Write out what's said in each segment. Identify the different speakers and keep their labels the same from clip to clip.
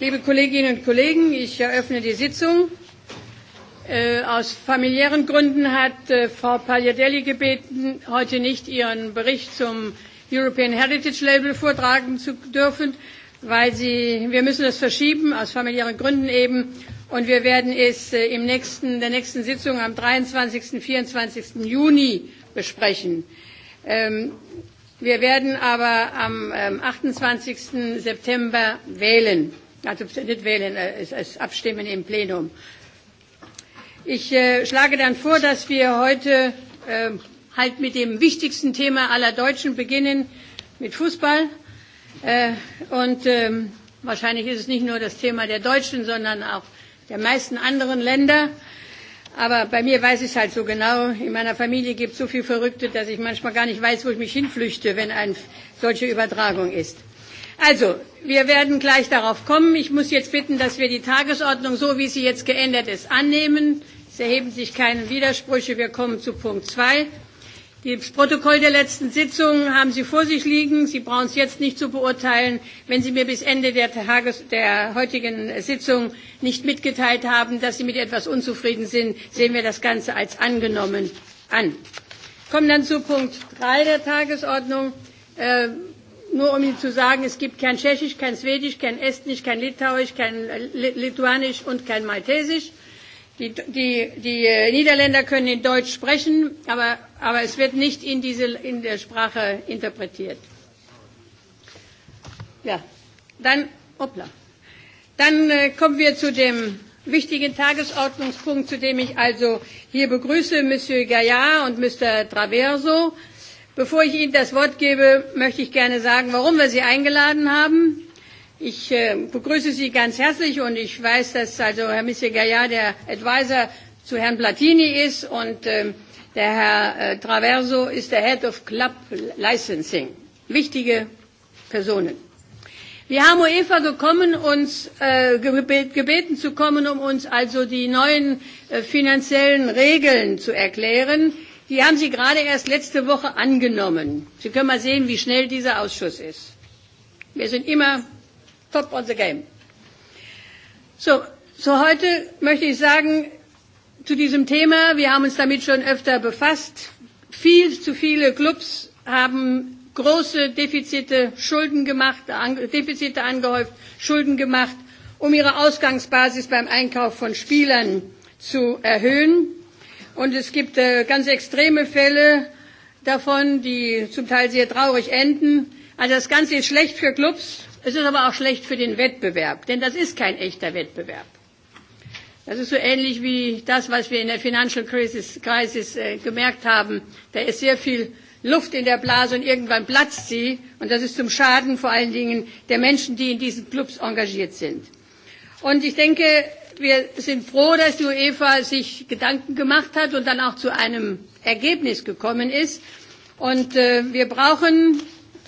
Speaker 1: Liebe Kolleginnen und Kollegen, ich eröffne die Sitzung. Äh, aus familiären Gründen hat äh, Frau Pagliadelli gebeten, heute nicht ihren Bericht zum European Heritage Label vortragen zu dürfen, weil sie, wir müssen das verschieben, aus familiären Gründen eben. Und wir werden es äh, im nächsten, der nächsten Sitzung am 23. und 24. Juni besprechen. Ähm, wir werden aber am 28. Ähm, September wählen also nicht wählen, äh, es ist abstimmen im Plenum. Ich äh, schlage dann vor, dass wir heute äh, halt mit dem wichtigsten Thema aller Deutschen beginnen, mit Fußball. Äh, und äh, wahrscheinlich ist es nicht nur das Thema der Deutschen, sondern auch der meisten anderen Länder. Aber bei mir weiß ich es halt so genau. In meiner Familie gibt es so viel Verrückte, dass ich manchmal gar nicht weiß, wo ich mich hinflüchte, wenn eine solche Übertragung ist. Also, wir werden gleich darauf kommen. Ich muss jetzt bitten, dass wir die Tagesordnung, so wie sie jetzt geändert ist, annehmen. Es erheben sich keine Widersprüche. Wir kommen zu Punkt 2. Das Protokoll der letzten Sitzung haben Sie vor sich liegen. Sie brauchen es jetzt nicht zu beurteilen. Wenn Sie mir bis Ende der, Tages der heutigen Sitzung nicht mitgeteilt haben, dass Sie mit etwas unzufrieden sind, sehen wir das Ganze als angenommen an. Kommen dann zu Punkt 3 der Tagesordnung. Äh, nur um Ihnen zu sagen, es gibt kein Tschechisch, kein Schwedisch, kein Estnisch, kein Litauisch, kein Lituanisch und kein Maltesisch. Die, die, die äh, Niederländer können in Deutsch sprechen, aber, aber es wird nicht in, diese, in der Sprache interpretiert. Ja, dann, hoppla. Dann äh, kommen wir zu dem wichtigen Tagesordnungspunkt, zu dem ich also hier begrüße Monsieur Gaillard und Mr. Traverso. Bevor ich Ihnen das Wort gebe, möchte ich gerne sagen, warum wir Sie eingeladen haben. Ich äh, begrüße Sie ganz herzlich und ich weiß, dass also Herr Missegaya der Advisor zu Herrn Platini ist und äh, der Herr äh, Traverso ist der Head of Club Licensing. Wichtige Personen. Wir haben UEFA gekommen, uns äh, gebeten zu kommen, um uns also die neuen äh, finanziellen Regeln zu erklären Die haben Sie gerade erst letzte Woche angenommen. Sie können mal sehen, wie schnell dieser Ausschuss ist. Wir sind immer top on the game. So, so heute möchte ich sagen zu diesem Thema, wir haben uns damit schon öfter befasst. Viel zu viele Clubs haben große Defizite, Schulden gemacht, Defizite angehäuft, Schulden gemacht, um ihre Ausgangsbasis beim Einkauf von Spielern zu erhöhen. Und es gibt äh, ganz extreme Fälle davon, die zum Teil sehr traurig enden. Also das Ganze ist schlecht für Clubs, es ist aber auch schlecht für den Wettbewerb, denn das ist kein echter Wettbewerb. Das ist so ähnlich wie das, was wir in der Financial Crisis, Crisis äh, gemerkt haben. Da ist sehr viel Luft in der Blase und irgendwann platzt sie. Und das ist zum Schaden vor allen Dingen der Menschen, die in diesen Clubs engagiert sind. Und ich denke, wir sind froh, dass die UEFA sich Gedanken gemacht hat und dann auch zu einem Ergebnis gekommen ist. Und äh, wir brauchen,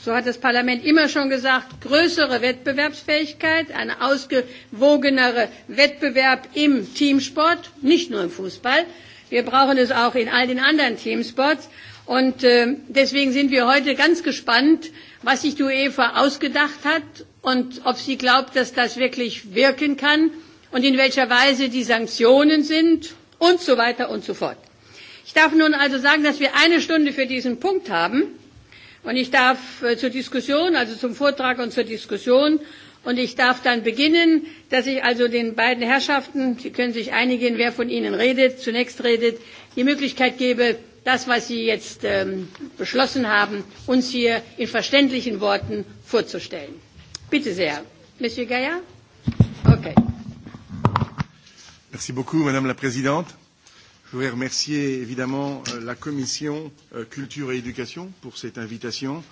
Speaker 1: so hat das Parlament immer schon gesagt, größere Wettbewerbsfähigkeit, einen ausgewogeneren Wettbewerb im Teamsport, nicht nur im Fußball. Wir brauchen es auch in all den anderen Teamsports. Und äh, deswegen sind wir heute ganz gespannt, was sich die UEFA ausgedacht hat und ob sie glaubt, dass das wirklich wirken kann und in welcher Weise die Sanktionen sind und so weiter und so fort. Ich darf nun also sagen, dass wir eine Stunde für diesen Punkt haben und ich darf äh, zur Diskussion, also zum Vortrag und zur Diskussion und ich darf dann beginnen, dass ich also den beiden Herrschaften, Sie können sich einigen, wer von Ihnen redet, zunächst redet, die Möglichkeit gebe, das, was Sie jetzt ähm, beschlossen haben, uns hier in verständlichen Worten vorzustellen. Bitte sehr. Monsieur Gaillard? Okay.
Speaker 2: Merci beaucoup, Madame la Présidente. Je voudrais remercier évidemment euh, la Commission euh, Culture et Éducation pour cette invitation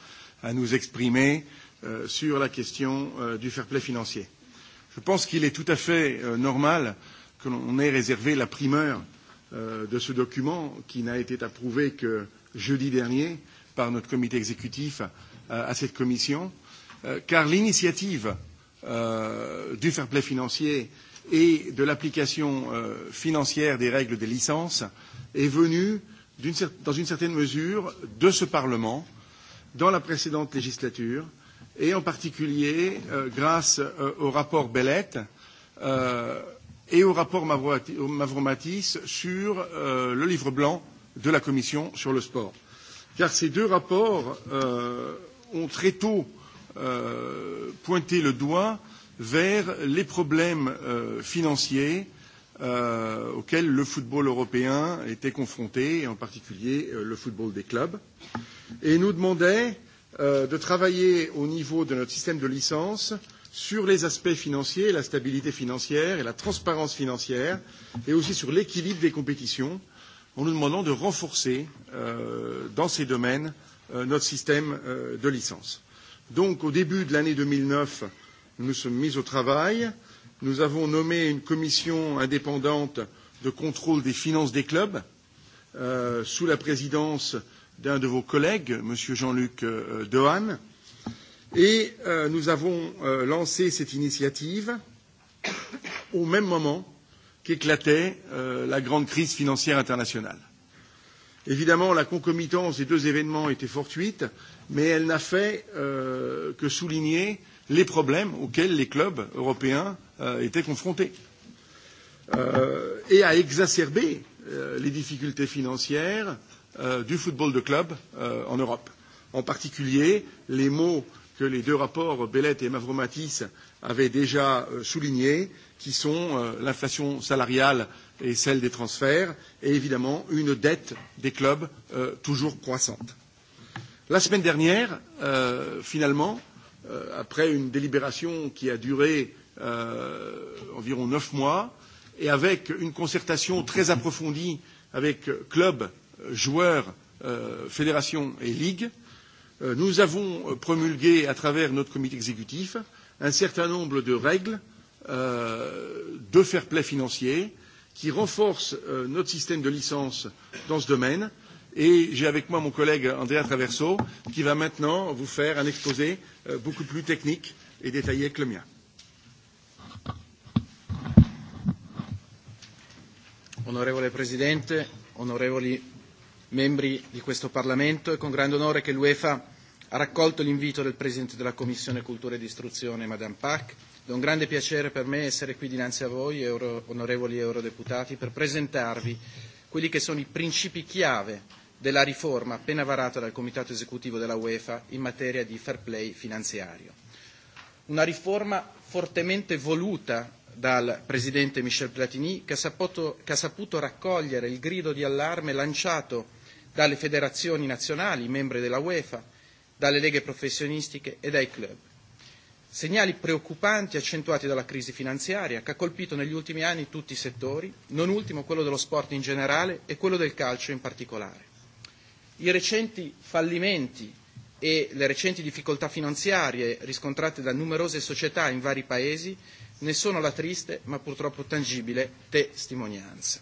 Speaker 2: à nous exprimer euh, sur la question du fair play financier. Je pense qu'il est tout à fait normal que l'on ait réservé la primeur de ce document qui n'a été approuvé que jeudi dernier par notre comité exécutif à cette commission, car l'initiative du fair play financier et de l'application euh, financière des règles des licences est venu, une, dans une certaine mesure, de ce Parlement dans la précédente législature et en particulier euh, grâce euh, au rapport Bellette euh, et au rapport Mavromatis sur euh, le livre blanc de la Commission sur le sport. Car ces deux rapports euh, ont très tôt euh, pointé le doigt euh, vers les problèmes euh, financiers euh, auxquels le football européen était confronté, et en particulier euh, le football des clubs, et nous demandait euh, de travailler au niveau de notre système de licence sur les aspects financiers, la stabilité financière et la transparence financière, et aussi sur l'équilibre des compétitions, en nous demandant de renforcer euh, dans ces domaines euh, notre système euh, de licence. Donc, au début de l'année 2009, nous nous sommes mis au travail. Nous avons nommé une commission indépendante de contrôle des finances des clubs euh, sous la présidence d'un de vos collègues, M. Jean-Luc euh, Dehaene. Et euh, nous avons euh, lancé cette initiative au même moment qu'éclatait euh, la grande crise financière internationale. Évidemment, la concomitance des deux événements était fortuite, mais elle n'a fait euh, que souligner euh, les problèmes auxquels les clubs européens euh, étaient confrontés euh, et à exacerber euh, les difficultés financières euh, du football de club euh, en Europe. En particulier, les mots que les deux rapports Bellet et Mavromatis avaient déjà euh, soulignés, qui sont euh, l'inflation salariale et celle des transferts, et évidemment une dette des clubs euh, toujours croissante. La semaine dernière, euh, finalement, euh, après une délibération qui a duré euh, environ neuf mois et avec une concertation très approfondie avec clubs, joueurs, euh, fédérations et ligues, euh, nous avons promulgué à travers notre comité exécutif un certain nombre de règles euh, de fair play financier qui renforcent euh, notre système de licence dans ce domaine euh, Et j'ai avec moi mon collègue Andrea Traverso, qui va maintenant vous faire un exposé
Speaker 3: euh, beaucoup plus technique et détaillé que le mien. Onorevole Presidente, onorevoli membri di questo Parlamento, è con grande onore che l'UEFA ha raccolto l'invito del Presidente della Commissione Cultura e Istruzione, Madame Pack. È un grande piacere per me essere qui dinanzi a voi, euro, onorevoli eurodeputati, per presentarvi quelli che sono i principi chiave della riforma appena varata dal Comitato esecutivo della UEFA in materia di fair play finanziario. Una riforma fortemente voluta dal presidente Michel Platini che ha, saputo, che ha saputo raccogliere il grido di allarme lanciato dalle federazioni nazionali, membri della UEFA, dalle leghe professionistiche e dai club. Segnali preoccupanti accentuati dalla crisi finanziaria che ha colpito negli ultimi anni tutti i settori, non ultimo quello dello sport in generale e quello del calcio in particolare. I recenti fallimenti e le recenti difficoltà finanziarie riscontrate da numerose società in vari paesi ne sono la triste ma purtroppo tangibile testimonianza.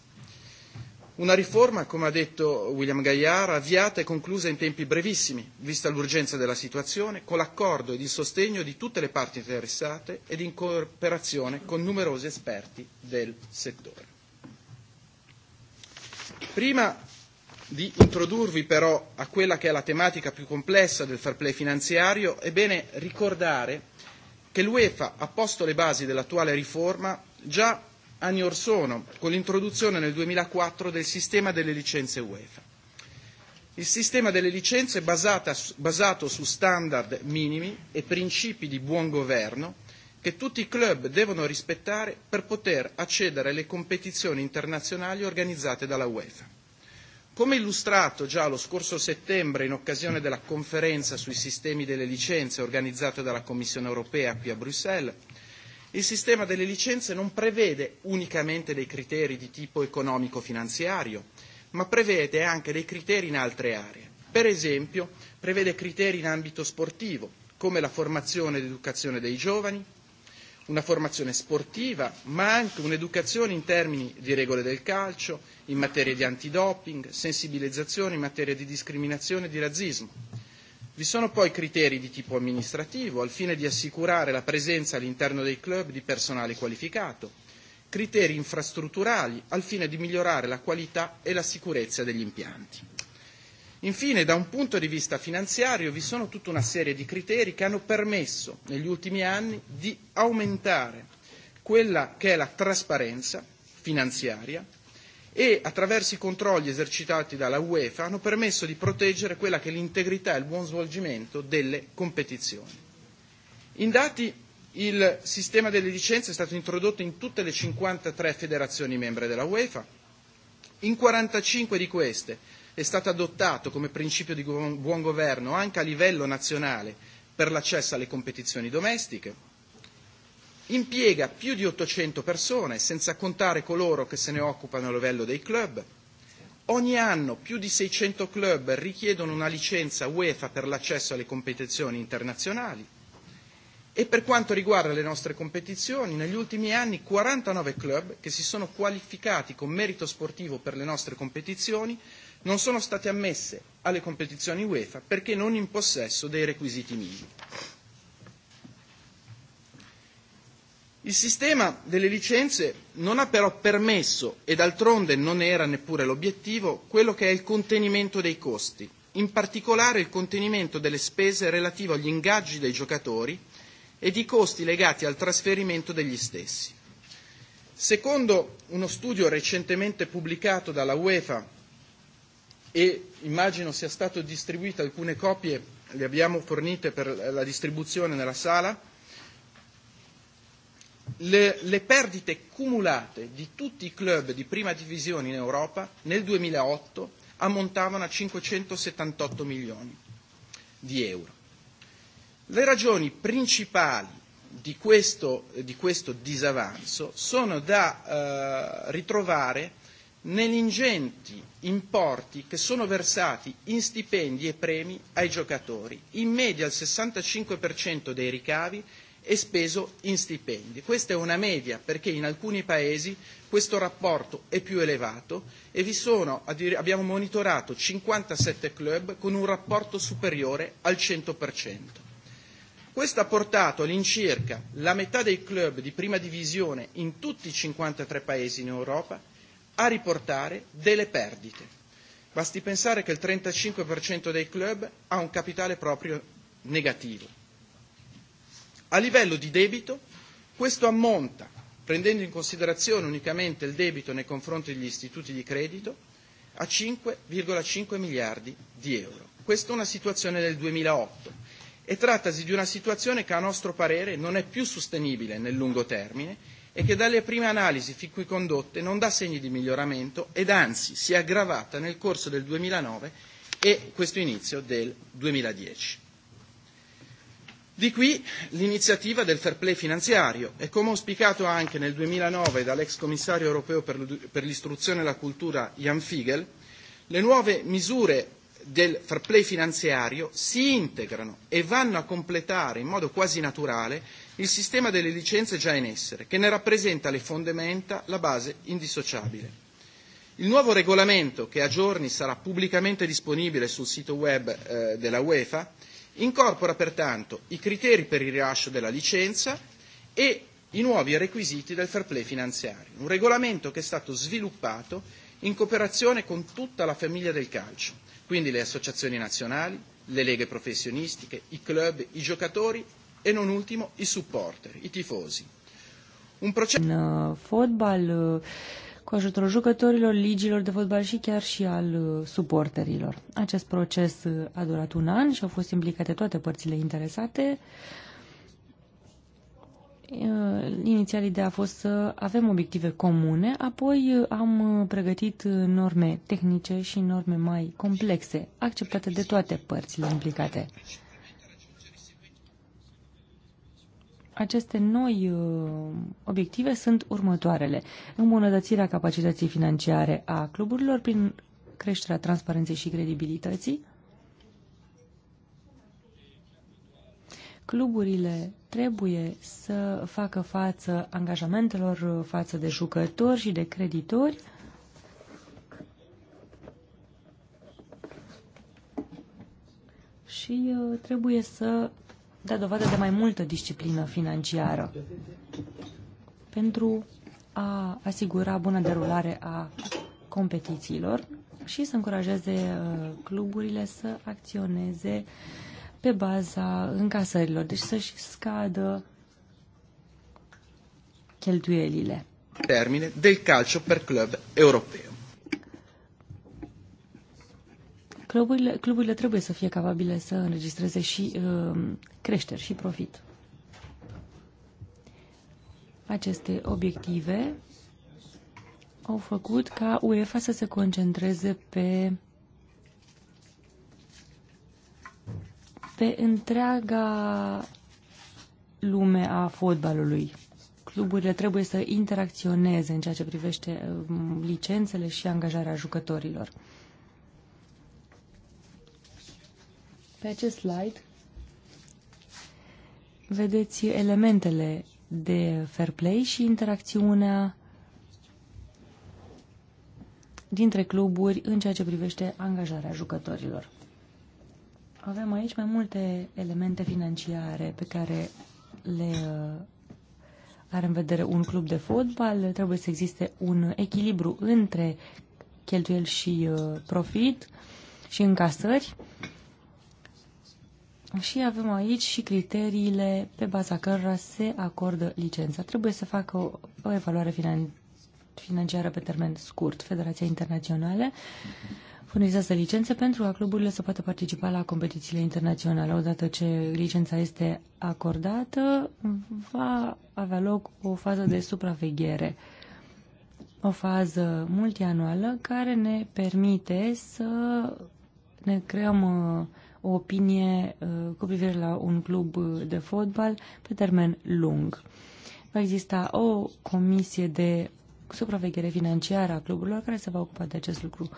Speaker 3: Una riforma, come ha detto William Gaillard, avviata e conclusa in tempi brevissimi, vista l'urgenza della situazione, con l'accordo ed il sostegno di tutte le parti interessate ed in cooperazione con numerosi esperti del settore. Prima di introdurvi però a quella che è la tematica più complessa del fair play finanziario, è bene ricordare che l'UEFA ha posto le basi dell'attuale riforma già anni or sono, con l'introduzione nel 2004 del sistema delle licenze UEFA. Il sistema delle licenze è basata, basato su standard minimi e principi di buon governo che tutti i club devono rispettare per poter accedere alle competizioni internazionali organizzate dalla UEFA. Come illustrato già lo scorso settembre in occasione della conferenza sui sistemi delle licenze organizzata dalla Commissione europea qui a Bruxelles, il sistema delle licenze non prevede unicamente dei criteri di tipo economico-finanziario, ma prevede anche dei criteri in altre aree. Per esempio, prevede criteri in ambito sportivo, come la formazione ed educazione dei giovani, una formazione sportiva, ma anche un'educazione in termini di regole del calcio, in materia di antidoping, sensibilizzazione in materia di discriminazione e di razzismo. Vi sono poi criteri di tipo amministrativo al fine di assicurare la presenza all'interno dei club di personale qualificato, criteri infrastrutturali al fine di migliorare la qualità e la sicurezza degli impianti. Infine, da un punto di vista finanziario, vi sono tutta una serie di criteri che hanno permesso negli ultimi anni di aumentare quella che è la trasparenza finanziaria e, attraverso i controlli esercitati dalla UEFA, hanno permesso di proteggere quella che è l'integrità e il buon svolgimento delle competizioni. In dati il sistema delle licenze è stato introdotto in tutte le 53 federazioni membre della UEFA, in 45 di queste è stato adottato come principio di buon governo anche a livello nazionale per l'accesso alle competizioni domestiche, impiega più di 800 persone, senza contare coloro che se ne occupano a livello dei club, Ogni anno più di 600 club richiedono una licenza UEFA per l'accesso alle competizioni internazionali e per quanto riguarda le nostre competizioni, negli ultimi anni 49 club che si sono qualificati con merito sportivo per le nostre competizioni non sono state ammesse alle competizioni UEFA perché non in possesso dei requisiti minimi. Il sistema delle licenze non ha però permesso, e d'altronde non era neppure l'obiettivo, quello che è il contenimento dei costi, in particolare il contenimento delle spese relative agli ingaggi dei giocatori e di costi legati al trasferimento degli stessi. Secondo uno studio recentemente pubblicato dalla UEFA e immagino sia stato distribuito alcune copie, le abbiamo fornite per la distribuzione nella sala, le, le perdite cumulate di tutti i club di prima divisione in Europa nel 2008 ammontavano a 578 milioni di euro. Le ragioni principali di questo, di questo disavanzo sono da eh, ritrovare negli ingenti importi che sono versati in stipendi e premi ai giocatori. In media il 65% dei ricavi è speso in stipendi. Questa è una media perché in alcuni paesi questo rapporto è più elevato e vi sono, abbiamo monitorato 57 club con un rapporto superiore al 100%. Questo ha portato all'incirca la metà dei club di prima divisione in tutti i 53 paesi in Europa a riportare delle perdite. Basti pensare che il 35% dei club ha un capitale proprio negativo. A livello di debito, questo ammonta, prendendo in considerazione unicamente il debito nei confronti degli istituti di credito, a 5,5 miliardi di euro. Questa è una situazione del 2008 e trattasi di una situazione che a nostro parere non è più sostenibile nel lungo termine è che dalle prime analisi fin qui condotte non dà segni di miglioramento ed anzi si è aggravata nel corso del 2009 e questo inizio del 2010. Di qui l'iniziativa del fair play finanziario e come auspicato anche nel 2009 dall'ex commissario europeo per l'istruzione e la cultura Jan Figel, le nuove misure del fair play finanziario si integrano e vanno a completare in modo quasi naturale il sistema delle licenze già in essere, che ne rappresenta le fondamenta, la base indissociabile. Il nuovo regolamento, che a giorni sarà pubblicamente disponibile sul sito web eh, della UEFA, incorpora pertanto i criteri per il rilascio della licenza e i nuovi requisiti del fair play finanziario, un regolamento che è stato sviluppato in cooperazione con tutta la famiglia del calcio, quindi le associazioni nazionali, le leghe professionistiche, i club, i giocatori e non ultimo i supporter, i tifosi.
Speaker 4: Un proces... În uh, fotbal, uh, cu ajutorul jucătorilor, ligilor de fotbal și chiar și al uh, suporterilor. Acest proces a durat un an și au fost implicate toate părțile interesate. Inițial ideea a fost să avem obiective comune, apoi am pregătit norme tehnice și norme mai complexe, acceptate de toate părțile implicate. aceste noi uh, obiective sunt următoarele. Îmbunătățirea capacității financiare a cluburilor prin creșterea transparenței și credibilității. Cluburile trebuie să facă față angajamentelor uh, față de jucători și de creditori. Și uh, trebuie să da dovadă de mai multă disciplină financiară pentru a asigura bună derulare a competițiilor și să încurajeze uh, cluburile să acționeze pe baza încasărilor, deci să-și scadă cheltuielile.
Speaker 3: Termine del calcio per club europeo.
Speaker 4: Cluburile, cluburile trebuie să fie capabile să înregistreze și uh, creșteri și profit. Aceste obiective au făcut ca UEFA să se concentreze pe pe întreaga lume a fotbalului. Cluburile trebuie să interacționeze în ceea ce privește um, licențele și angajarea jucătorilor. Pe acest slide vedeți elementele de fair play și interacțiunea dintre cluburi în ceea ce privește angajarea jucătorilor. Avem aici mai multe elemente financiare pe care le uh, are în vedere un club de fotbal. Trebuie să existe un echilibru între cheltuieli și uh, profit și încasări. Și avem aici și criteriile pe baza cărora se acordă licența. Trebuie să facă o, o evaluare finan, financiară pe termen scurt. Federația Internațională furnizează licențe pentru ca cluburile să poată participa la competițiile internaționale. Odată ce licența este acordată, va avea loc o fază de supraveghere, o fază multianuală care ne permite să ne creăm uh, o opinie uh, cu privire la un club de fotbal pe termen lung. Va exista o comisie de supraveghere financiară a cluburilor care se va ocupa de acest lucru.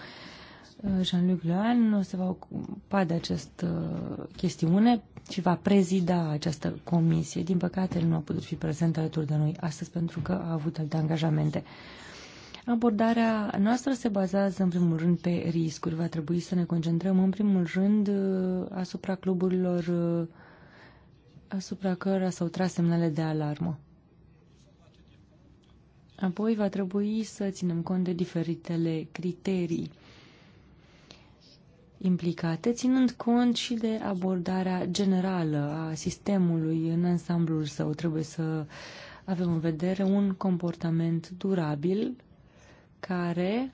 Speaker 4: Uh, Jean-Luc nu se va ocupa de această chestiune și va prezida această comisie. Din păcate, el nu a putut fi prezent alături de noi astăzi pentru că a avut alte angajamente. Abordarea noastră se bazează în primul rând pe riscuri. Va trebui să ne concentrăm în primul rând asupra cluburilor asupra cărora s-au tras semnale de alarmă. Apoi va trebui să ținem cont de diferitele criterii implicate, ținând cont și de abordarea generală a sistemului în ansamblul său. Trebuie să avem în vedere un comportament durabil care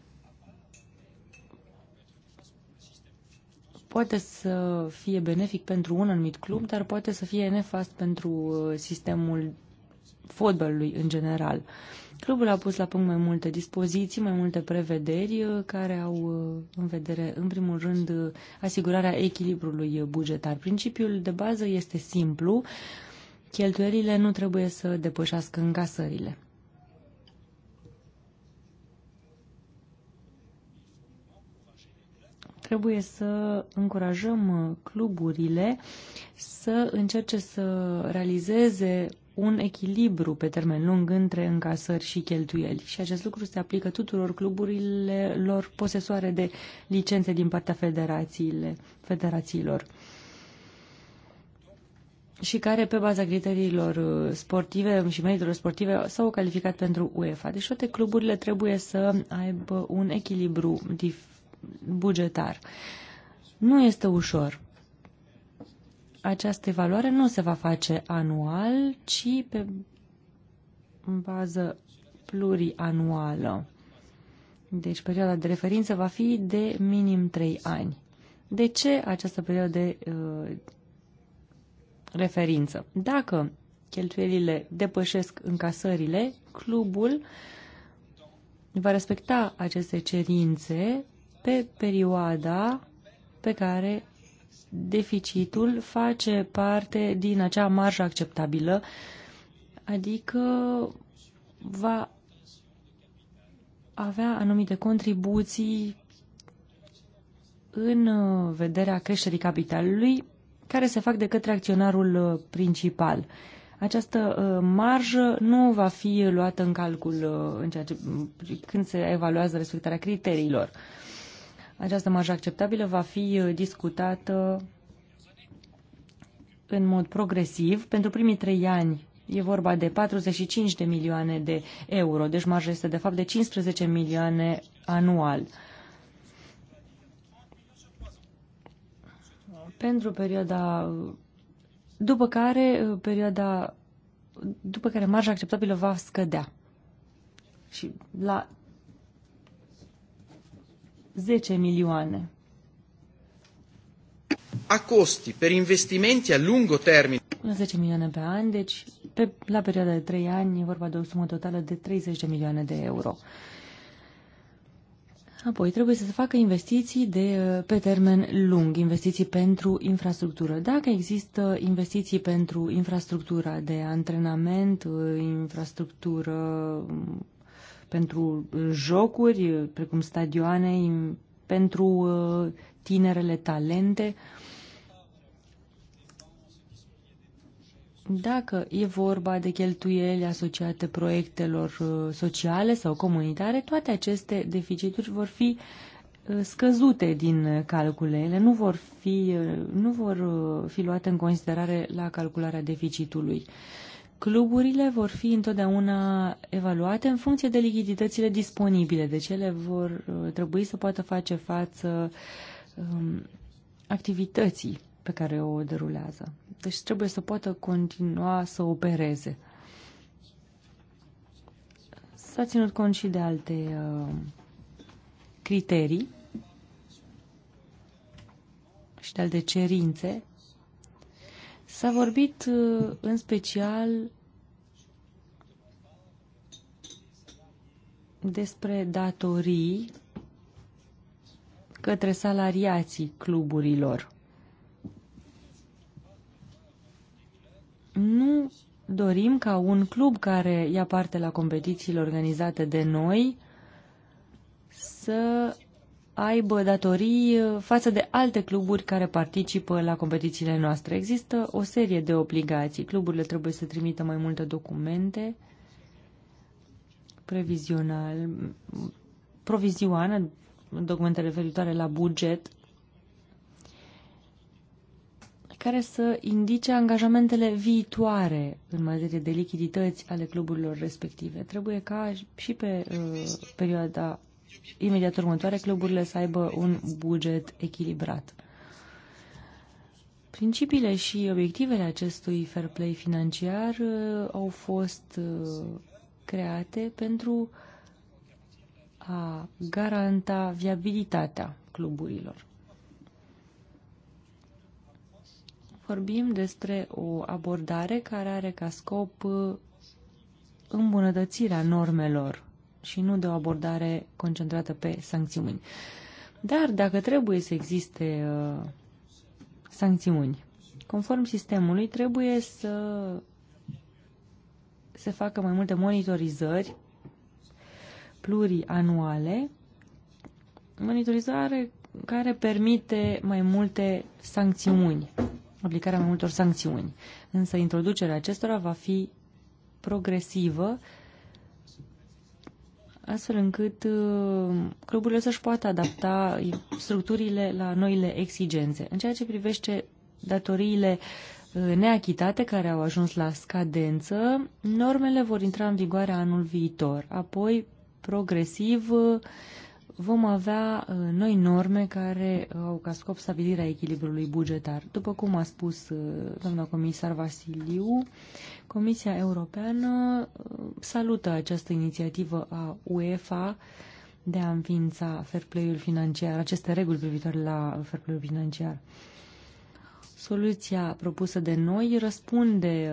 Speaker 4: poate să fie benefic pentru un anumit club, dar poate să fie nefast pentru uh, sistemul fotbalului în general. Clubul a pus la punct mai multe dispoziții, mai multe prevederi uh, care au uh, în vedere, în primul rând, asigurarea echilibrului bugetar. Principiul de bază este simplu, cheltuielile nu trebuie să depășească încasările. Trebuie să încurajăm uh, cluburile să încerce să realizeze un echilibru pe termen lung între încasări și cheltuieli. Și acest lucru se aplică tuturor cluburilor posesoare de licențe din partea federațiilor și care, pe baza criteriilor uh, sportive și meritelor sportive, s-au calificat pentru UEFA. Deci toate cluburile trebuie să aibă un echilibru dif- bugetar. Nu este ușor. Această evaluare nu se va face anual, ci pe bază plurianuală. Deci perioada de referință va fi de minim 3 ani. De ce această perioadă de uh, referință? Dacă cheltuielile depășesc încasările, clubul va respecta aceste cerințe pe perioada pe care deficitul face parte din acea marjă acceptabilă, adică va avea anumite contribuții în vederea creșterii capitalului care se fac de către acționarul principal. Această uh, marjă nu va fi luată în calcul uh, în ceea ce, când se evaluează respectarea criteriilor. Această marjă acceptabilă va fi uh, discutată în mod progresiv. Pentru primii trei ani e vorba de 45 de milioane de euro, deci marja este de fapt de 15 milioane anual. Pentru perioada după care uh, perioada după care marja acceptabilă va scădea. Și la 10 milioane.
Speaker 3: A costi per investimenti a lungo termine.
Speaker 4: 10 milioane pe an, deci pe, la perioada de 3 ani e vorba de o sumă totală de 30 de milioane de euro. Apoi trebuie să se facă investiții de, pe termen lung, investiții pentru infrastructură. Dacă există investiții pentru infrastructura de antrenament, infrastructură pentru uh, jocuri, uh, precum stadioane, pentru uh, tinerele talente. Dacă e vorba de cheltuieli asociate proiectelor sociale sau comunitare, toate aceste deficituri vor fi scăzute din calcule. Ele nu vor fi, nu vor fi luate în considerare la calcularea deficitului. Cluburile vor fi întotdeauna evaluate în funcție de lichiditățile disponibile, deci ele vor uh, trebui să poată face față um, activității pe care o derulează. Deci trebuie să poată continua să opereze. S-a ținut cont și de alte uh, criterii și de alte cerințe S-a vorbit uh, în special despre datorii către salariații cluburilor. Nu dorim ca un club care ia parte la competițiile organizate de noi să aibă datorii uh, față de alte cluburi care participă la competițiile noastre. Există o serie de obligații. Cluburile trebuie să trimită mai multe documente previzional, provizioană, documente referitoare la buget, care să indice angajamentele viitoare în materie de lichidități ale cluburilor respective. Trebuie ca și pe uh, perioada imediat următoare cluburile să aibă un buget echilibrat. Principiile și obiectivele acestui fair play financiar uh, au fost uh, create pentru a garanta viabilitatea cluburilor. Vorbim despre o abordare care are ca scop uh, îmbunătățirea normelor și nu de o abordare concentrată pe sancțiuni. Dar dacă trebuie să existe uh, sancțiuni, conform sistemului, trebuie să se facă mai multe monitorizări plurianuale, monitorizare care permite mai multe sancțiuni, aplicarea mai multor sancțiuni. Însă introducerea acestora va fi progresivă astfel încât uh, cluburile să-și poată adapta structurile la noile exigențe. În ceea ce privește datoriile uh, neachitate care au ajuns la scadență, normele vor intra în vigoare anul viitor. Apoi, progresiv, uh, vom avea uh, noi norme care uh, au ca scop stabilirea echilibrului bugetar. După cum a spus uh, doamna comisar Vasiliu, Comisia Europeană salută această inițiativă a UEFA de a înființa fair play-ul financiar, aceste reguli privitoare la fair play-ul financiar. Soluția propusă de noi răspunde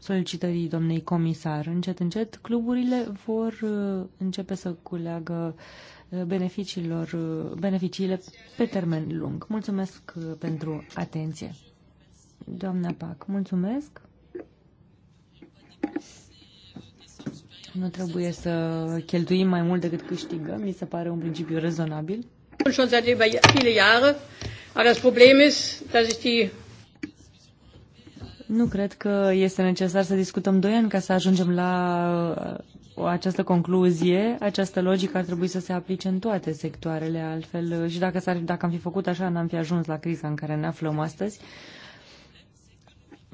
Speaker 4: solicitării domnei comisar. Încet, încet, cluburile vor uh, începe să culeagă uh, beneficiilor, uh, beneficiile pe termen lung. Mulțumesc pentru atenție. Doamna Pac, mulțumesc. Nu trebuie să cheltuim mai mult decât câștigăm, mi se pare un principiu rezonabil.
Speaker 1: Schon seit viele Jahre, aber das Problem ist, dass ich die nu cred
Speaker 4: că este necesar să discutăm doi ani ca să ajungem la uh, această concluzie. Această logică ar trebui să se aplice în toate sectoarele, altfel și dacă, s-ar, dacă am fi făcut așa, n-am fi ajuns la criza în care ne aflăm astăzi.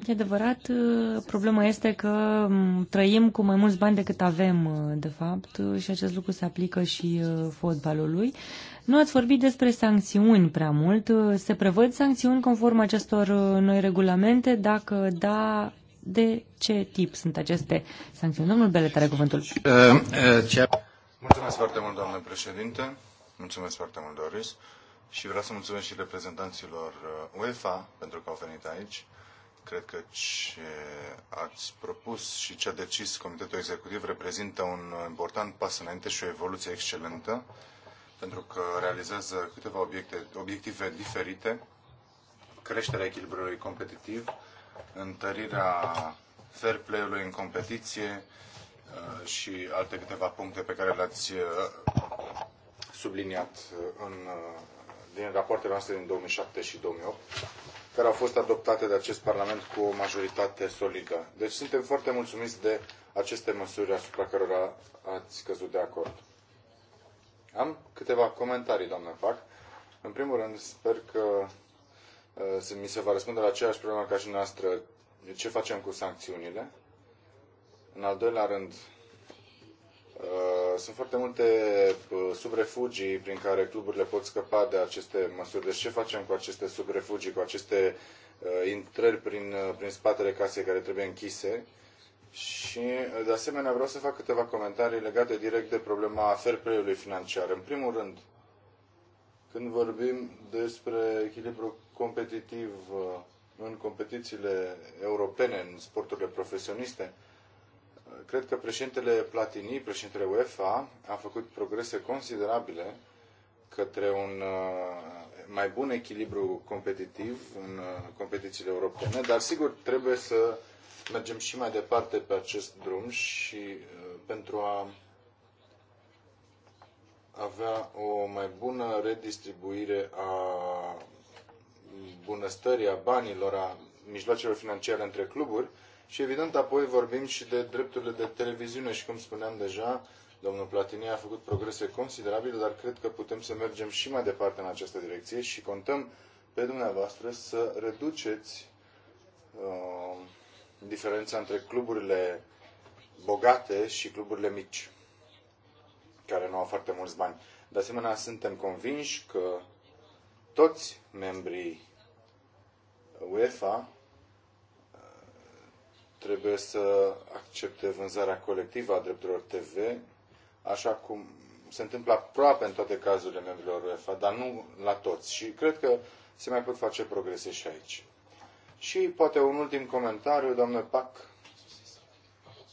Speaker 4: E adevărat, uh, problema este că mm, trăim cu mai mulți bani decât avem, uh, de fapt, și acest lucru se aplică și fotbalului. Nu ați vorbit despre sancțiuni prea mult. Se prevăd sancțiuni conform acestor uh, noi regulamente? Dacă da, de ce tip sunt aceste sancțiuni? Domnul Belet are cuvântul. Uh,
Speaker 2: uh,
Speaker 5: mulțumesc foarte mult, doamnă președinte. Mulțumesc foarte mult, Doris. Și vreau să mulțumesc și reprezentanților UEFA pentru că au venit aici. Cred că ce ați propus și ce a decis Comitetul Executiv reprezintă un important pas înainte și o evoluție excelentă pentru că realizează câteva obiecte, obiective diferite, creșterea echilibrului competitiv, întărirea fair play-ului în competiție uh, și alte câteva puncte pe care le-ați uh, subliniat uh, în, din rapoartele noastre din 2007 și 2008, care au fost adoptate de acest Parlament cu o majoritate solidă. Deci suntem foarte mulțumiți de aceste măsuri asupra cărora ați căzut de acord. Am câteva comentarii, doamnă Fac. În primul rând, sper că uh, mi se va răspunde la aceeași problemă ca și noastră. Ce facem cu sancțiunile? În al doilea rând, uh, sunt foarte multe uh, subrefugii prin care cluburile pot scăpa de aceste măsuri. Deci ce facem cu aceste subrefugii, cu aceste intrări prin, prin spatele casei care trebuie închise? Și, de asemenea, vreau să fac câteva comentarii legate direct de problema fair play-ului financiar. În primul rând, când vorbim despre echilibru competitiv uh, în competițiile europene, în sporturile profesioniste, uh, cred că președintele Platini, președintele UEFA, a făcut progrese considerabile către un uh, mai bun echilibru competitiv în competițiile europene, dar sigur trebuie să mergem și mai departe pe acest drum și uh, pentru a avea o mai bună redistribuire a bunăstării, a banilor, a mijloacelor financiare între cluburi și evident apoi vorbim și de drepturile de televiziune și cum spuneam deja, domnul Platini a făcut progrese considerabile, dar cred că putem să mergem și mai departe în această direcție și contăm pe dumneavoastră să reduceți uh, diferența între cluburile bogate și cluburile mici, care nu au foarte mulți bani. De asemenea, suntem convinși că toți membrii UEFA uh, trebuie să accepte vânzarea colectivă a drepturilor TV, așa cum se întâmplă aproape în toate cazurile membrilor UEFA, dar nu la toți. Și cred că se mai pot face progrese și aici. Și poate un ultim comentariu, doamnă Pac,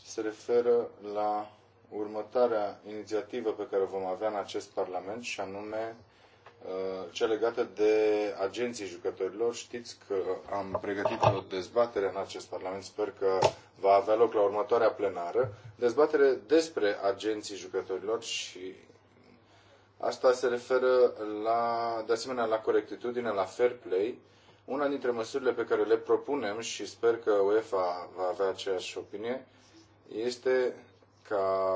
Speaker 5: se referă la următoarea inițiativă pe care o vom avea în acest Parlament și anume uh, cea legată de agenții jucătorilor. Știți că am pregătit o dezbatere în acest Parlament, sper că va avea loc la următoarea plenară, dezbatere despre agenții jucătorilor și asta se referă la, de asemenea la corectitudine, la fair play una dintre măsurile pe care le propunem și sper că UEFA va avea aceeași opinie este ca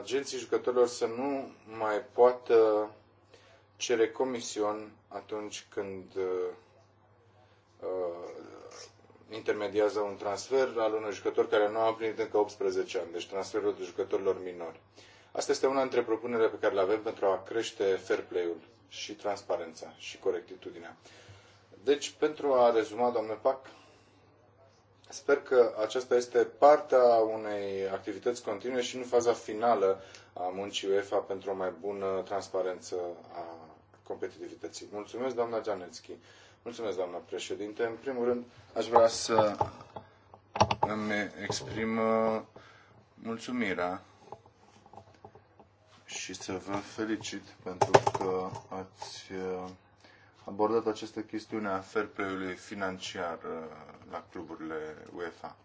Speaker 5: agenții jucătorilor să nu mai poată cere comision atunci când uh, uh intermediază un transfer al unui jucător care nu a împlinit încă 18 ani, deci transferul de jucătorilor minori. Asta este una dintre propunerile pe care le avem pentru a crește fair play-ul și transparența și corectitudinea. Deci, pentru a rezuma, domnule Pac, sper că aceasta este partea unei activități continue și nu faza finală a muncii UEFA pentru o mai bună transparență a competitivității. Mulțumesc, doamna Janetski, Mulțumesc, doamna președinte. În primul rând, aș vrea să îmi exprim uh, mulțumirea și să vă felicit pentru că ați uh, abordat această chestiune a fair play-ului financiar uh, la cluburile UEFA.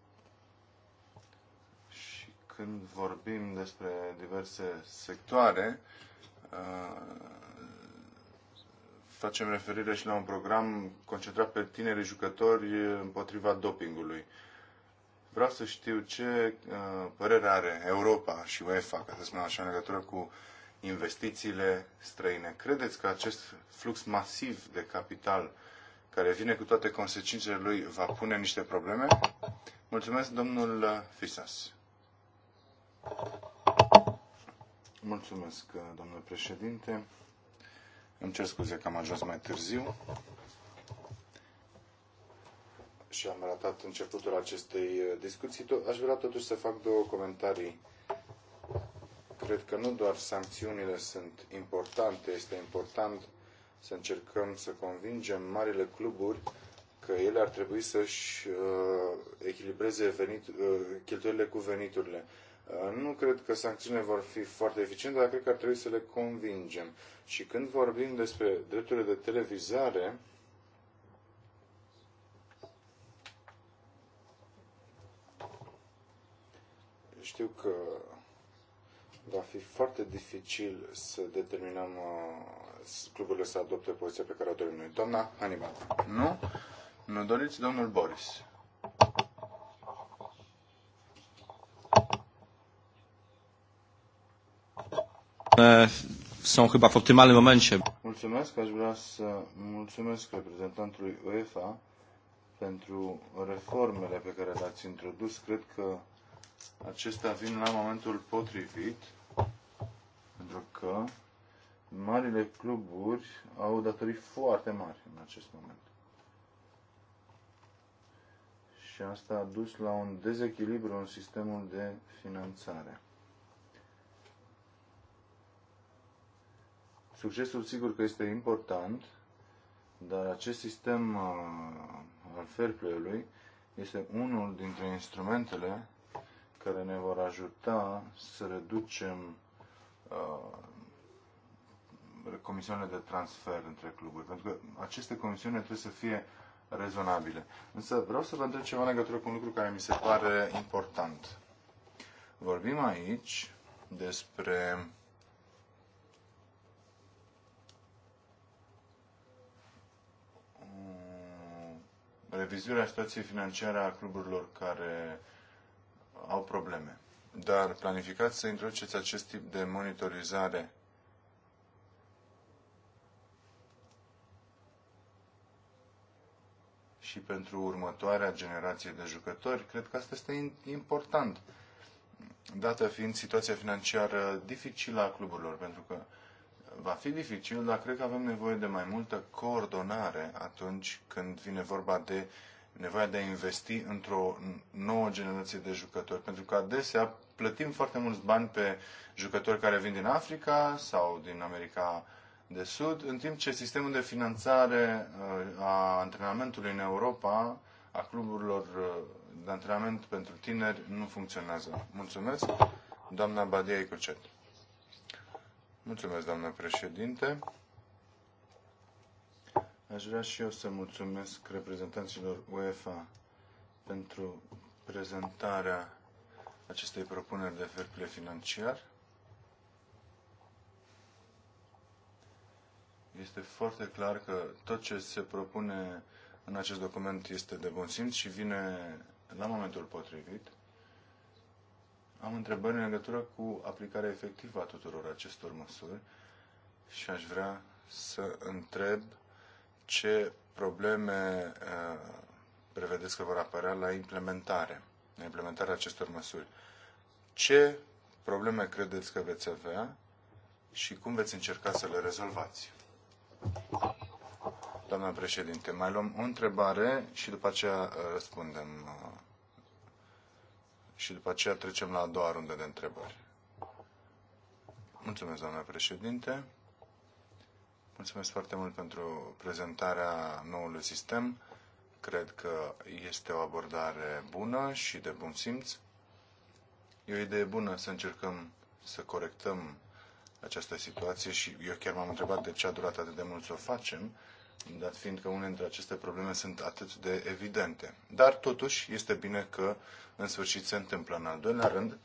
Speaker 5: Și când vorbim despre diverse sectoare, uh, facem referire și la un program concentrat pe tineri jucători împotriva dopingului. Vreau să știu ce uh, părere are Europa și UEFA, ca să spun așa, în legătură cu investițiile străine. Credeți că acest flux masiv de capital care vine cu toate consecințele lui va pune niște probleme? Mulțumesc, domnul Fisas. Mulțumesc, domnule președinte. Îmi cer scuze că am ajuns mai târziu și am ratat începutul acestei discuții. Aș vrea totuși să fac două comentarii cred că nu doar sancțiunile sunt importante, este important să încercăm să convingem marile cluburi că ele ar trebui să-și uh, echilibreze venit, uh, cheltuielile cu veniturile. Uh, nu cred că sancțiunile vor fi foarte eficiente, dar cred că ar trebui să le convingem. Și când vorbim despre drepturile de televizare, știu că va fi foarte dificil să determinăm uh, cluburile să adopte poziția pe care o dorim noi. Doamna Hannibal. Nu? Nu doriți? Domnul Boris. Sunt chyba w optymalnym momencie. Mulțumesc, aș vrea să mulțumesc reprezentantului UEFA pentru reformele pe care le-ați introdus. Cred că acestea vin la momentul potrivit, pentru că marile cluburi au datorii foarte mari în acest moment. Și asta a dus la un dezechilibru în sistemul de finanțare. Succesul sigur că este important, dar acest sistem uh, al fair play-ului este unul dintre instrumentele care ne vor ajuta să reducem uh, comisiunile de transfer între cluburi, pentru că aceste comisiuni trebuie să fie rezonabile. Însă vreau să vă întreb ceva în legătură cu un lucru care mi se pare important. Vorbim aici despre revizuirea situației financiare a cluburilor care au probleme. Dar planificați să introduceți acest tip de monitorizare și pentru următoarea generație de jucători, cred că asta este important, dată fiind situația financiară dificilă a cluburilor, pentru că va fi dificil, dar cred că avem nevoie de mai multă coordonare atunci când vine vorba de uh, nevoia de a investi într-o nouă generație de jucători. Pentru că adesea plătim foarte mulți bani pe jucători care vin din Africa sau din America de Sud, în timp ce sistemul de finanțare uh, a antrenamentului în Europa, a cluburilor uh, de antrenament pentru tineri, nu funcționează. Mulțumesc, doamna Badia Icucet. Mulțumesc, doamna președinte. Aș vrea și eu să mulțumesc reprezentanților UEFA pentru prezentarea acestei propuneri de fair play financiar. Este foarte clar că tot ce se propune în acest document este de bun simț și vine la momentul potrivit. Am întrebări în legătură cu aplicarea efectivă a tuturor acestor măsuri și aș vrea să întreb uh, ce probleme uh, prevedeți că vor apărea la implementare, la implementarea acestor măsuri? Ce probleme credeți că veți avea și cum veți încerca să le rezolvați? Doamna președinte, mai luăm o întrebare și după aceea uh, răspundem. Uh, și după aceea trecem la a doua rundă de întrebări. Mulțumesc, doamna președinte. Mulțumesc foarte mult pentru prezentarea noului sistem. Cred că este o abordare bună și de bun simț. E o idee bună să încercăm să corectăm această situație și eu chiar m-am întrebat de ce a durat atât de mult să o facem, dat fiind că unele dintre aceste probleme sunt atât de evidente. Dar totuși este bine că în sfârșit se întâmplă. În al doilea rând,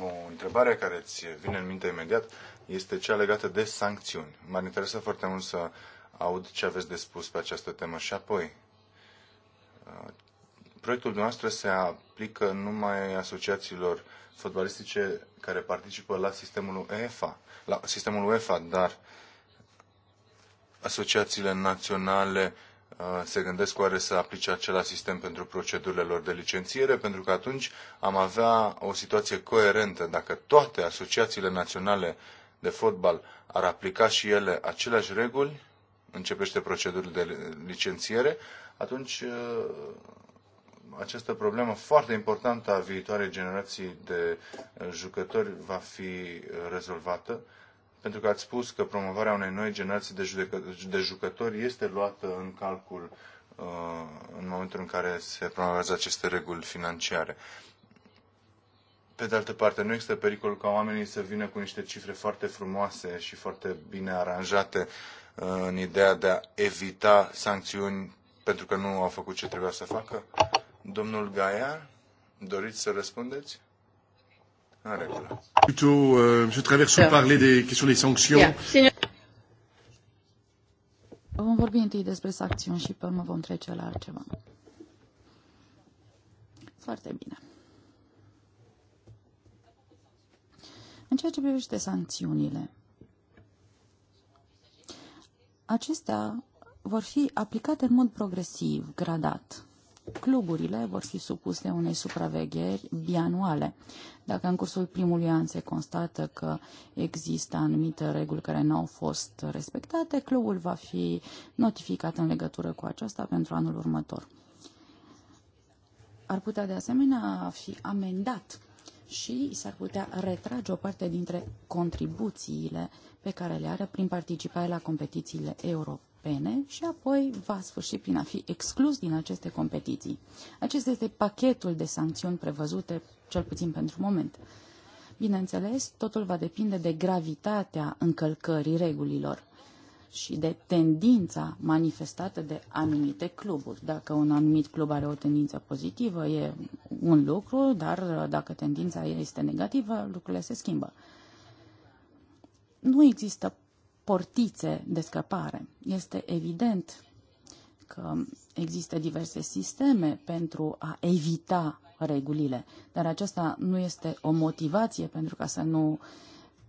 Speaker 5: o întrebare care îți vine în minte imediat, este cea legată de sancțiuni. M-ar interesa foarte mult să aud ce aveți de spus pe această temă. Și apoi, uh, proiectul dumneavoastră se aplică numai asociațiilor fotbalistice care participă la sistemul UEFA, la sistemul UEFA, dar asociațiile naționale uh, se gândesc oare să aplice același sistem pentru procedurile lor de licențiere, pentru că atunci am avea o situație coerentă. Dacă toate asociațiile naționale de fotbal ar aplica și ele aceleași reguli, începește procedurile de licențiere, atunci uh, această problemă foarte importantă a viitoarei generații de uh, jucători va fi uh, rezolvată, pentru că ați spus că promovarea unei noi generații de, judecă, de jucători este luată în calcul în momentul în care se promovează aceste reguli financiare pe de altă parte, nu există pericolul ca oamenii să vină cu niște cifre foarte frumoase și foarte bine aranjate uh, în ideea de a evita sancțiuni pentru că nu au făcut ce trebuia să facă? Domnul Gaia, doriți să răspundeți? În regulă.
Speaker 2: Plutôt, euh, je traverse parler des questions des sanctions.
Speaker 6: Vom vorbi întâi despre sancțiuni și pe mă vom trece la altceva. Foarte bine. În ceea ce privește sancțiunile, acestea vor fi aplicate în mod progresiv, gradat. Cluburile vor fi supuse unei supravegheri bianuale. Dacă în cursul primului an se constată că există anumite reguli care nu au fost respectate, clubul va fi notificat în legătură cu aceasta pentru anul următor. Ar putea de asemenea fi amendat și s-ar putea retrage o parte dintre contribuțiile pe care le are prin participare la competițiile europene și apoi va sfârși prin a fi exclus din aceste competiții. Acest este pachetul de sancțiuni prevăzute, cel puțin pentru moment. Bineînțeles, totul va depinde de gravitatea încălcării regulilor și de tendința manifestată de anumite cluburi. Dacă un anumit club are o tendință pozitivă, e un lucru, dar uh, dacă tendința este negativă, lucrurile se schimbă. Nu există portițe de scăpare. Este evident că există diverse sisteme pentru a evita regulile, dar aceasta nu este o motivație pentru ca să nu uh,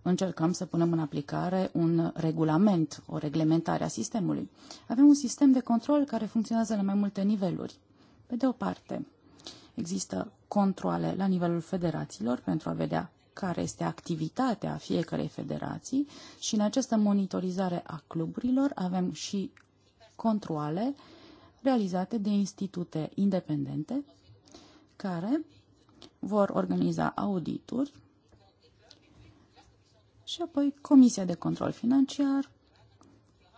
Speaker 6: încercăm să punem în aplicare un regulament, o reglementare a sistemului. Avem un sistem de control care funcționează la mai multe niveluri. Pe de o parte, există controle la nivelul federațiilor pentru a vedea care este activitatea fiecarei federații și în această monitorizare a cluburilor avem și controle realizate de institute independente care vor organiza audituri și apoi Comisia de Control Financiar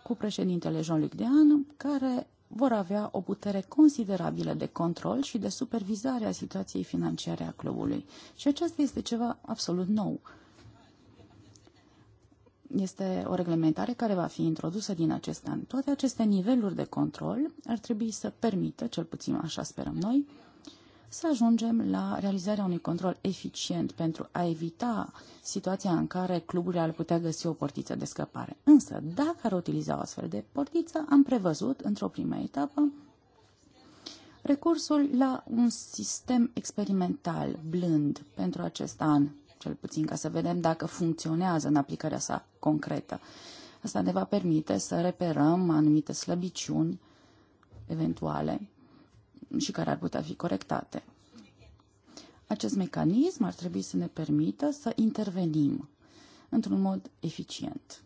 Speaker 6: cu președintele Jean-Luc Dean, care vor avea o putere considerabilă de control și de supervizare a situației financiare a clubului. Și aceasta este ceva absolut nou. Este o reglementare care va fi introdusă din acest an. Toate aceste niveluri de control ar trebui să permită, cel puțin așa sperăm noi, să ajungem la realizarea unui control eficient pentru a evita situația în care cluburile ar putea găsi o portiță de scăpare. Însă, dacă ar utiliza o astfel de portiță, am prevăzut, într-o primă etapă, recursul la un sistem experimental blând pentru acest an, cel puțin ca să vedem dacă funcționează în aplicarea sa concretă. Asta ne va permite să reperăm anumite slăbiciuni eventuale și care ar putea fi corectate. Acest mecanism ar trebui să ne permită să intervenim într-un mod eficient.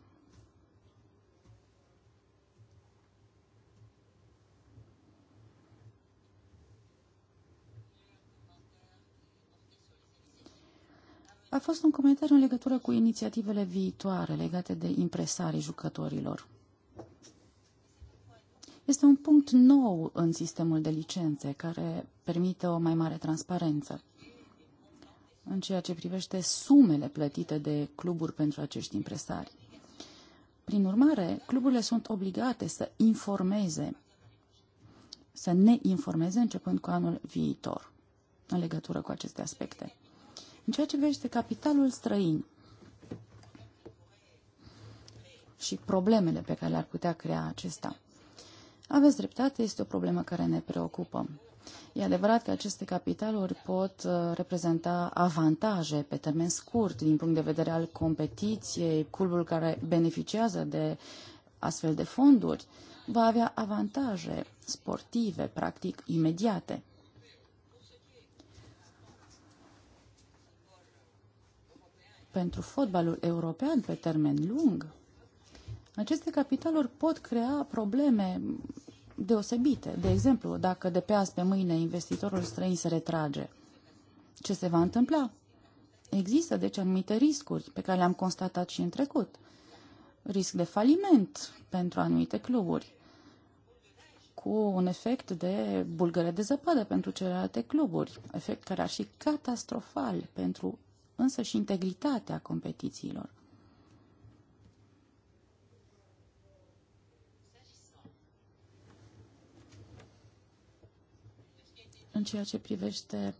Speaker 6: A fost un comentariu în legătură cu inițiativele viitoare legate de impresarii jucătorilor este un punct nou în sistemul de licențe care permite o mai mare transparență. În ceea ce privește sumele plătite de cluburi pentru acești impresari. Prin urmare, cluburile sunt obligate să informeze, să ne informeze începând cu anul viitor în legătură cu aceste aspecte. În ceea ce privește capitalul străin și problemele pe care le-ar putea crea acesta. Aveți dreptate, este o problemă care ne preocupă. E adevărat că aceste capitaluri pot uh, reprezenta avantaje pe termen scurt din punct de vedere al competiției, clubul care beneficiază de astfel de fonduri va avea avantaje sportive, practic imediate. Pentru fotbalul european pe termen lung, aceste capitaluri pot crea probleme deosebite. De exemplu, dacă de pe azi pe mâine investitorul străin se retrage, ce se va întâmpla? Există, deci, anumite riscuri pe care le-am constatat și în trecut. Risc de faliment pentru anumite cluburi, cu un efect de bulgăre de zăpadă pentru celelalte cluburi, efect care ar fi catastrofal pentru însă și integritatea competițiilor. în ceea ce privește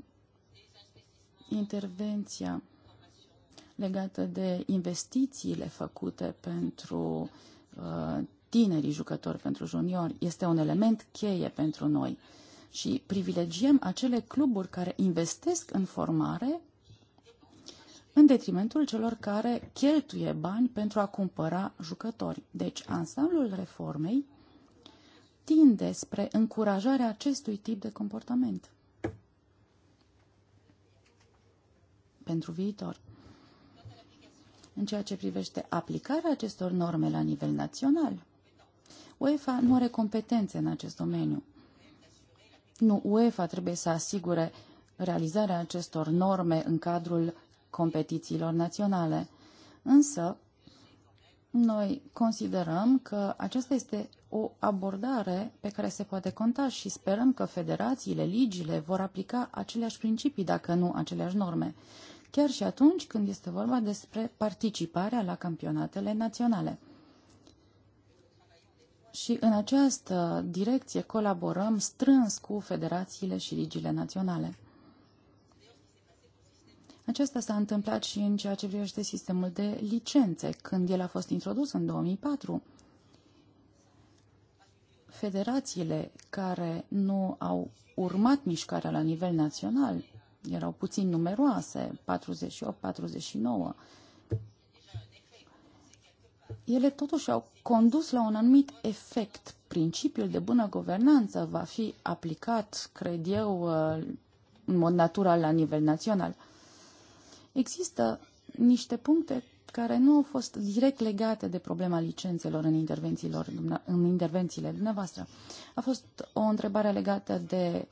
Speaker 6: intervenția legată de investițiile făcute pentru uh, tinerii jucători, pentru juniori, este un element cheie pentru noi. Și privilegiem acele cluburi care investesc în formare în detrimentul celor care cheltuie bani pentru a cumpăra jucători. Deci, ansamblul reformei tinde spre încurajarea acestui tip de comportament pentru viitor. În ceea ce privește aplicarea acestor norme la nivel național, UEFA nu are competențe în acest domeniu. Nu, UEFA trebuie să asigure realizarea acestor norme în cadrul competițiilor naționale. Însă, noi considerăm că aceasta este o abordare pe care se poate conta și sperăm că federațiile, ligile vor aplica aceleași principii, dacă nu aceleași norme, chiar și atunci când este vorba despre participarea la campionatele naționale. Și în această direcție colaborăm strâns cu federațiile și ligile naționale. Aceasta s-a întâmplat și în ceea ce privește sistemul de licențe, când el a fost introdus în 2004 federațiile care nu au urmat mișcarea la nivel național erau puțin numeroase, 48-49. Ele totuși au condus la un anumit efect. Principiul de bună guvernanță va fi aplicat, cred eu, uh, în mod natural la nivel național. Există niște puncte care nu au fost direct legate de problema licențelor în, intervențiilor, în intervențiile dumneavoastră. A fost o întrebare legată de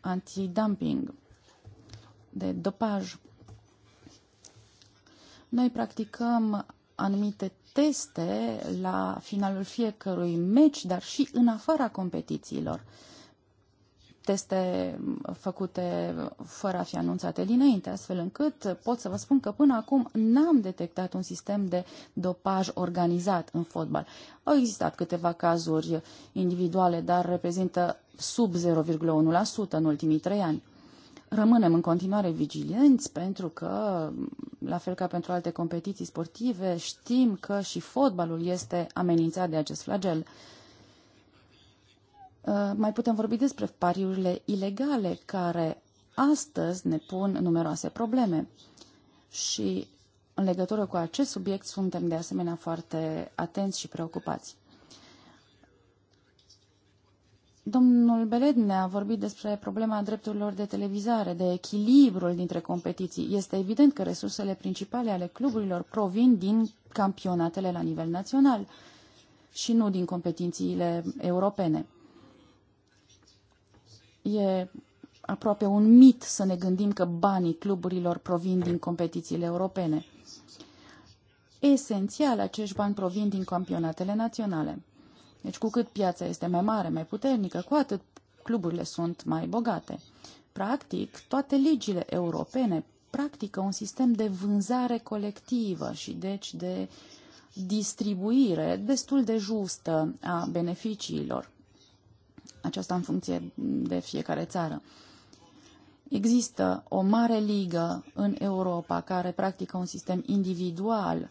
Speaker 6: antidumping, de dopaj. Noi practicăm anumite teste la finalul fiecărui meci, dar și în afara competițiilor. Uh, teste făcute fără a fi anunțate dinainte, astfel încât pot să vă spun că până acum n-am detectat un sistem de dopaj organizat în fotbal. Au existat câteva cazuri individuale, dar reprezintă sub 0,1% în ultimii trei ani. Rămânem în continuare vigilenți pentru că, la fel ca pentru alte competiții sportive, știm că și fotbalul este amenințat de acest flagel. Uh, mai putem vorbi despre pariurile ilegale care astăzi ne pun numeroase probleme. Și în legătură cu acest subiect suntem de asemenea foarte atenți și preocupați. Domnul Beled ne-a vorbit despre problema drepturilor de televizare, de echilibrul dintre competiții. Este evident că resursele principale ale cluburilor provin din campionatele la nivel național și nu din competițiile europene. E aproape un mit să ne gândim că banii cluburilor provin din competițiile europene. Esențial, acești bani provin din campionatele naționale. Deci cu cât piața este mai mare, mai puternică, cu atât cluburile sunt mai bogate. Practic, toate legile europene practică un sistem de vânzare colectivă și deci de distribuire destul de justă a beneficiilor aceasta în funcție de fiecare țară. Există o mare ligă în Europa care practică un sistem individual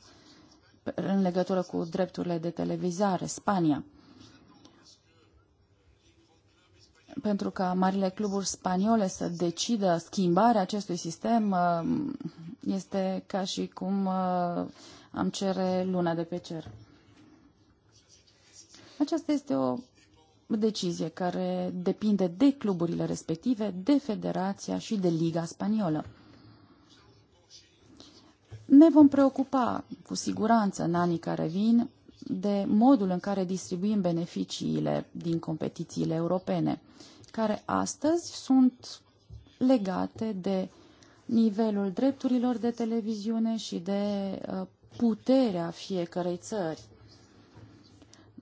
Speaker 6: în legătură cu drepturile de televizare, Spania. Pentru ca marile cluburi spaniole să decidă schimbarea acestui sistem uh, este ca și cum uh, am cere luna de pe cer. Aceasta este o decizie care depinde de cluburile respective, de federația și de Liga Spaniolă. Ne vom preocupa cu siguranță în anii care vin de modul în care distribuim beneficiile din competițiile europene, care astăzi sunt legate de nivelul drepturilor de televiziune și de uh, puterea fiecărei țări,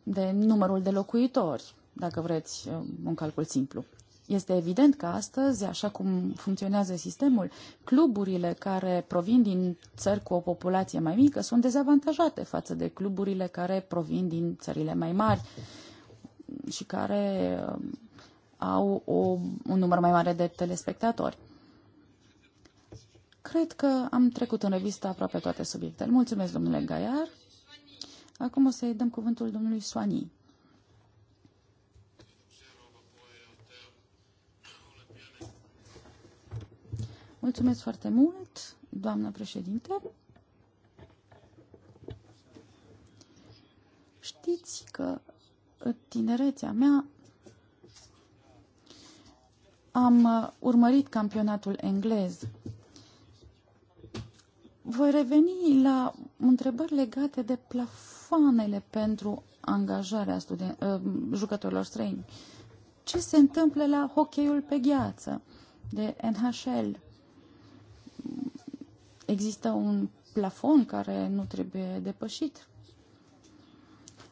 Speaker 6: de numărul de locuitori dacă vreți, uh, un calcul simplu. Este evident că astăzi, așa cum funcționează sistemul, cluburile care provin din țări cu o populație mai mică sunt dezavantajate față de cluburile care provin din țările mai mari și care uh, au o, un număr mai mare de telespectatori. Cred că am trecut în revistă aproape toate subiectele. Mulțumesc, domnule Gaiar. Acum o să-i dăm cuvântul domnului Soanii. Mulțumesc foarte mult, doamnă președinte. Știți că în tinerețea mea am urmărit campionatul englez. Voi reveni la întrebări legate de plafoanele pentru angajarea -ă, jucătorilor străini. Ce se întâmplă la hocheiul pe gheață de NHL? există un plafon care nu trebuie depășit.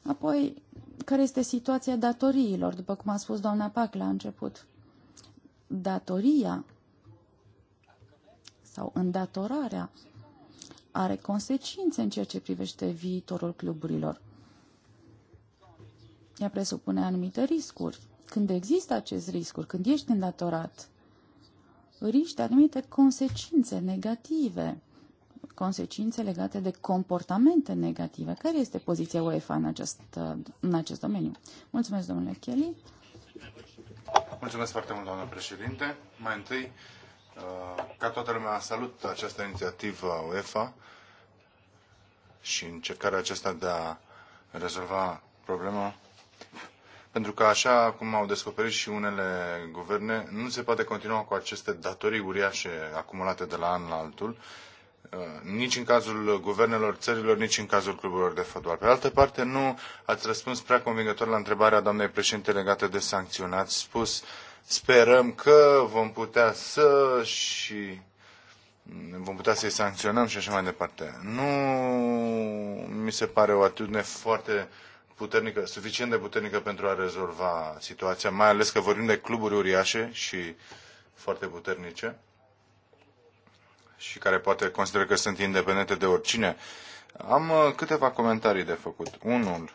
Speaker 6: Apoi, care este situația datoriilor, după cum a spus doamna Pac la început? Datoria sau îndatorarea are consecințe în ceea ce privește viitorul cluburilor. Ea presupune anumite riscuri. Când există acest riscuri, când ești îndatorat, riște anumite consecințe negative, consecințe legate de comportamente negative. Care este poziția UEFA în acest, în acest domeniu? Mulțumesc, domnule Kelly.
Speaker 5: Mulțumesc foarte mult, doamnă președinte. Mai întâi, uh, ca toată lumea, salut această inițiativă a UEFA și încercarea aceasta de a rezolva problema pentru că, așa cum au descoperit și unele guverne, nu se poate continua cu aceste datorii uriașe acumulate de la an la altul, uh, nici în cazul guvernelor țărilor, nici în cazul cluburilor de fotbal. Pe altă parte, nu ați răspuns prea convingător la întrebarea doamnei președinte legată de sancțiuni. Ați spus, sperăm că vom putea să și vom putea să-i sancționăm și așa mai departe. Nu mi se pare o atitudine foarte uh, puternică, suficient de puternică pentru a rezolva situația, mai ales că vorbim de cluburi uriașe și foarte puternice și care poate consideră că sunt independente de oricine. Am uh, câteva comentarii de făcut. Unul,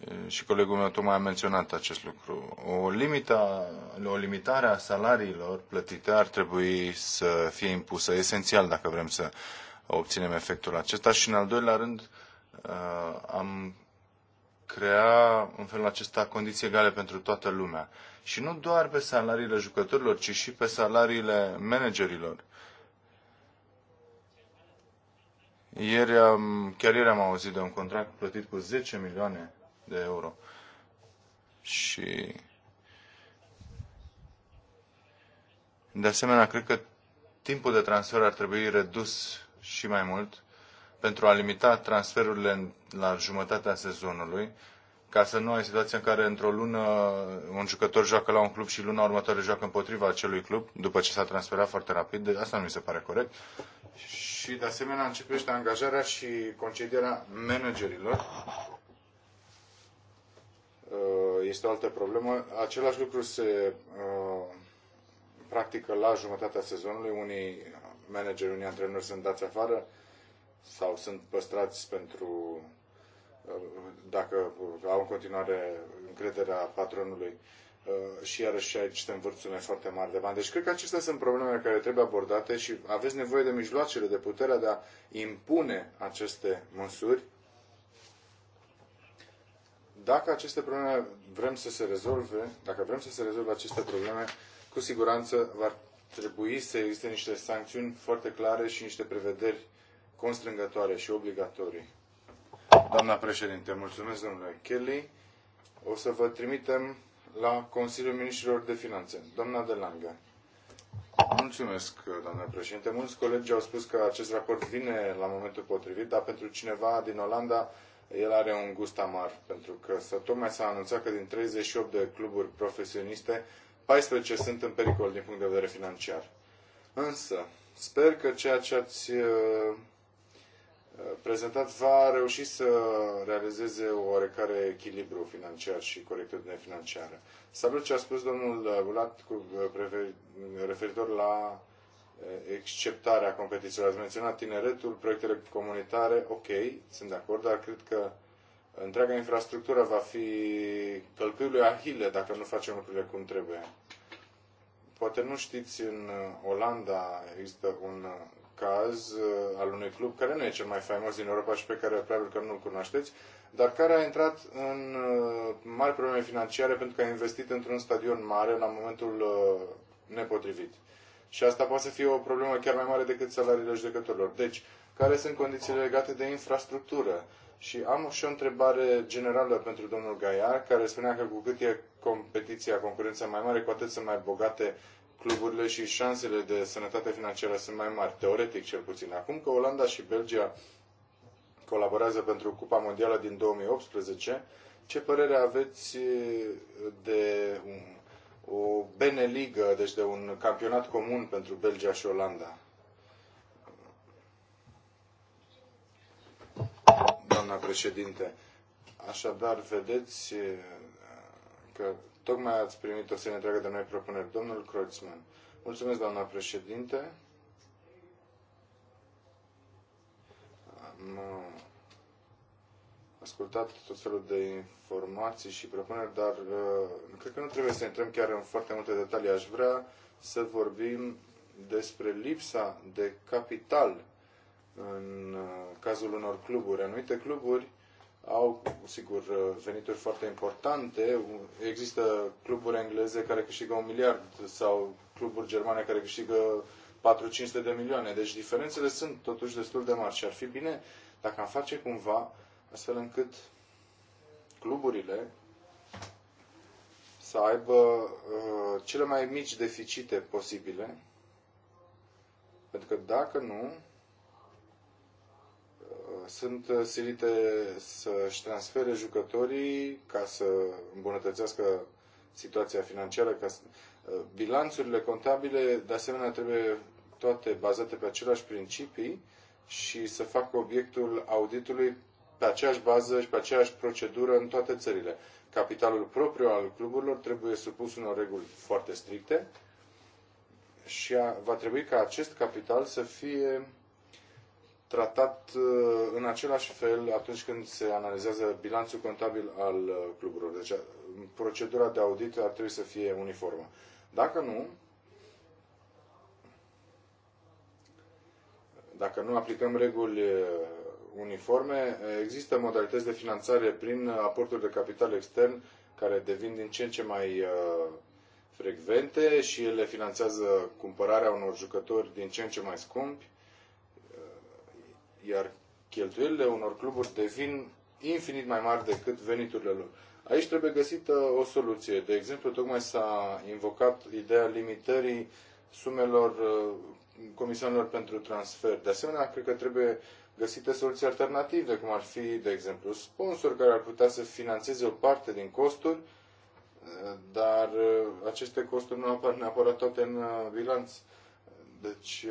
Speaker 5: uh, și colegul meu tocmai a menționat acest lucru, o, limita, o limitare a salariilor plătite ar trebui să fie impusă, esențial dacă vrem să obținem efectul acesta și, în al doilea rând, Uh, am crea în felul acesta condiții egale pentru toată lumea. Și nu doar pe salariile jucătorilor, ci și pe salariile managerilor. Ieri am, chiar ieri am auzit de un contract plătit cu 10 milioane de euro. Și de asemenea, cred că timpul de transfer ar trebui redus și mai mult pentru a limita transferurile în, la jumătatea sezonului, ca să nu ai situația în care într-o lună un jucător joacă la un club și luna următoare joacă împotriva acelui club, după ce s-a transferat foarte rapid, asta nu mi se pare corect. Și de asemenea începește angajarea și concedierea managerilor. Uh, este o altă problemă. Același lucru se uh, practică la jumătatea sezonului. Unii manageri, unii antrenori sunt dați afară sau sunt păstrați pentru uh, dacă au în continuare încrederea patronului uh, și iarăși aici suntem vârțune foarte mari de bani. Deci cred că acestea sunt problemele care trebuie abordate și aveți nevoie de mijloacele, de puterea de a impune aceste măsuri. Dacă aceste probleme vrem să se rezolve, dacă vrem să se rezolve aceste probleme, cu siguranță va trebui să existe niște sancțiuni foarte clare și niște prevederi constrângătoare și obligatorii. Doamna președinte, mulțumesc domnule Kelly. O să vă trimitem la Consiliul Ministrilor de Finanțe. Doamna de Langă. Mulțumesc, doamna președinte. Mulți colegi au spus că acest raport vine la momentul potrivit, dar pentru cineva din Olanda el are un gust amar, pentru că să tocmai s-a anunțat că din 38 de cluburi profesioniste, 14 sunt în pericol din punct de vedere financiar. Însă, sper că ceea ce ați uh, Uh, prezentat va reuși să realizeze o oarecare echilibru financiar și corectitudine financiară. Salut ce a spus domnul Bulat cu uh, referitor la uh, exceptarea competițiilor. Ați menționat tineretul, proiectele comunitare, ok, sunt de acord, dar cred că întreaga infrastructură va fi călcâiului ahile dacă nu facem lucrurile cum trebuie. Poate nu știți, în Olanda există un caz uh, al unui club care nu e cel mai faimos din Europa și pe care probabil că nu-l cunoașteți, dar care a intrat în uh, mari probleme financiare pentru că a investit într-un stadion mare la momentul uh, nepotrivit. Și asta poate să fie o problemă chiar mai mare decât salariile judecătorilor. Deci, care sunt condițiile legate de infrastructură? Și am și o întrebare generală pentru domnul Gaiar, care spunea că cu cât e competiția, concurența mai mare, cu atât sunt mai bogate cluburile și șansele de sănătate financiară sunt mai mari, teoretic cel puțin. Acum că Olanda și Belgia colaborează pentru Cupa Mondială din 2018, ce părere aveți de o Beneligă, deci de un campionat comun pentru Belgia și Olanda? Doamna președinte, așadar vedeți că Tocmai ați primit o serie întreagă de noi propuneri. Domnul Kreutzmann. Mulțumesc, doamna președinte. Am uh, ascultat tot felul de informații și propuneri, dar uh, cred că nu trebuie să intrăm chiar în foarte multe detalii. Aș vrea să vorbim despre lipsa de capital în uh, cazul unor cluburi. Anumite cluburi au, sigur, venituri foarte importante. Există cluburi engleze care câștigă un miliard sau cluburi germane care câștigă 4-500 de milioane. Deci diferențele sunt totuși destul de mari și ar fi bine dacă am face cumva astfel încât cluburile să aibă uh, cele mai mici deficite posibile, pentru că dacă nu, sunt uh, silite să-și transfere jucătorii ca să îmbunătățească situația financiară. Ca să... Uh, bilanțurile contabile, de asemenea, trebuie toate bazate pe același principii și să facă obiectul auditului pe aceeași bază și pe aceeași procedură în toate țările. Capitalul propriu al cluburilor trebuie supus unor reguli foarte stricte și va trebui ca acest capital să fie tratat uh, în același fel atunci când se analizează bilanțul contabil al uh, cluburilor. Deci uh, procedura de audit ar trebui să fie uniformă. Dacă nu, dacă nu aplicăm reguli uniforme, există modalități de finanțare prin aporturi de capital extern care devin din ce în ce mai frecvente și ele finanțează cumpărarea unor jucători din ce în ce mai scumpi iar cheltuielile unor cluburi devin infinit mai mari decât veniturile lor. Aici trebuie găsită o soluție. De exemplu, tocmai s-a invocat ideea limitării sumelor uh, comisioanelor pentru transfer. De asemenea, cred că trebuie găsite soluții alternative, cum ar fi, de exemplu, sponsor care ar putea să financeze o parte din costuri, uh, dar uh, aceste costuri nu apar neapărat toate în bilanț. Deci,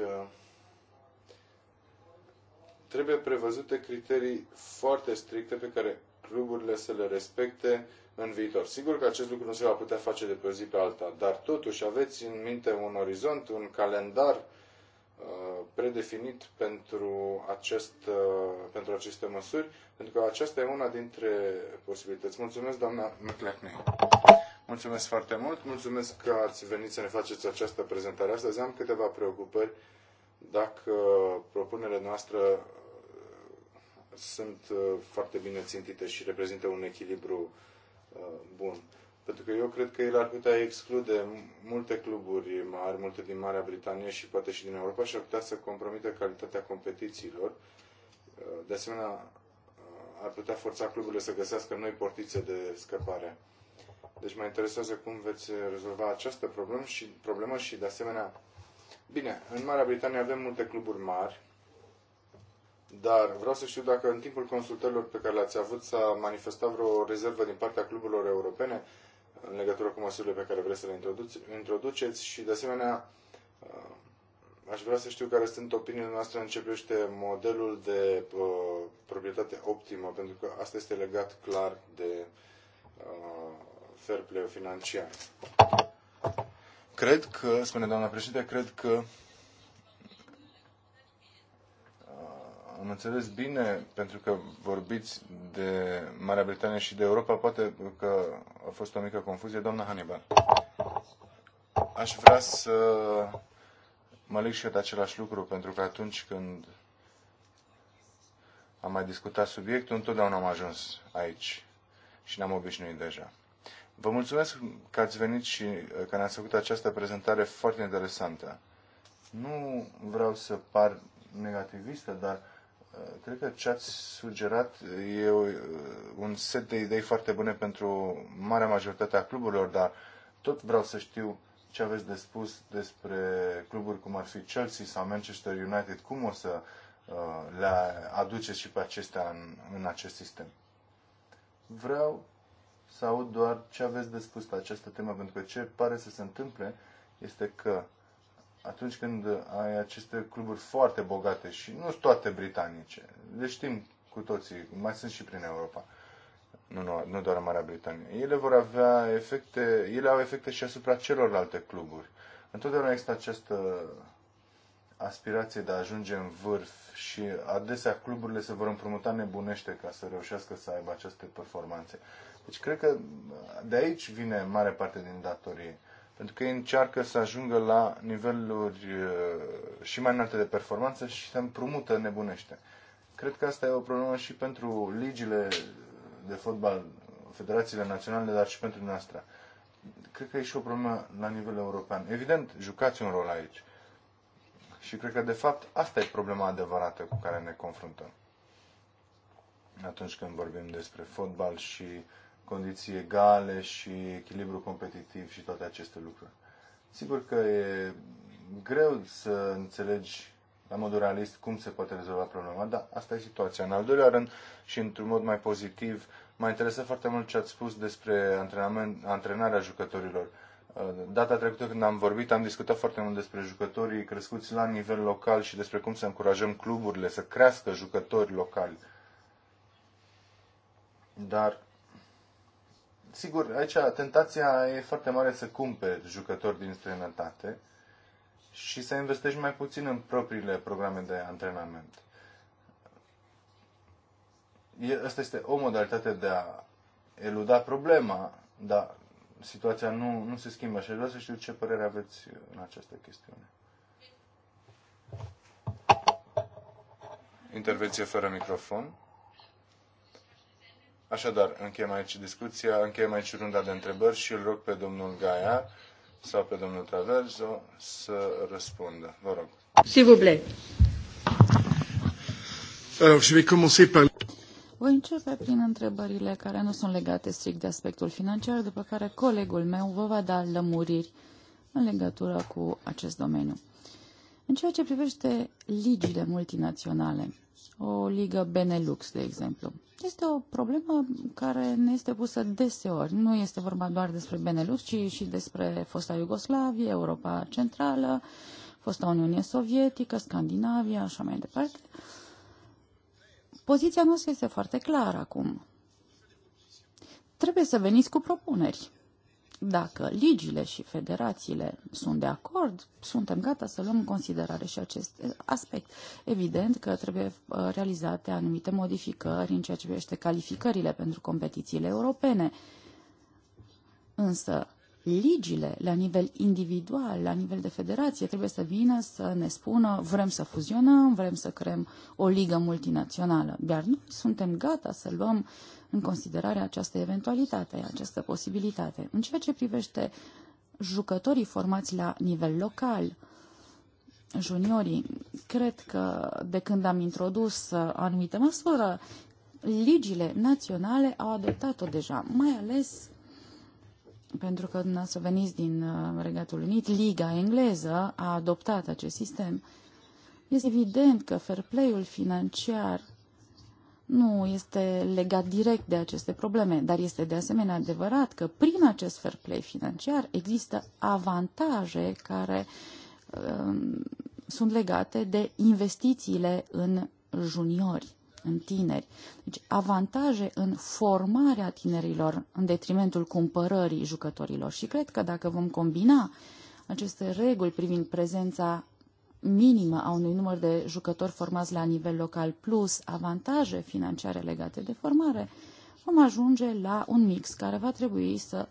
Speaker 5: trebuie prevăzute criterii foarte stricte pe care cluburile să le respecte în viitor. Sigur că acest lucru nu se va putea face de pe o zi pe alta, dar totuși aveți în minte un orizont, un calendar uh, predefinit pentru, acest, uh, pentru aceste măsuri, pentru că aceasta e una dintre posibilități. Mulțumesc, doamna McLeckney. Mulțumesc foarte mult, mulțumesc că ați venit să ne faceți această prezentare. Astăzi am câteva preocupări dacă propunerile noastre uh, sunt uh, foarte bine țintite și reprezintă un echilibru uh, bun. Pentru că eu cred că el ar putea exclude multe cluburi mari, multe din Marea Britanie și poate și din Europa și ar putea să compromită calitatea competițiilor. De asemenea, ar putea forța cluburile să găsească noi portițe de scăpare. Deci mă interesează cum veți rezolva această problemă și, problemă și de asemenea, Bine, în Marea Britanie avem multe cluburi mari, dar vreau să știu dacă în timpul consultărilor pe care le-ați avut s-a manifestat vreo rezervă din partea cluburilor europene în legătură cu măsurile pe care vreți să le introduceți și, de asemenea, uh, aș vrea să știu care sunt opiniile noastre în ce privește modelul de uh, proprietate optimă, pentru că asta este legat clar de uh, fair play financiar. Cred că, spune doamna președinte, cred că uh, am înțeles bine, pentru că vorbiți de Marea Britanie și de Europa, poate că a fost o mică confuzie. Doamna Hannibal, aș vrea să mă leg și eu de același lucru, pentru că atunci când am mai discutat subiectul, întotdeauna am ajuns aici și ne-am obișnuit deja. Vă mulțumesc că ați venit și uh, că ne-ați făcut această prezentare foarte interesantă. Nu vreau să par negativistă, dar uh, cred că ce ați sugerat e uh, un set de idei foarte bune pentru marea majoritate a cluburilor, dar tot vreau să știu ce aveți de spus despre cluburi cum ar fi Chelsea sau Manchester United, cum o să le aduceți și pe acestea în, în acest sistem. Vreau să aud doar ce aveți de spus pe această temă, pentru că ce pare să se întâmple este că atunci când ai aceste cluburi foarte bogate și nu sunt toate britanice, le știm cu toții, mai sunt și prin Europa, nu, nu, nu doar în Marea Britanie, ele vor avea efecte, ele au efecte și asupra celorlalte cluburi. Întotdeauna există această aspirație de a ajunge în vârf și adesea cluburile se vor împrumuta nebunește ca să reușească să aibă aceste performanțe. Deci cred că de aici vine mare parte din datorie. Pentru că ei încearcă să ajungă la niveluri uh, și mai înalte de performanță și se împrumută nebunește. Cred că asta e o problemă și pentru ligile de fotbal, federațiile naționale, dar și pentru noastră. Cred că e și o problemă la nivel european. Evident, jucați un rol aici. Și cred că, de fapt, asta e problema adevărată cu care ne confruntăm atunci când vorbim despre fotbal și uh, condiții egale și echilibru competitiv și toate aceste lucruri. Sigur că e greu să înțelegi la modul realist cum se poate rezolva problema, dar asta e situația. În al doilea rând și într-un mod mai pozitiv, m-a interesat foarte mult ce ați spus despre antrenament, antrenarea jucătorilor. Uh, data trecută când am vorbit, am discutat foarte mult despre jucătorii crescuți la nivel local și despre cum să încurajăm cluburile să crească jucători locali. Dar Sigur, aici tentația e foarte mare să cumperi jucători din străinătate și să investești mai puțin în propriile programe de antrenament. E, asta este o modalitate de a eluda problema, dar situația nu, nu se schimbă și vreau să știu ce părere aveți în această chestiune. Intervenție fără microfon. Așadar, încheiem aici discuția, încheiem aici runda de întrebări și îl rog pe domnul Gaia sau pe domnul Traverzo să răspundă. Vă rog.
Speaker 2: S'il vous plaît. Alors, je vais commencer par...
Speaker 6: Voi începe prin întrebările care nu sunt legate strict de aspectul financiar, după care colegul meu vă va da lămuriri în legătură cu acest domeniu. În ceea ce privește ligile multinaționale, o ligă Benelux, de exemplu. Este o problemă care ne este pusă deseori. Nu este vorba doar despre Benelux, ci și despre fosta Iugoslavie, Europa Centrală, fosta Uniune Sovietică, Scandinavia, așa mai departe. Poziția noastră este foarte clară acum. Trebuie să veniți cu propuneri. Dacă ligile și federațiile sunt de acord, suntem gata să luăm în considerare și acest aspect. Evident că trebuie uh, realizate anumite modificări în ceea ce privește calificările pentru competițiile europene. Însă, ligile la nivel individual, la nivel de federație, trebuie să vină să ne spună vrem să fuzionăm, vrem să creăm o ligă multinațională. Iar noi suntem gata să luăm uh, în considerare această eventualitate, această posibilitate. În ceea ce privește jucătorii formați la nivel local, juniorii, cred că de când am introdus uh, anumite măsură, ligile naționale au adoptat-o deja, mai ales pentru că dumneavoastră veniți din uh, Regatul Unit, Liga engleză a adoptat acest sistem. Este evident că fair play-ul financiar nu este legat direct de aceste probleme, dar este de asemenea adevărat că prin acest fair play financiar există avantaje care um, sunt legate de investițiile în juniori, în tineri. Deci avantaje în formarea tinerilor în detrimentul cumpărării jucătorilor. Și cred că dacă vom combina aceste reguli privind prezența minimă a unui număr de jucători formați la nivel local plus avantaje financiare legate de formare, vom ajunge la un mix care va trebui să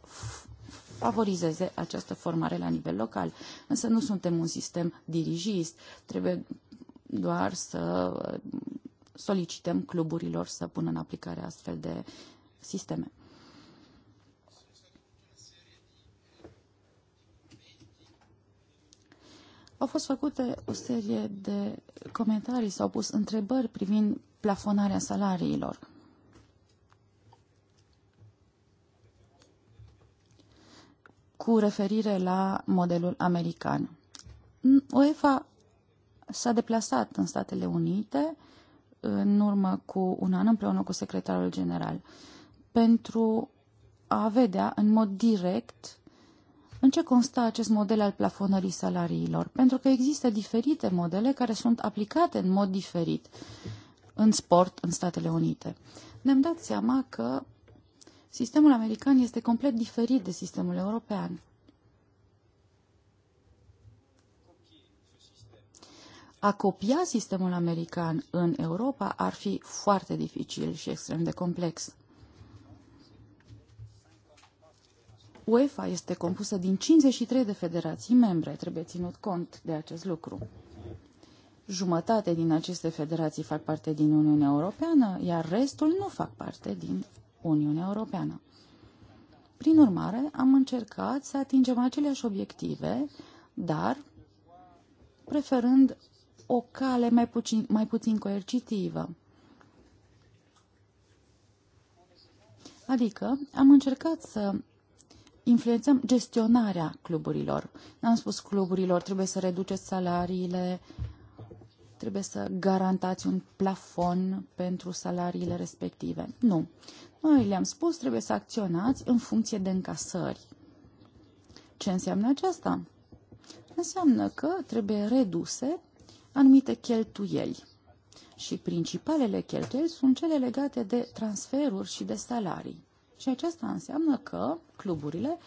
Speaker 6: favorizeze această formare la nivel local. Însă nu suntem un sistem dirigist, trebuie doar să solicităm cluburilor să pună în aplicare astfel de sisteme. Au fost făcute o serie de comentarii, s-au pus întrebări privind plafonarea salariilor. cu referire la modelul american. UEFA s-a deplasat în Statele Unite în urmă cu un an împreună cu secretarul general pentru a vedea în mod direct în ce constă acest model al plafonării salariilor? Pentru că există diferite modele care sunt aplicate în mod diferit în sport în Statele Unite. Ne-am dat seama că sistemul american este complet diferit de sistemul european. A copia sistemul american în Europa ar fi foarte dificil și extrem de complex. UEFA este compusă din 53 de federații membre, trebuie ținut cont de acest lucru. Jumătate din aceste federații fac parte din Uniunea Europeană, iar restul nu fac parte din Uniunea Europeană. Prin urmare, am încercat să atingem aceleași obiective, dar preferând o cale mai puțin, mai puțin coercitivă. Adică am încercat să influențăm gestionarea cluburilor. N-am spus cluburilor, trebuie să reduceți salariile, trebuie să garantați un plafon pentru salariile respective. Nu. Noi le-am spus, trebuie să acționați în funcție de încasări. Ce înseamnă aceasta? Înseamnă că trebuie reduse anumite cheltuieli. Și principalele cheltuieli sunt cele legate de transferuri și de salarii. Și aceasta înseamnă că cluburile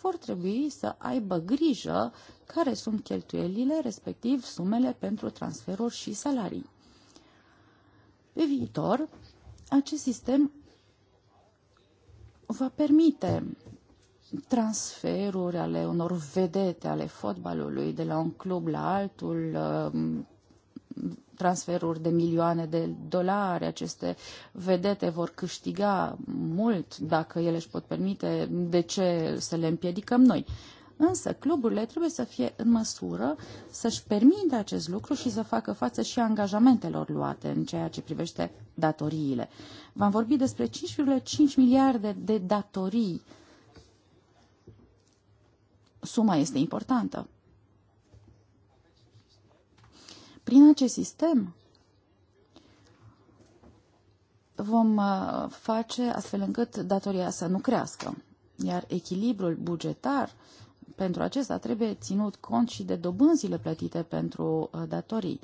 Speaker 6: vor trebui să aibă grijă care sunt cheltuielile, respectiv sumele pentru transferuri și salarii. Pe viitor, acest sistem va permite transferuri ale unor vedete ale fotbalului de la un club la altul, transferuri de milioane de dolari. Aceste vedete vor câștiga mult dacă ele își pot permite. De ce să le împiedicăm noi? Însă cluburile trebuie să fie în măsură să-și permită acest lucru și să facă față și angajamentelor luate în ceea ce privește datoriile. V-am vorbit despre 5,5 miliarde de datorii. Suma este importantă. Prin acest sistem vom uh, face astfel încât datoria să nu crească, iar echilibrul bugetar pentru acesta trebuie ținut cont și de dobânzile plătite pentru uh, datorii.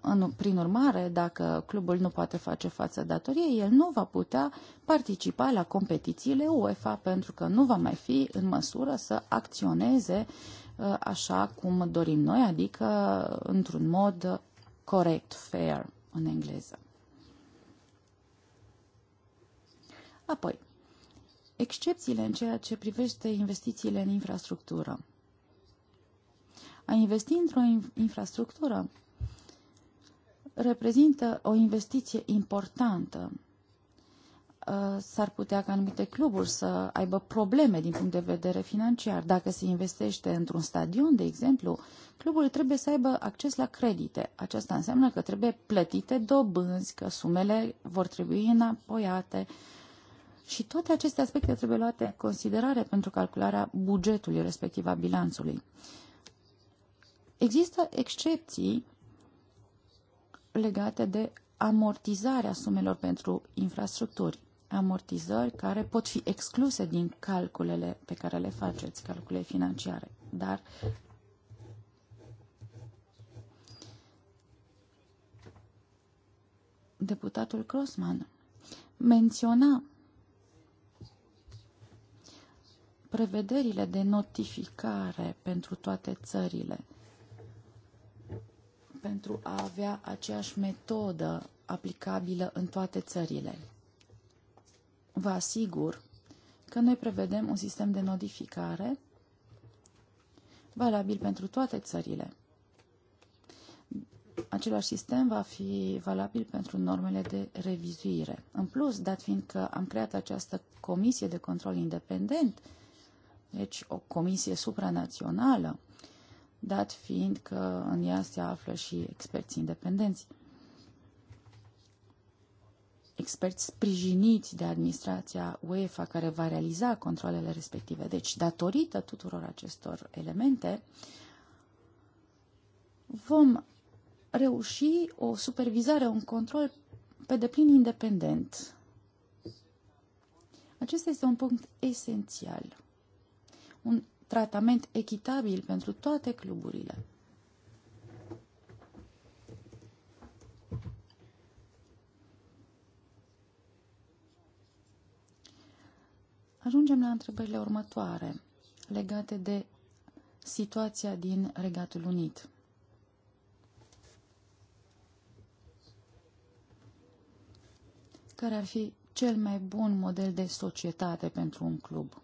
Speaker 6: În, prin urmare, dacă clubul nu poate face față datoriei, el nu va putea participa la competițiile UEFA pentru că nu va mai fi în măsură să acționeze Uh, așa cum dorim noi, adică într-un mod corect, fair în engleză. Apoi, excepțiile în ceea ce privește investițiile în infrastructură. A investi într-o infrastructură reprezintă o investiție importantă Uh, s-ar putea ca anumite cluburi să aibă probleme din punct de vedere financiar. Dacă se investește într-un stadion, de exemplu, clubul trebuie să aibă acces la credite. Aceasta înseamnă că trebuie plătite dobânzi, că sumele vor trebui înapoiate. Și toate aceste aspecte trebuie luate în considerare pentru calcularea bugetului, respectiv a bilanțului. Există excepții legate de amortizarea sumelor pentru infrastructuri amortizări care pot fi excluse din calculele pe care le faceți, calcule financiare. Dar deputatul Crossman menționa prevederile de notificare pentru toate țările pentru a avea aceeași metodă aplicabilă în toate țările vă asigur că noi prevedem un sistem de notificare valabil pentru toate țările. Același sistem va fi valabil pentru normele de revizuire. În plus, dat fiind că am creat această comisie de control independent, deci o comisie supranațională, dat fiind că în ea se află și experți independenți experți sprijiniți de administrația UEFA care va realiza controlele respective. Deci, datorită tuturor acestor elemente, vom reuși o supervizare, un control pe deplin independent. Acesta este un punct esențial. Un tratament echitabil pentru toate cluburile. Ajungem la întrebările următoare legate de situația din Regatul Unit. Care ar fi cel mai bun model de societate pentru un club?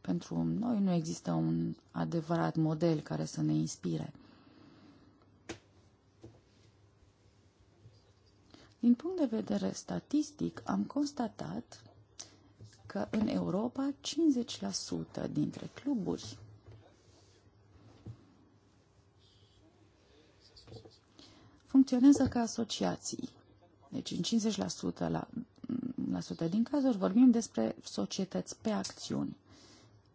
Speaker 6: Pentru noi nu există un adevărat model care să ne inspire. Din punct de vedere statistic, am constatat că în Europa 50% dintre cluburi funcționează ca asociații. Deci în 50% la, la sută din cazuri vorbim despre societăți pe acțiuni,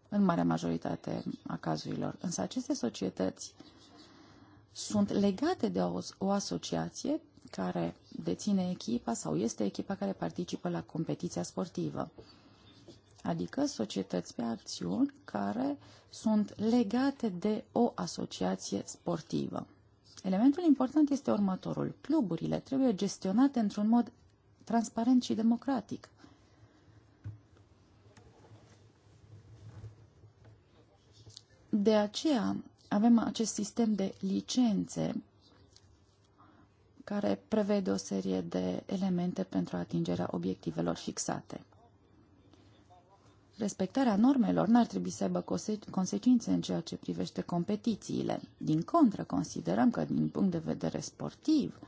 Speaker 6: în marea majoritate a cazurilor. Însă aceste societăți sunt legate de o, o asociație care deține echipa sau este echipa care participă la competiția sportivă adică societăți pe acțiuni care sunt legate de o asociație sportivă. Elementul important este următorul. Cluburile trebuie gestionate într-un mod transparent și democratic. De aceea avem acest sistem de licențe care prevede o serie de elemente pentru atingerea obiectivelor fixate respectarea normelor n-ar trebui să aibă consecințe în ceea ce privește competițiile. Din contră, considerăm că, din punct de vedere sportiv,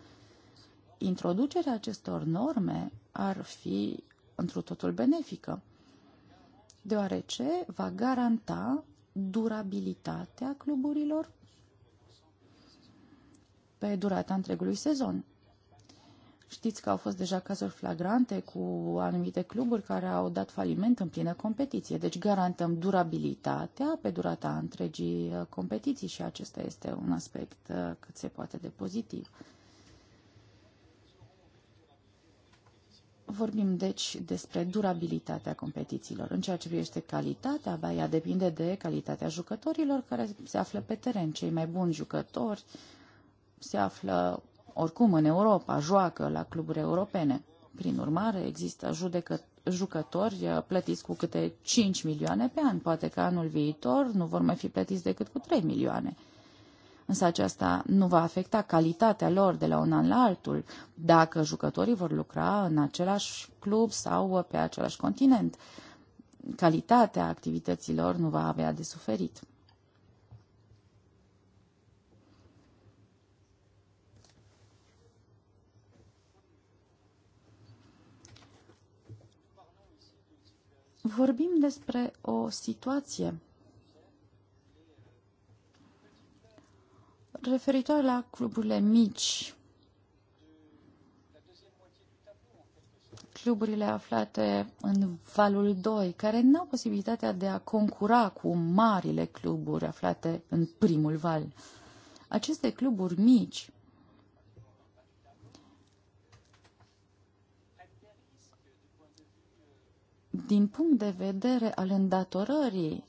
Speaker 6: introducerea acestor norme ar fi într-o totul benefică, deoarece va garanta durabilitatea cluburilor pe durata întregului sezon. Știți că au fost deja cazuri flagrante cu anumite cluburi care au dat faliment în plină competiție. Deci garantăm durabilitatea pe durata întregii uh, competiții și acesta este un aspect uh, cât se poate de pozitiv. Vorbim deci despre durabilitatea competițiilor. În ceea ce privește calitatea, abia ea depinde de calitatea jucătorilor care se află pe teren. Cei mai buni jucători se află oricum în Europa joacă la cluburi europene. Prin urmare, există judecă jucători uh, plătiți cu câte 5 milioane pe an. Poate că anul viitor nu vor mai fi plătiți decât cu 3 milioane. Însă aceasta nu va afecta calitatea lor de la un an la altul, dacă jucătorii vor lucra în același club sau uh, pe același continent. Calitatea activităților nu va avea de suferit. Vorbim despre o situație referitor la cluburile mici, cluburile aflate în valul 2, care nu au posibilitatea de a concura cu marile cluburi aflate în primul val. Aceste cluburi mici din punct de vedere al îndatorării,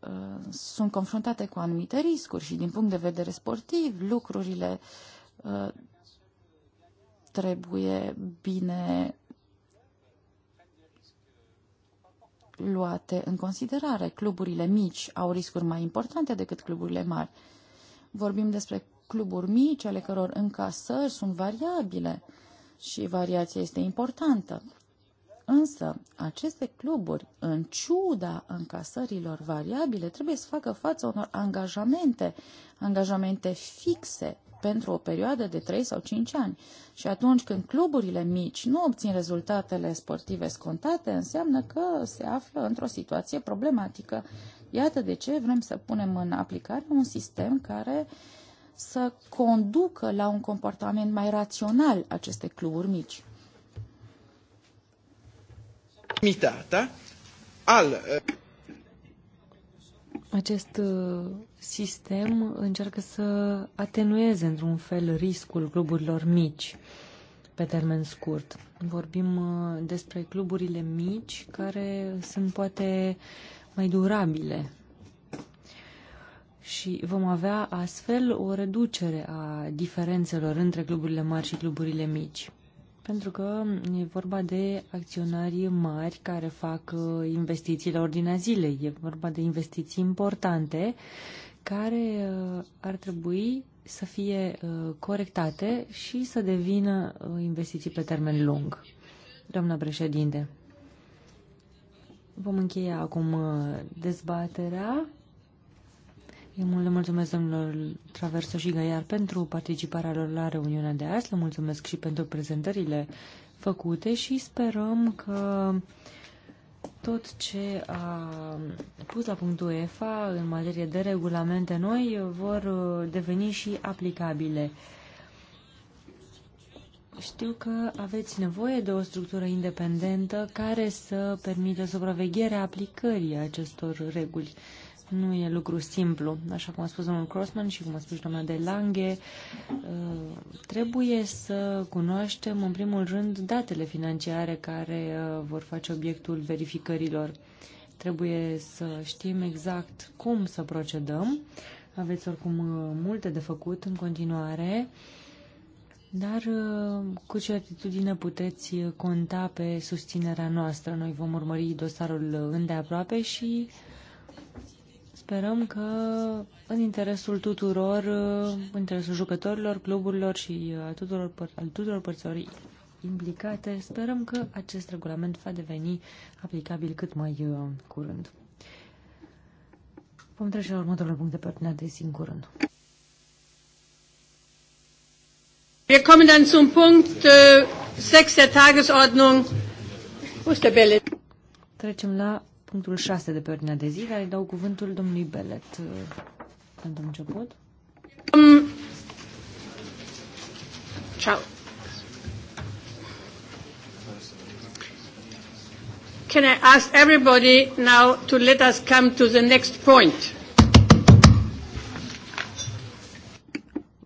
Speaker 6: uh, sunt confruntate cu anumite riscuri și din punct de vedere sportiv lucrurile uh, trebuie bine luate în considerare. Cluburile mici au riscuri mai importante decât cluburile mari. Vorbim despre cluburi mici ale căror încasări sunt variabile și variația este importantă. Însă, aceste cluburi, în ciuda încasărilor variabile, trebuie să facă față unor angajamente, angajamente fixe pentru o perioadă de 3 sau 5 ani. Și atunci când cluburile mici nu obțin rezultatele sportive scontate, înseamnă că se află într-o situație problematică. Iată de ce vrem să punem în aplicare un sistem care să conducă la un comportament mai rațional aceste cluburi mici
Speaker 3: limitată al... Uh,
Speaker 4: Acest uh, sistem încearcă să atenueze într-un fel riscul cluburilor mici pe termen scurt. Vorbim uh, despre cluburile mici care sunt poate mai durabile și vom avea astfel o reducere a diferențelor între cluburile mari și cluburile mici pentru că e vorba de acționari mari care fac uh, investiții la ordinea zilei. E vorba de investiții importante care uh, ar trebui să fie uh, corectate și să devină investiții pe termen lung. Doamna președinte, vom încheia acum dezbaterea le mulțumesc domnilor Traversă și Gaiar pentru participarea lor la reuniunea de azi. Le mulțumesc și pentru prezentările făcute și sperăm că tot ce a pus la punctul EFA în materie de regulamente noi vor uh, deveni și aplicabile. Știu că aveți nevoie de o structură independentă care să permită supravegherea aplicării acestor reguli nu e lucru simplu. Așa cum a spus domnul Crossman și cum a spus doamna de Lange, uh, trebuie să cunoaștem în primul rând datele financiare care uh, vor face obiectul verificărilor. Trebuie să știm exact cum să procedăm. Aveți oricum uh, multe de făcut în continuare, dar cu certitudine puteți conta pe susținerea noastră. Noi vom urmări dosarul îndeaproape și Sperăm că în interesul tuturor, în interesul jucătorilor, cluburilor și a tuturor, al tuturor părților implicate, sperăm că acest regulament va deveni aplicabil cât mai uh, curând. Vom trece la următorul punct de pe de zi în curând.
Speaker 1: Wir kommen dann zum Punkt 6 äh, der Tagesordnung. Wo ist der Trecem la punctul 6 de pe ordinea de zi, dar îi dau
Speaker 4: cuvântul domnului Belet uh, pentru început.
Speaker 2: Um,
Speaker 1: ciao. Can I ask everybody now to let us come to the next point?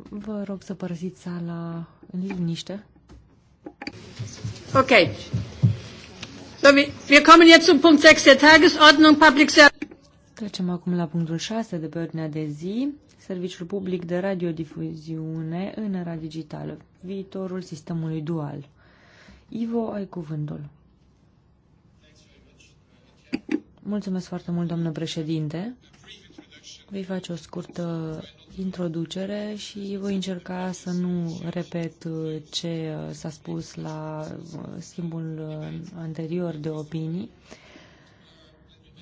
Speaker 4: Vă rog să părăsiți sala în liniște. Okay.
Speaker 1: Wir kommen jetzt zum Punkt 6 der Tagesordnung, Public Service. Trecem acum la punctul
Speaker 4: 6 de pe ordinea de zi, Serviciul Public de Radiodifuziune în era digitală, viitorul sistemului dual. Ivo, ai cuvântul. Mulțumesc foarte mult, domnule președinte. Voi face o scurtă introducere și voi încerca să nu repet uh, ce uh, s-a spus la uh, schimbul anterior de opinii.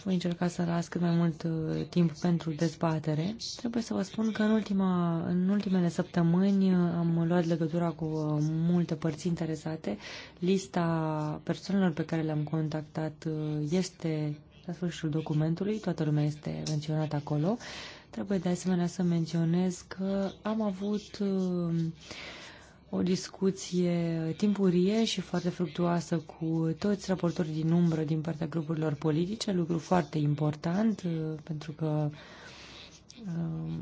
Speaker 4: Voi încerca să las cât mai mult timp pentru dezbatere. Trebuie să vă spun că în, ultima, în ultimele săptămâni am luat legătura cu multe părți interesate. Lista persoanelor pe care le-am contactat este la sfârșitul documentului, toată lumea este menționată acolo. Trebuie de asemenea să menționez că am avut uh, o discuție timpurie și foarte fructuoasă cu toți raportorii din umbră din partea grupurilor politice, lucru foarte important uh, pentru că uh,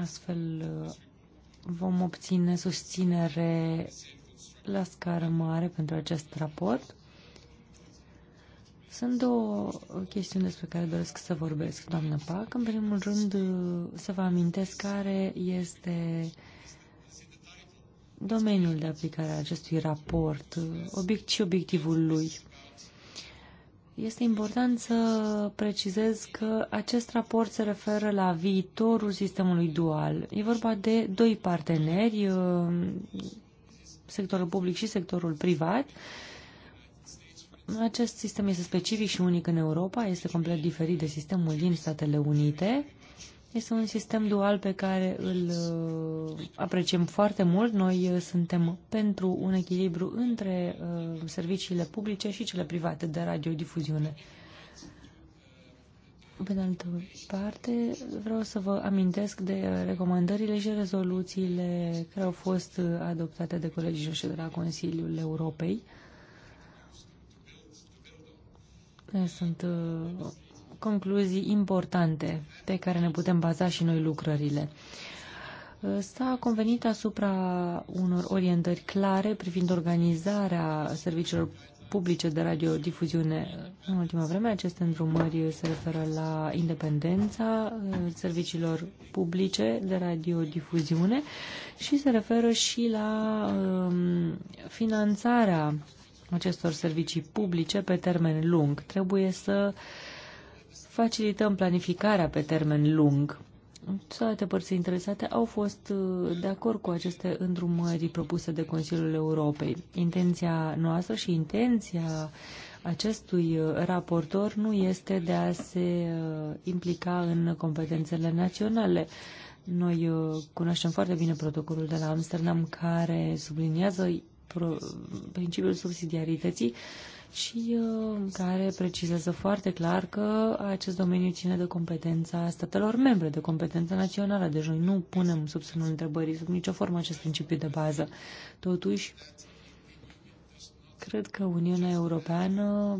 Speaker 4: astfel vom obține susținere la scară mare pentru acest raport. Sunt două chestiuni despre care doresc să vorbesc, doamnă Pac. În primul rând, să vă amintesc care este domeniul de aplicare a acestui raport obiect și obiectivul lui. Este important să precizez că acest raport se referă la viitorul sistemului dual. E vorba de doi parteneri, sectorul public și sectorul privat, acest sistem este specific și unic în Europa, este complet diferit de sistemul din Statele Unite. Este un sistem dual pe care îl uh, apreciem foarte mult. Noi uh, suntem pentru un echilibru între uh, serviciile publice și cele private de radiodifuziune. Pe de altă parte, vreau să vă amintesc de recomandările și rezoluțiile care au fost adoptate de colegii noștri de la Consiliul Europei. Sunt uh, concluzii importante pe care ne putem baza și noi lucrările. Uh, s-a convenit asupra unor orientări clare privind organizarea serviciilor publice de radiodifuziune în ultima vreme. Aceste îndrumări se referă la independența uh, serviciilor publice de radiodifuziune și se referă și la um, finanțarea acestor servicii publice pe termen lung. Trebuie să facilităm planificarea pe termen lung. Toate părții interesate au fost uh, de acord cu aceste îndrumări propuse de Consiliul Europei. Intenția noastră și intenția acestui uh, raportor nu este de a se uh, implica în competențele naționale. Noi cunoaștem foarte bine protocolul de la Amsterdam care subliniază principiul subsidiarității și uh, care precizează foarte clar că acest domeniu ține de competența statelor membre, de competența națională. Deci noi nu punem sub semnul întrebării, sub nicio formă, acest principiu de bază. Totuși, cred că Uniunea Europeană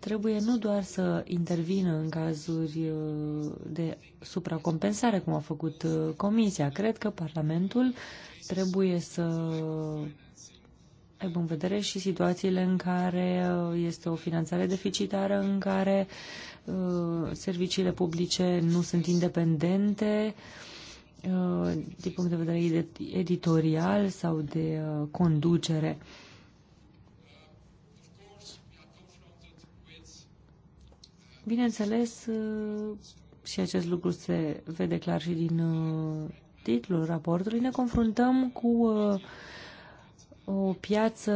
Speaker 4: trebuie nu doar să intervină în cazuri uh, de supracompensare, cum a făcut uh, Comisia. Cred că Parlamentul trebuie să aibă în vedere și situațiile în care uh, este o finanțare deficitară, în care uh, serviciile publice nu sunt independente uh, din punct de vedere editorial sau de conducere. Bineînțeles, și acest lucru se vede clar și din titlul raportului, ne confruntăm cu uh, o piață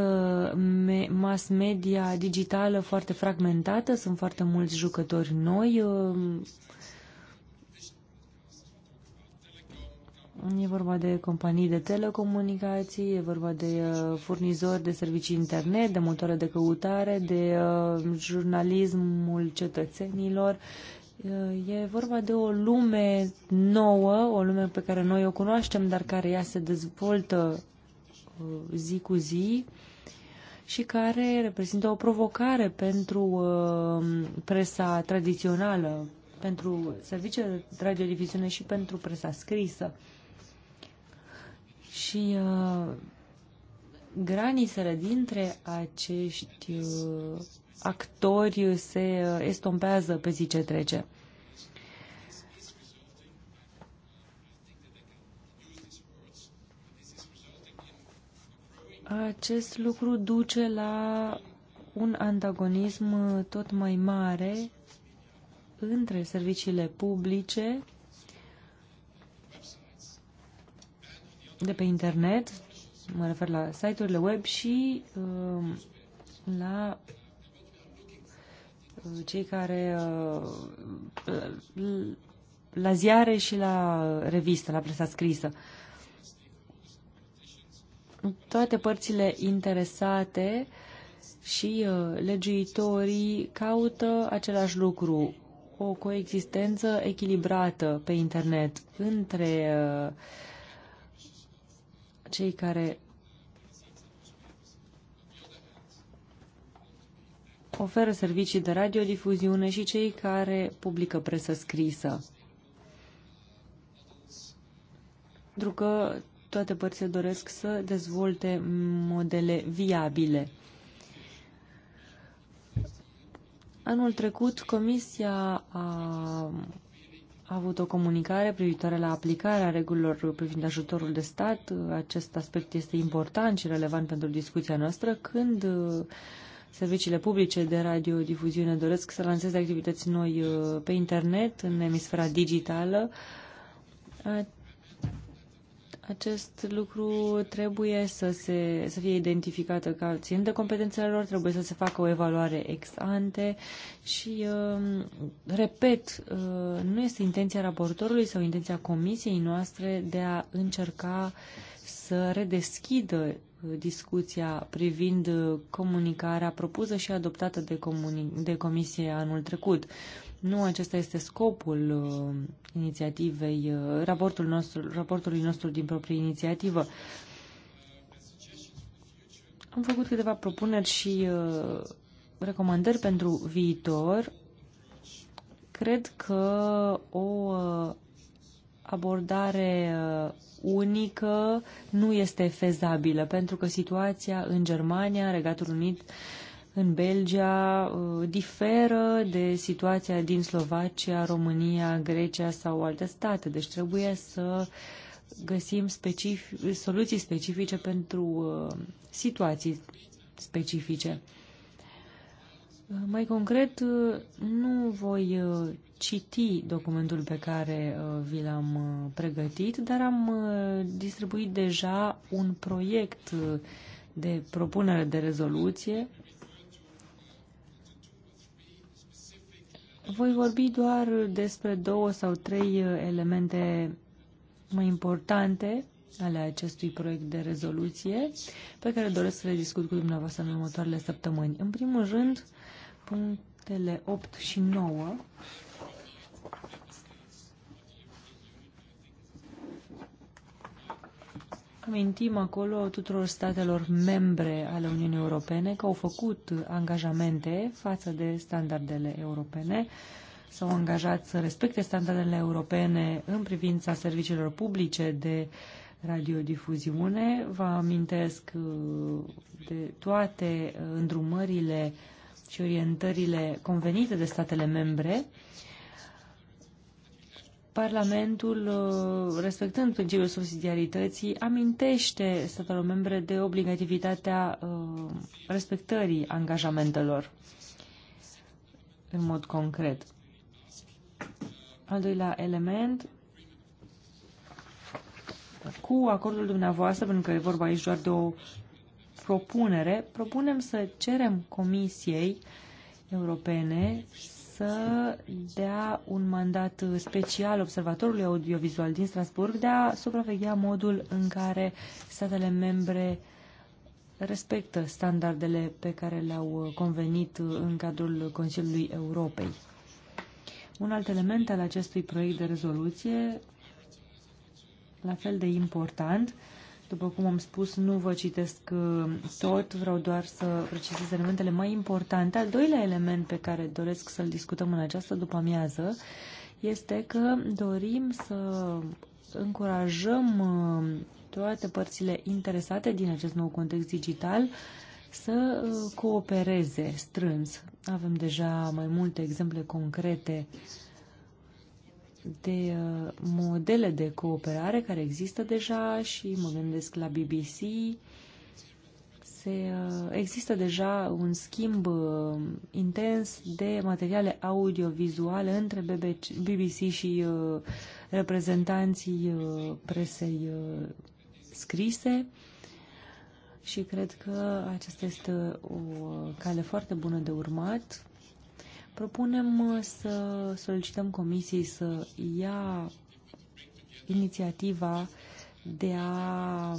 Speaker 4: mass media digitală foarte fragmentată, sunt foarte mulți jucători noi. Uh, e vorba de companii de telecomunicații, e vorba de uh, furnizori de servicii internet, de motoare de căutare, de jurnalismul cetățenilor Uh, e vorba de o lume nouă, o lume pe care noi o cunoaștem, dar care ea se dezvoltă uh, zi cu zi și care reprezintă o provocare pentru uh, presa tradițională, pentru serviciile de radiodiviziune și pentru presa scrisă. Și granițele dintre acești actori se estompează pe zi ce trece. Acest lucru duce la un antagonism tot mai mare între serviciile publice de pe internet, mă refer la site-urile web și um, la uh, cei care uh, la ziare și la revistă, la presa scrisă. Uh, toate părțile interesate și uh, legiuitorii caută același lucru, o coexistență echilibrată pe internet între uh, cei care oferă servicii de radiodifuziune și cei care publică presă scrisă. Pentru că toate părțile doresc să dezvolte modele viabile. Anul trecut, Comisia a avut o comunicare privitoare la aplicarea regulilor privind ajutorul de stat. Acest aspect este important și relevant pentru discuția noastră când uh, serviciile publice de radiodifuziune doresc să lanseze activități noi uh, pe internet, în emisfera digitală. Acest lucru trebuie să, se, să fie identificată ca ținând de competențele lor, trebuie să se facă o evaluare ex ante și, um, repet, uh, nu este intenția raportorului sau intenția comisiei noastre de a încerca să redeschidă uh, discuția privind uh, comunicarea propusă și adoptată de, comuni- de comisie anul trecut. Nu acesta este scopul uh, inițiativei, uh, raportul nostru, raportului nostru din proprie inițiativă. Am făcut câteva propuneri și uh, recomandări pentru viitor. Cred că o uh, abordare uh, unică nu este fezabilă, pentru că situația în Germania, Regatul Unit, uh, în Belgia uh, diferă de situația din Slovacia, România, Grecia sau alte state. Deci trebuie să găsim specific, soluții specifice pentru uh, situații specifice. Mai concret, uh, nu voi citi documentul pe care vi l-am pregătit, dar am distribuit deja un proiect de propunere de rezoluție Voi vorbi doar despre două sau trei uh, elemente mai importante ale acestui proiect de rezoluție pe care doresc să le discut cu dumneavoastră în următoarele săptămâni. În primul rând, punctele 8 și 9 Amintim acolo tuturor statelor membre ale Uniunii Europene că au făcut angajamente față de standardele europene, s-au angajat să respecte standardele europene în privința serviciilor publice de radiodifuziune. Vă amintesc uh, de toate uh, îndrumările și orientările convenite de statele membre Parlamentul, uh, respectând principiul subsidiarității, amintește statelor membre de obligativitatea uh, respectării angajamentelor în mod concret. Al doilea element, cu acordul dumneavoastră, pentru că e vorba aici doar de o propunere, propunem să cerem Comisiei Europene să dea un mandat special Observatorului Audiovizual din Strasburg de a supraveghea modul în care statele membre respectă standardele pe care le-au convenit în cadrul Consiliului Europei. Un alt element al acestui proiect de rezoluție, la fel de important, după cum am spus, nu vă citesc uh, tot, vreau doar să precizez elementele mai importante. Al doilea element pe care doresc să-l discutăm în această după amiază este că dorim să încurajăm uh, toate părțile interesate din acest nou context digital să uh, coopereze strâns. Avem deja mai multe exemple concrete uh, de uh, modele de cooperare care există deja și mă gândesc la BBC. Se, uh, există deja un schimb uh, intens de materiale audio-vizuale între BBC și reprezentanții presei scrise și cred că aceasta este o cale foarte bună de urmat Propunem uh, să solicităm comisiei să ia inițiativa de a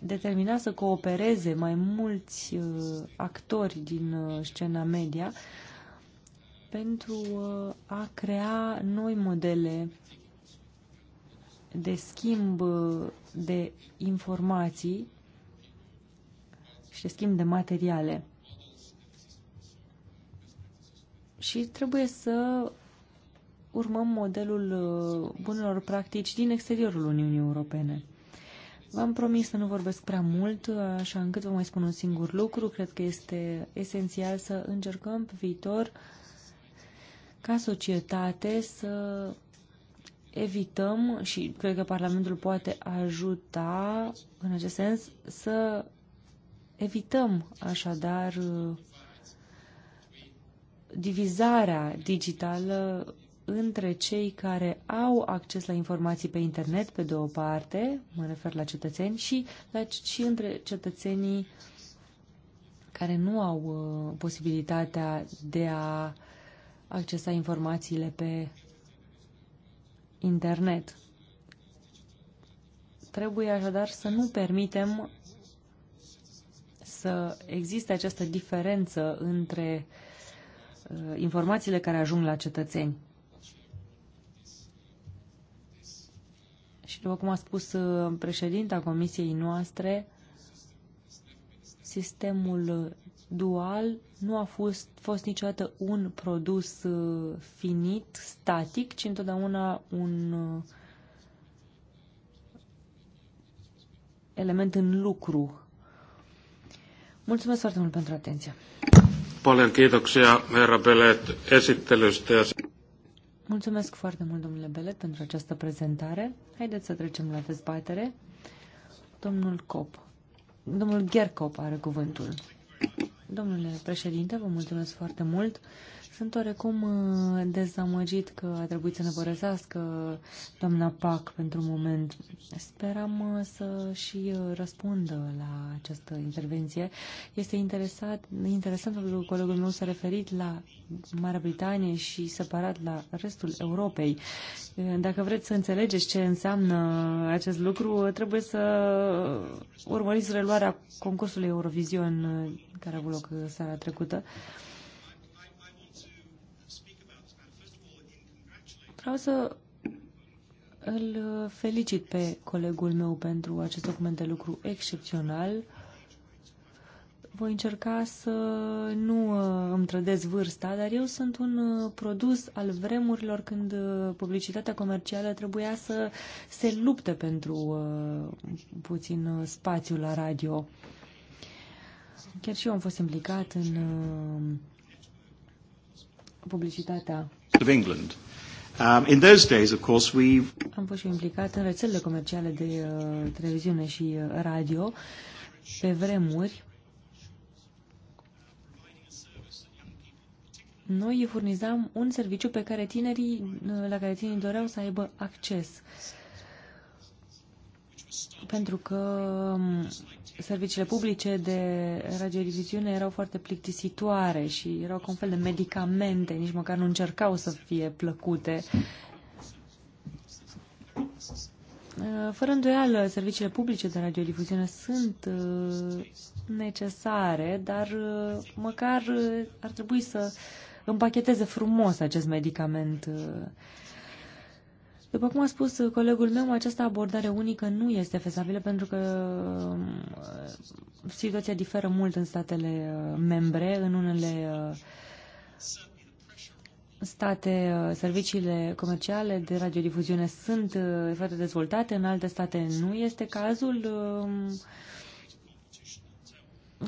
Speaker 4: determina să coopereze mai mulți uh, actori din uh, scena media pentru a crea noi modele de schimb de informații și de schimb de materiale. și trebuie să urmăm modelul uh, bunelor practici din exteriorul Uniunii Europene. V-am promis să nu vorbesc prea mult, așa încât vă mai spun un singur lucru. Cred că este esențial să încercăm pe viitor ca societate să evităm și cred că Parlamentul poate ajuta în acest sens să evităm așadar uh, divizarea digitală între cei care au acces la informații pe internet, pe de o parte, mă refer la cetățeni, și, la, și între cetățenii care nu au uh, posibilitatea de a accesa informațiile pe internet. Trebuie așadar să nu permitem să existe această diferență între uh, Uh, informațiile care ajung la cetățeni. Și după cum a spus uh, președinta comisiei noastre, sistemul dual nu a fost, fost niciodată un produs uh, finit, static, ci întotdeauna un element în lucru. Mulțumesc foarte mult pentru atenție.
Speaker 5: Paljon kiitoksia, herra Belet, esittelystä.
Speaker 4: Mulțumesc foarte mult, domnule Belet, pentru această prezentare. Haideți să trecem la dezbatere. Domnul Cop. Domnul Gercop are cuvântul. Domnule președinte, vă mulțumesc foarte mult. Sunt oarecum uh, dezamăgit că a trebuit să ne părăsească doamna Pac pentru un moment. Speram uh, să și uh, răspundă la această intervenție. Este interesat, interesant pentru că colegul meu s-a referit la Marea Britanie și separat la restul Europei. Dacă vreți să înțelegeți ce înseamnă acest lucru, trebuie să urmăriți reluarea concursului Eurovision care a avut loc seara trecută. Uh, Vreau să îl felicit pe colegul meu pentru acest document de lucru excepțional. Voi încerca să nu uh, îmi trădez vârsta, dar eu sunt un uh, produs al vremurilor când uh, publicitatea comercială trebuia să se lupte pentru puțin spațiu la radio. Chiar și eu am fost implicat în publicitatea
Speaker 3: of England. Um, in those days, of course, we...
Speaker 4: Am fost implicat în rețelele comerciale de uh, televiziune și uh, radio. Pe vremuri, noi furnizam un serviciu pe care tinerii, uh, la care tinerii doreau să aibă acces. Uh, pentru că serviciile publice de radiodiviziune erau foarte plictisitoare și erau ca un fel de medicamente, nici măcar nu încercau să fie plăcute. Uh, fără îndoială, serviciile publice de radiodifuziune sunt uh, necesare, dar uh, măcar ar trebui să împacheteze frumos acest medicament uh, după cum a spus colegul meu, această abordare unică nu este fezabilă pentru că um, situația diferă mult în statele uh, membre. În unele uh, state, uh, serviciile comerciale de radiodifuziune sunt foarte dezvoltate, în alte state nu este cazul. Um,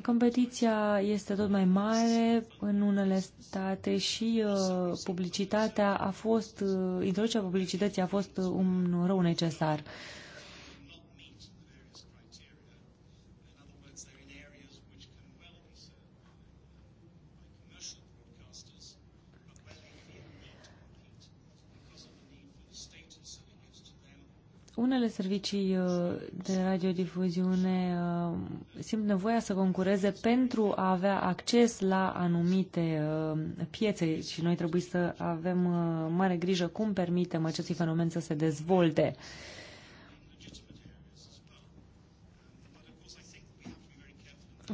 Speaker 4: Competiția este tot mai mare în unele state și uh, publicitatea a fost, uh, introducerea publicității a fost un rău necesar. Unele servicii uh, de radiodifuziune uh, simt nevoia să concureze pentru a avea acces la anumite uh, piețe și noi trebuie să avem mare grijă cum permitem acestui fenomen să se dezvolte.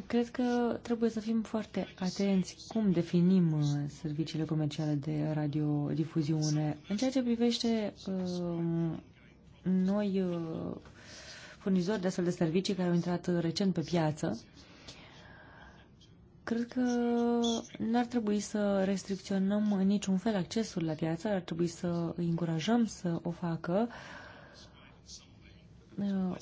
Speaker 4: Cred că trebuie să fim foarte atenți cum definim serviciile comerciale de radiodifuziune. În ceea ce privește noi uh, furnizori de astfel de servicii care au intrat uh, recent pe piață. Cred că n-ar trebui să restricționăm în niciun fel accesul la piață, ar trebui să îi încurajăm să o facă uh,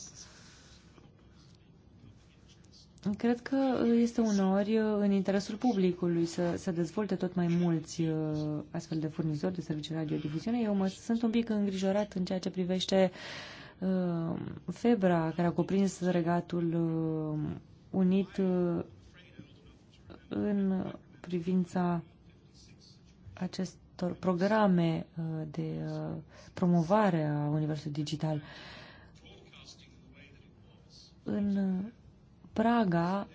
Speaker 4: Cred că este uneori uh, în interesul publicului să, să dezvolte tot mai mulți uh, astfel de furnizori de servicii radiodifuziune. Eu mă sunt un pic îngrijorat în ceea ce privește uh, febra care a cuprins regatul unit în privința acestor programe de promovare a universului digital. În Praga,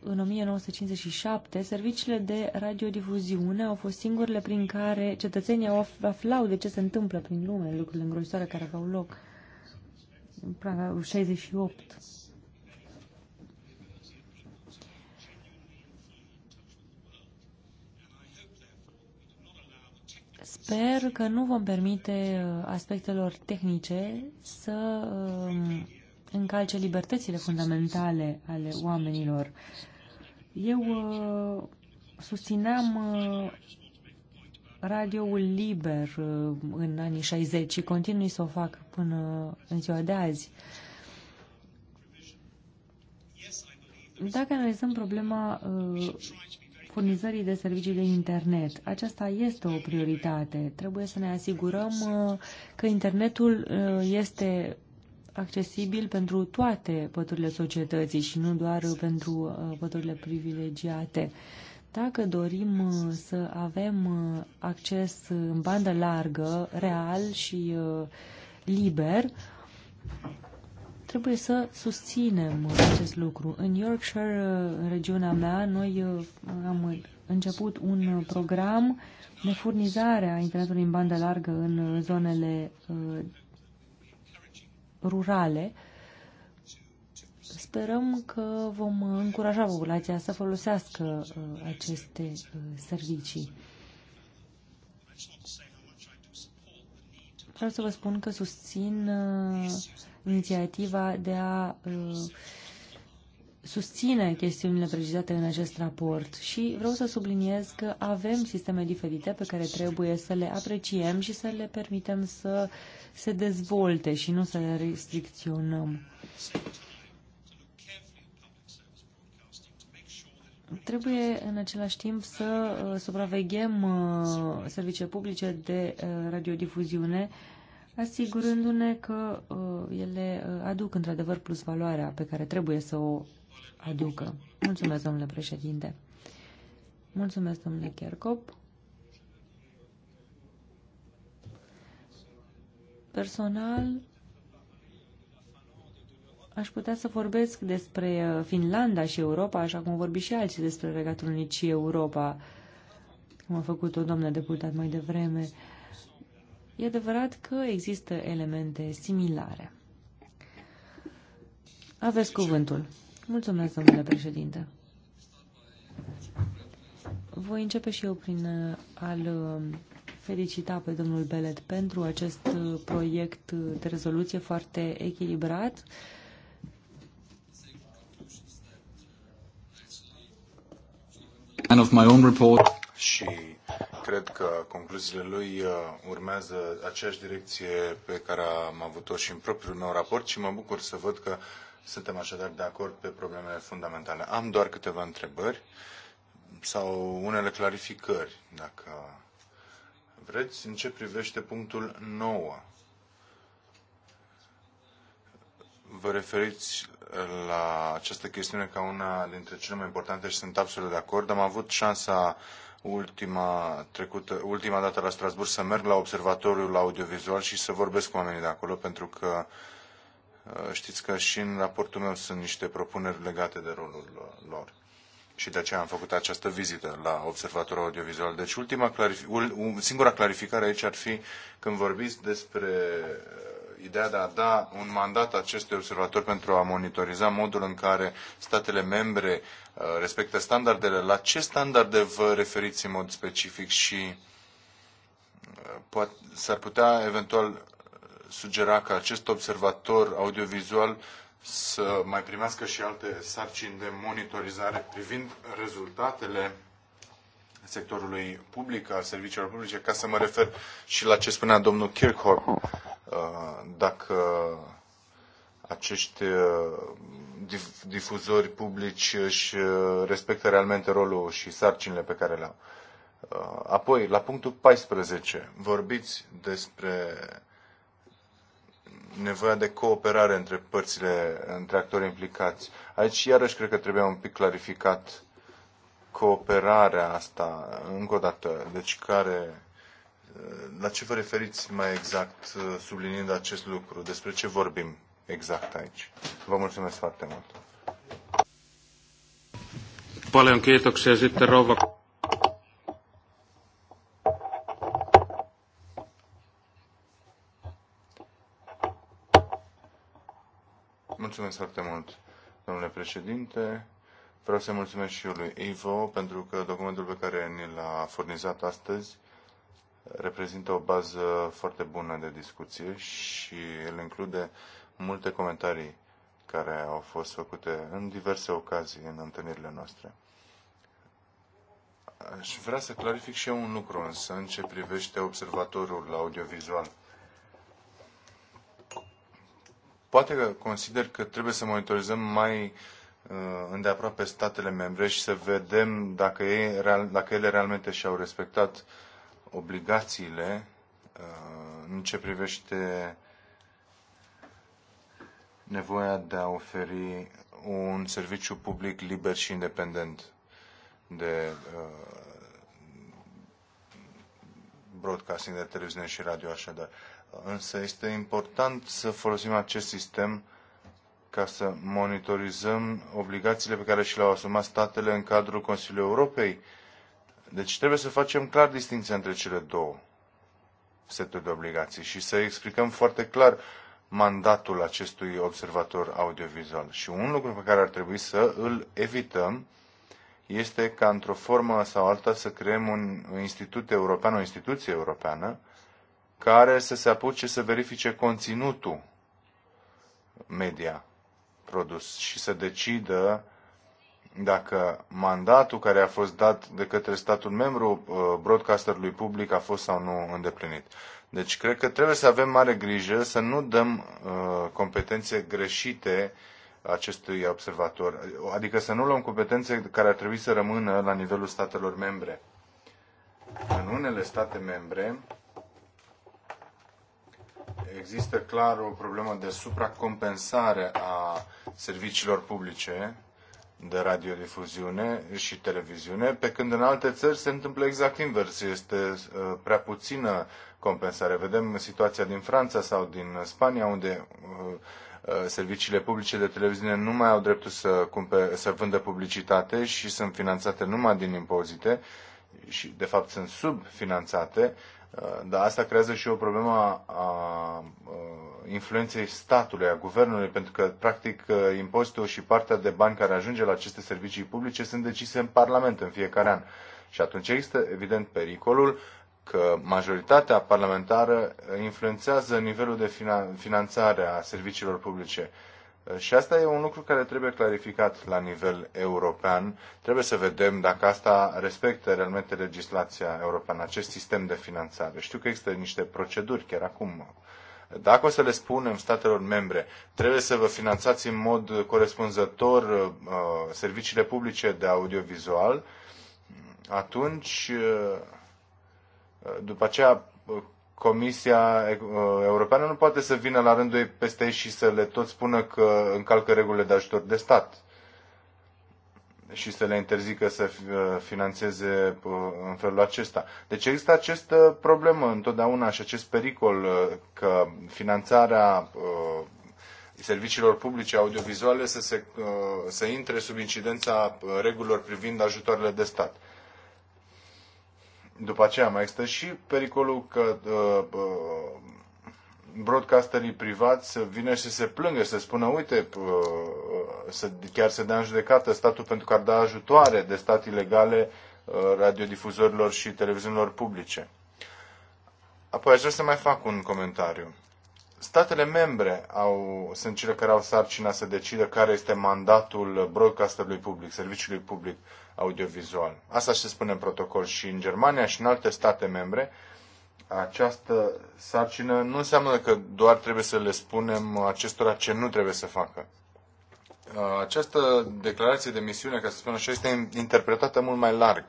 Speaker 4: în 1957, serviciile de radiodifuziune au fost singurele prin care cetățenii aflau de ce se întâmplă prin lume, lucrurile îngrozitoare care aveau loc. În Praga, 68. Sper că nu vom permite uh, aspectelor tehnice să um, încalce libertățile fundamentale ale oamenilor. Eu uh, susțineam uh, radioul liber uh, în anii 60 și continui să o fac până în ziua de azi. Dacă analizăm problema uh, furnizării de servicii de internet. Aceasta este o prioritate. Trebuie să ne asigurăm că internetul este accesibil pentru toate păturile societății și nu doar pentru uh, păturile privilegiate. Dacă dorim uh, să avem uh, acces în bandă largă, real și liber, trebuie să susținem acest lucru. În Yorkshire, în regiunea mea, noi am început un program de furnizare a internetului în bandă largă în zonele rurale. Sperăm că vom încuraja populația să folosească uh, aceste uh, servicii. Vreau să vă spun că susțin uh, inițiativa de a uh, susține chestiunile precizate în acest raport și vreau să subliniez că avem sisteme diferite pe care trebuie să le apreciem și să le permitem să se dezvolte și nu să le restricționăm. Trebuie în același timp să uh, supraveghem uh, servicii publice de uh, radiodifuziune asigurându-ne că uh, ele aduc într-adevăr plus valoarea pe care trebuie să o aducă. Mulțumesc, domnule președinte. Mulțumesc, domnule Chercop. Personal, aș putea să vorbesc despre uh, Finlanda și Europa, așa cum vorbi și alții despre Regatul Unit și Europa, cum a făcut o doamnă deputat mai devreme. E adevărat că există elemente similare. Aveți cuvântul. Mulțumesc, domnule președinte. Voi începe și eu prin uh, a-l um, felicita pe domnul Belet pentru acest uh, proiect de rezoluție foarte echilibrat.
Speaker 5: And of my own report. Și cred că concluziile lui uh, urmează aceeași direcție pe care am avut-o și în propriul meu raport și mă bucur să văd că suntem așadar de acord pe problemele fundamentale. Am doar câteva întrebări sau unele clarificări, dacă vreți, în ce privește punctul 9. Vă referiți la această chestiune ca una dintre cele mai importante și sunt absolut de acord. Am avut șansa ultima, trecută, ultima dată la Strasburg să merg la observatoriul audiovizual și să vorbesc cu oamenii de acolo, pentru că uh, Uh, știți că și în raportul meu sunt niște propuneri legate de rolul lor. Și de aceea am făcut această vizită la Observatorul Audiovizual. Deci ultima clarific- singura clarificare aici ar fi când vorbiți despre uh, ideea de a da un mandat acestui observator pentru a monitoriza modul în care statele membre uh, respectă standardele. La ce standarde vă referiți în mod specific și s-ar putea eventual sugera ca acest observator audiovizual să mai primească și alte sarcini de monitorizare privind rezultatele sectorului public, al serviciilor publice, ca să mă refer și la ce spunea domnul Kirchhoff, uh, dacă acești uh, difuzori publici își uh, respectă realmente rolul și sarcinile pe care le au. Apoi, la punctul 14, vorbiți despre nevoia de cooperare între părțile, între actorii implicați. Aici, iarăși, cred că trebuie un pic clarificat cooperarea asta, încă o dată, deci care, la ce vă referiți mai exact sublinind acest lucru? Despre ce vorbim exact aici? Vă mulțumesc foarte mult! Paljon kiitoksia sitten rouva Mulțumesc foarte mult, domnule președinte. Vreau să mulțumesc și eu lui Ivo pentru că documentul pe care ni l-a furnizat astăzi reprezintă o bază foarte bună de discuție și el include multe comentarii care au fost făcute în diverse ocazii în întâlnirile noastre. Aș vrea să clarific și eu un lucru, însă, în ce privește observatorul audiovizual. Poate că consider că trebuie să monitorizăm mai uh, îndeaproape statele membre și să vedem dacă, ei, dacă ele realmente și-au respectat obligațiile uh, în ce privește nevoia de a oferi un serviciu public liber și independent de uh, broadcasting, de televiziune și radio, așadar. Însă este important să folosim acest sistem ca să monitorizăm obligațiile pe care și le-au asumat statele în cadrul Consiliului Europei. Deci trebuie să facem clar distinția între cele două seturi de obligații și să explicăm foarte clar mandatul acestui observator audiovizual. Și un lucru pe care ar trebui să îl evităm este ca într-o formă sau alta să creăm un, un institut european, o instituție europeană care să se apuce să verifice conținutul media produs și să decidă dacă mandatul care a fost dat de către statul membru uh, broadcasterului public a fost sau nu îndeplinit. Deci cred că trebuie să avem mare grijă să nu dăm uh, competențe greșite acestui observator, adică să nu luăm competențe care ar trebui să rămână la nivelul statelor membre. În unele state membre, există clar o problemă de supracompensare a serviciilor publice de radiodifuziune și televiziune, pe când în alte țări se întâmplă exact invers. Este uh, prea puțină compensare. Vedem situația din Franța sau din Spania, unde uh, uh, serviciile publice de televiziune nu mai au dreptul să, cumpe, să vândă publicitate și sunt finanțate numai din impozite și, de fapt, sunt subfinanțate Eh, dar asta creează și o problemă a eh, influenței statului, a guvernului, pentru că, practic, eh, impozitul și partea de bani care ajunge la aceste servicii publice sunt decise în Parlament în fiecare an. Și atunci există, evident, pericolul că majoritatea parlamentară influențează nivelul de finanțare a serviciilor publice Uh, și asta e un lucru care trebuie clarificat la nivel european. Trebuie să vedem dacă asta respectă realmente legislația europeană, acest sistem de finanțare. Știu că există niște proceduri chiar acum. Dacă o să le spunem statelor membre, trebuie să vă finanțați în mod corespunzător uh, serviciile publice de audiovizual, atunci, uh, după aceea, Comisia eh, Europeană nu poate să vină la rândul ei peste ei și să le tot spună că încalcă regulile de ajutor de stat și să le interzică să eh, financeze eh, în felul acesta. Deci există această problemă întotdeauna și acest pericol că finanțarea serviciilor publice audiovizuale să, se, să intre sub incidența regulilor privind ajutoarele de stat. După aceea mai există și pericolul că uh, uh, broadcasterii privați să vină și să se plângă și să spună, uite, uh, să, chiar să dea în judecată statul pentru că ar da ajutoare de stat ilegale uh, radiodifuzorilor și televiziunilor publice. Apoi aș vrea să mai fac un comentariu statele membre au, sunt cele care au sarcina să decidă care este mandatul broadcasterului public, serviciului public audiovizual. Asta se spune în protocol și în Germania și în alte state membre. Această sarcină nu înseamnă că doar trebuie să le spunem acestora ce nu trebuie să facă. Această declarație de misiune, ca să spun așa, este interpretată mult mai larg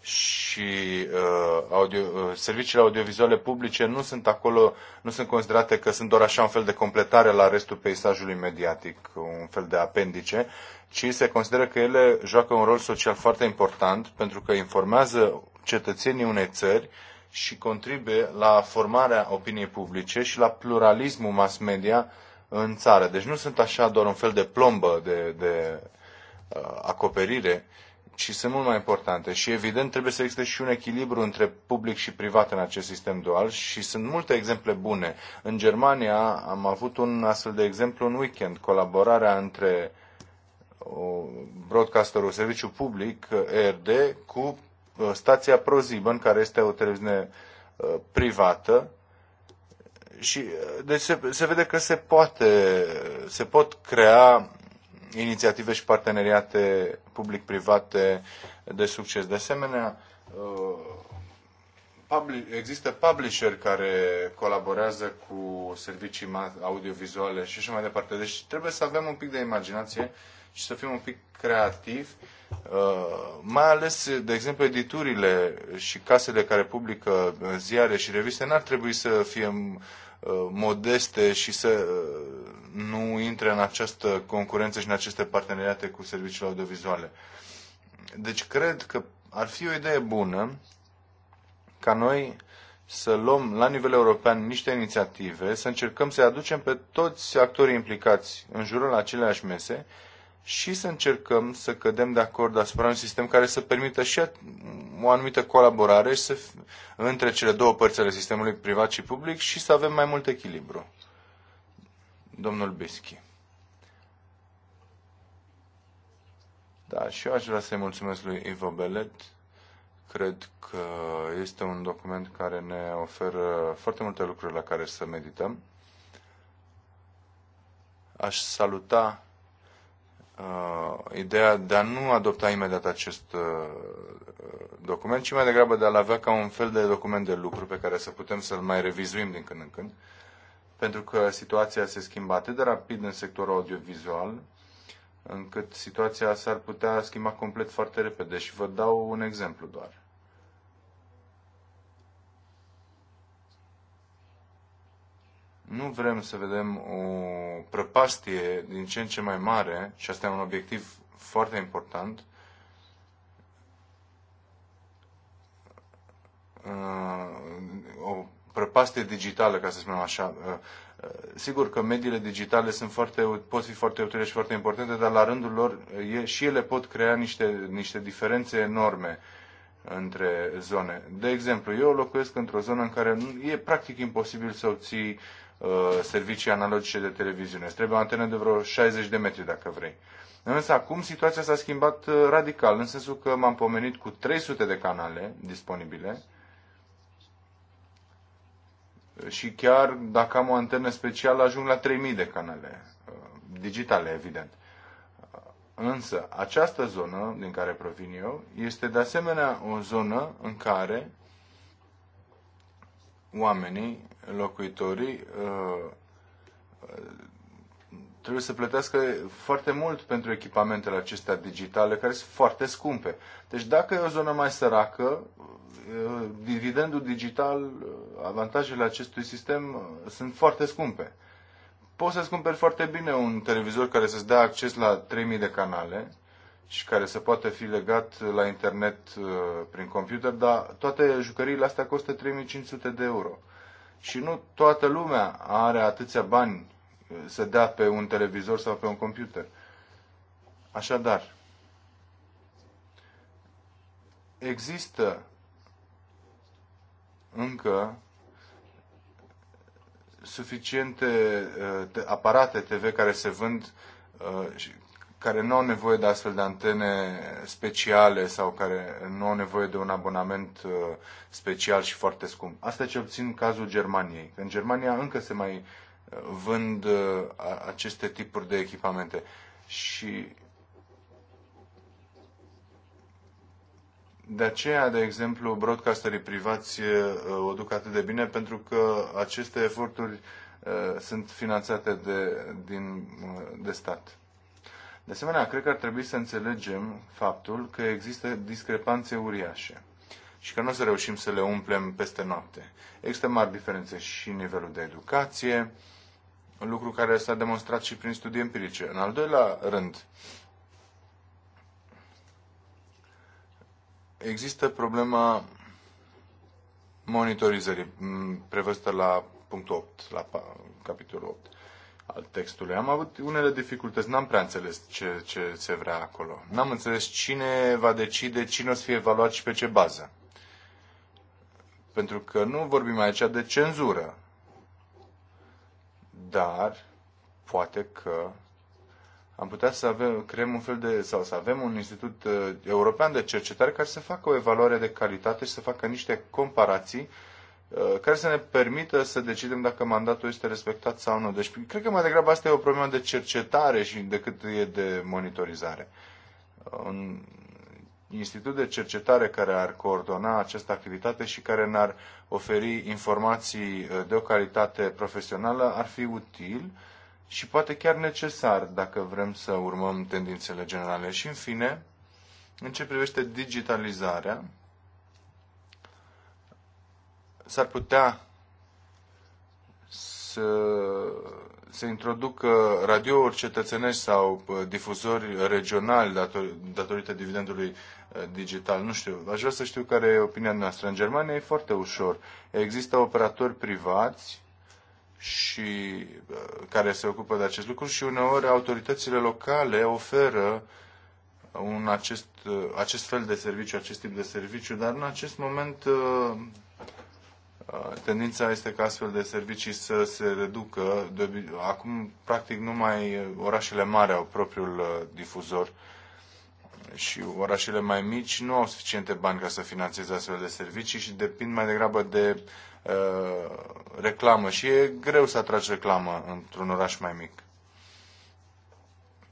Speaker 5: și uh, audio, uh, serviciile audiovizuale publice nu sunt acolo, nu sunt considerate că sunt doar așa un fel de completare la restul peisajului mediatic, un fel de apendice, ci se consideră că ele joacă un rol social foarte important pentru că informează cetățenii unei țări și contribuie la formarea opiniei publice și la pluralismul mass media în țară. Deci nu sunt așa doar un fel de plombă de, de uh, acoperire, și sunt mult mai importante. Și evident trebuie să existe și un echilibru între public și privat în acest sistem dual și sunt multe exemple bune. În Germania am avut un astfel de exemplu în weekend, colaborarea între broadcasterul serviciu public ERD cu uh, stația ProSieben, care este o televiziune uh, privată, și uh, deci se, se vede că se poate, se pot crea inițiative și parteneriate public-private de succes. De asemenea, uh, există publisher care colaborează cu servicii audiovizuale și așa mai departe. Deci trebuie să avem un pic de imaginație și să fim un pic creativi, uh, mai ales, de exemplu, editurile și casele care publică uh, ziare și reviste n-ar trebui să fie Uh, modeste și să uh, nu intre în această concurență și în aceste parteneriate cu serviciile audiovizuale. Deci cred că ar fi o idee bună ca noi să luăm la nivel european niște inițiative, să încercăm să aducem pe toți actorii implicați în jurul aceleași mese și să încercăm să cădem de acord asupra un sistem care să permită și o anumită colaborare și să, între cele două părți ale sistemului privat și public și să avem mai mult echilibru. Domnul Bischi. Da, și eu aș vrea să-i mulțumesc lui Ivo Belet. Cred că este un document care ne oferă foarte multe lucruri la care să medităm. Aș saluta uh, ideea de a nu adopta imediat acest uh, document, ci mai degrabă de a-l avea ca un fel de document de lucru pe care să putem să-l mai revizuim din când în când, pentru că situația se schimbă atât de rapid în sectorul audiovizual, încât situația s-ar putea schimba complet foarte repede și vă dau un exemplu doar. Nu vrem să vedem o prăpastie din ce în ce mai mare, și asta e un obiectiv foarte important, uh, o prăpastie digitală, ca să spunem așa. Uh, uh, sigur că mediile digitale sunt foarte, pot fi foarte utile și foarte importante, dar la rândul lor e, și ele pot crea niște, niște diferențe enorme între zone. De exemplu, eu locuiesc într-o zonă în care e practic imposibil să obții Uh, servicii analogice de televiziune. Îți trebuie o antenă de vreo 60 de metri dacă vrei. Însă acum situația s-a schimbat uh, radical, în sensul că m-am pomenit cu 300 de canale disponibile și chiar dacă am o antenă specială ajung la 3000 de canale uh, digitale, evident. Însă această zonă din care provin eu este de asemenea o zonă în care oamenii, locuitorii, uh, trebuie să plătească foarte mult pentru echipamentele acestea digitale, care sunt foarte scumpe. Deci dacă e o zonă mai săracă, uh, dividendul digital, uh, avantajele acestui sistem sunt foarte scumpe. Poți să-ți cumperi foarte bine un televizor care să-ți dea acces la 3000 de canale, și care se poate fi legat la internet uh, prin computer, dar toate jucăriile astea costă 3500 de euro. Și nu toată lumea are atâția bani uh, să dea pe un televizor sau pe un computer. Așadar, există încă suficiente uh, aparate TV care se vând care nu au nevoie de astfel de antene speciale sau care nu au nevoie de un abonament uh, special și foarte scump. Asta e ce obțin cazul Germaniei. În Germania încă se mai uh, vând uh, aceste tipuri de echipamente și De aceea, de exemplu, broadcasterii privați o duc atât de bine pentru că aceste eforturi sunt finanțate de, din, de stat. De asemenea, cred că ar trebui să înțelegem faptul că există discrepanțe uriașe și că nu o să reușim să le umplem peste noapte. Există mari diferențe și în nivelul de educație, un lucru care s-a demonstrat și prin studii empirice. În al doilea rând, există problema monitorizării prevăzută la punctul 8, la capitolul 8 al textului. Am avut unele dificultăți, n-am prea înțeles ce, ce se vrea acolo. N-am înțeles cine va decide, cine o să fie evaluat și pe ce bază. Pentru că nu vorbim aici de cenzură. Dar poate că am putea să avem, creăm un fel de, sau să avem un institut uh, european de cercetare care să facă o evaluare de calitate și să facă niște comparații Uh, care să ne permită să decidem dacă mandatul este respectat sau nu. Deci, cred că mai degrabă asta e o problemă de cercetare și decât e de monitorizare. Uh, un institut de cercetare care ar coordona această activitate și care ne-ar oferi informații uh, de o calitate profesională ar fi util și poate chiar necesar dacă vrem să urmăm tendințele generale. Și, în fine, în ce privește digitalizarea, s-ar putea să se introducă radiouri cetățenești sau difuzori regionali dator, datorită dividendului ă, digital. Nu știu, aș vrea să știu care e opinia noastră. În Germania e foarte ușor. Există operatori privați și care se ocupă de acest lucru și uneori autoritățile locale oferă un acest, ă, acest fel de serviciu, acest tip de serviciu, dar în acest moment ă, Uh, tendința este ca astfel de servicii să se reducă. Acum, practic, numai uh, orașele mari au propriul uh, difuzor și orașele mai mici nu au suficiente bani ca să finanțeze astfel de servicii și depind mai degrabă de uh, reclamă și e greu să atragi reclamă într-un oraș mai mic.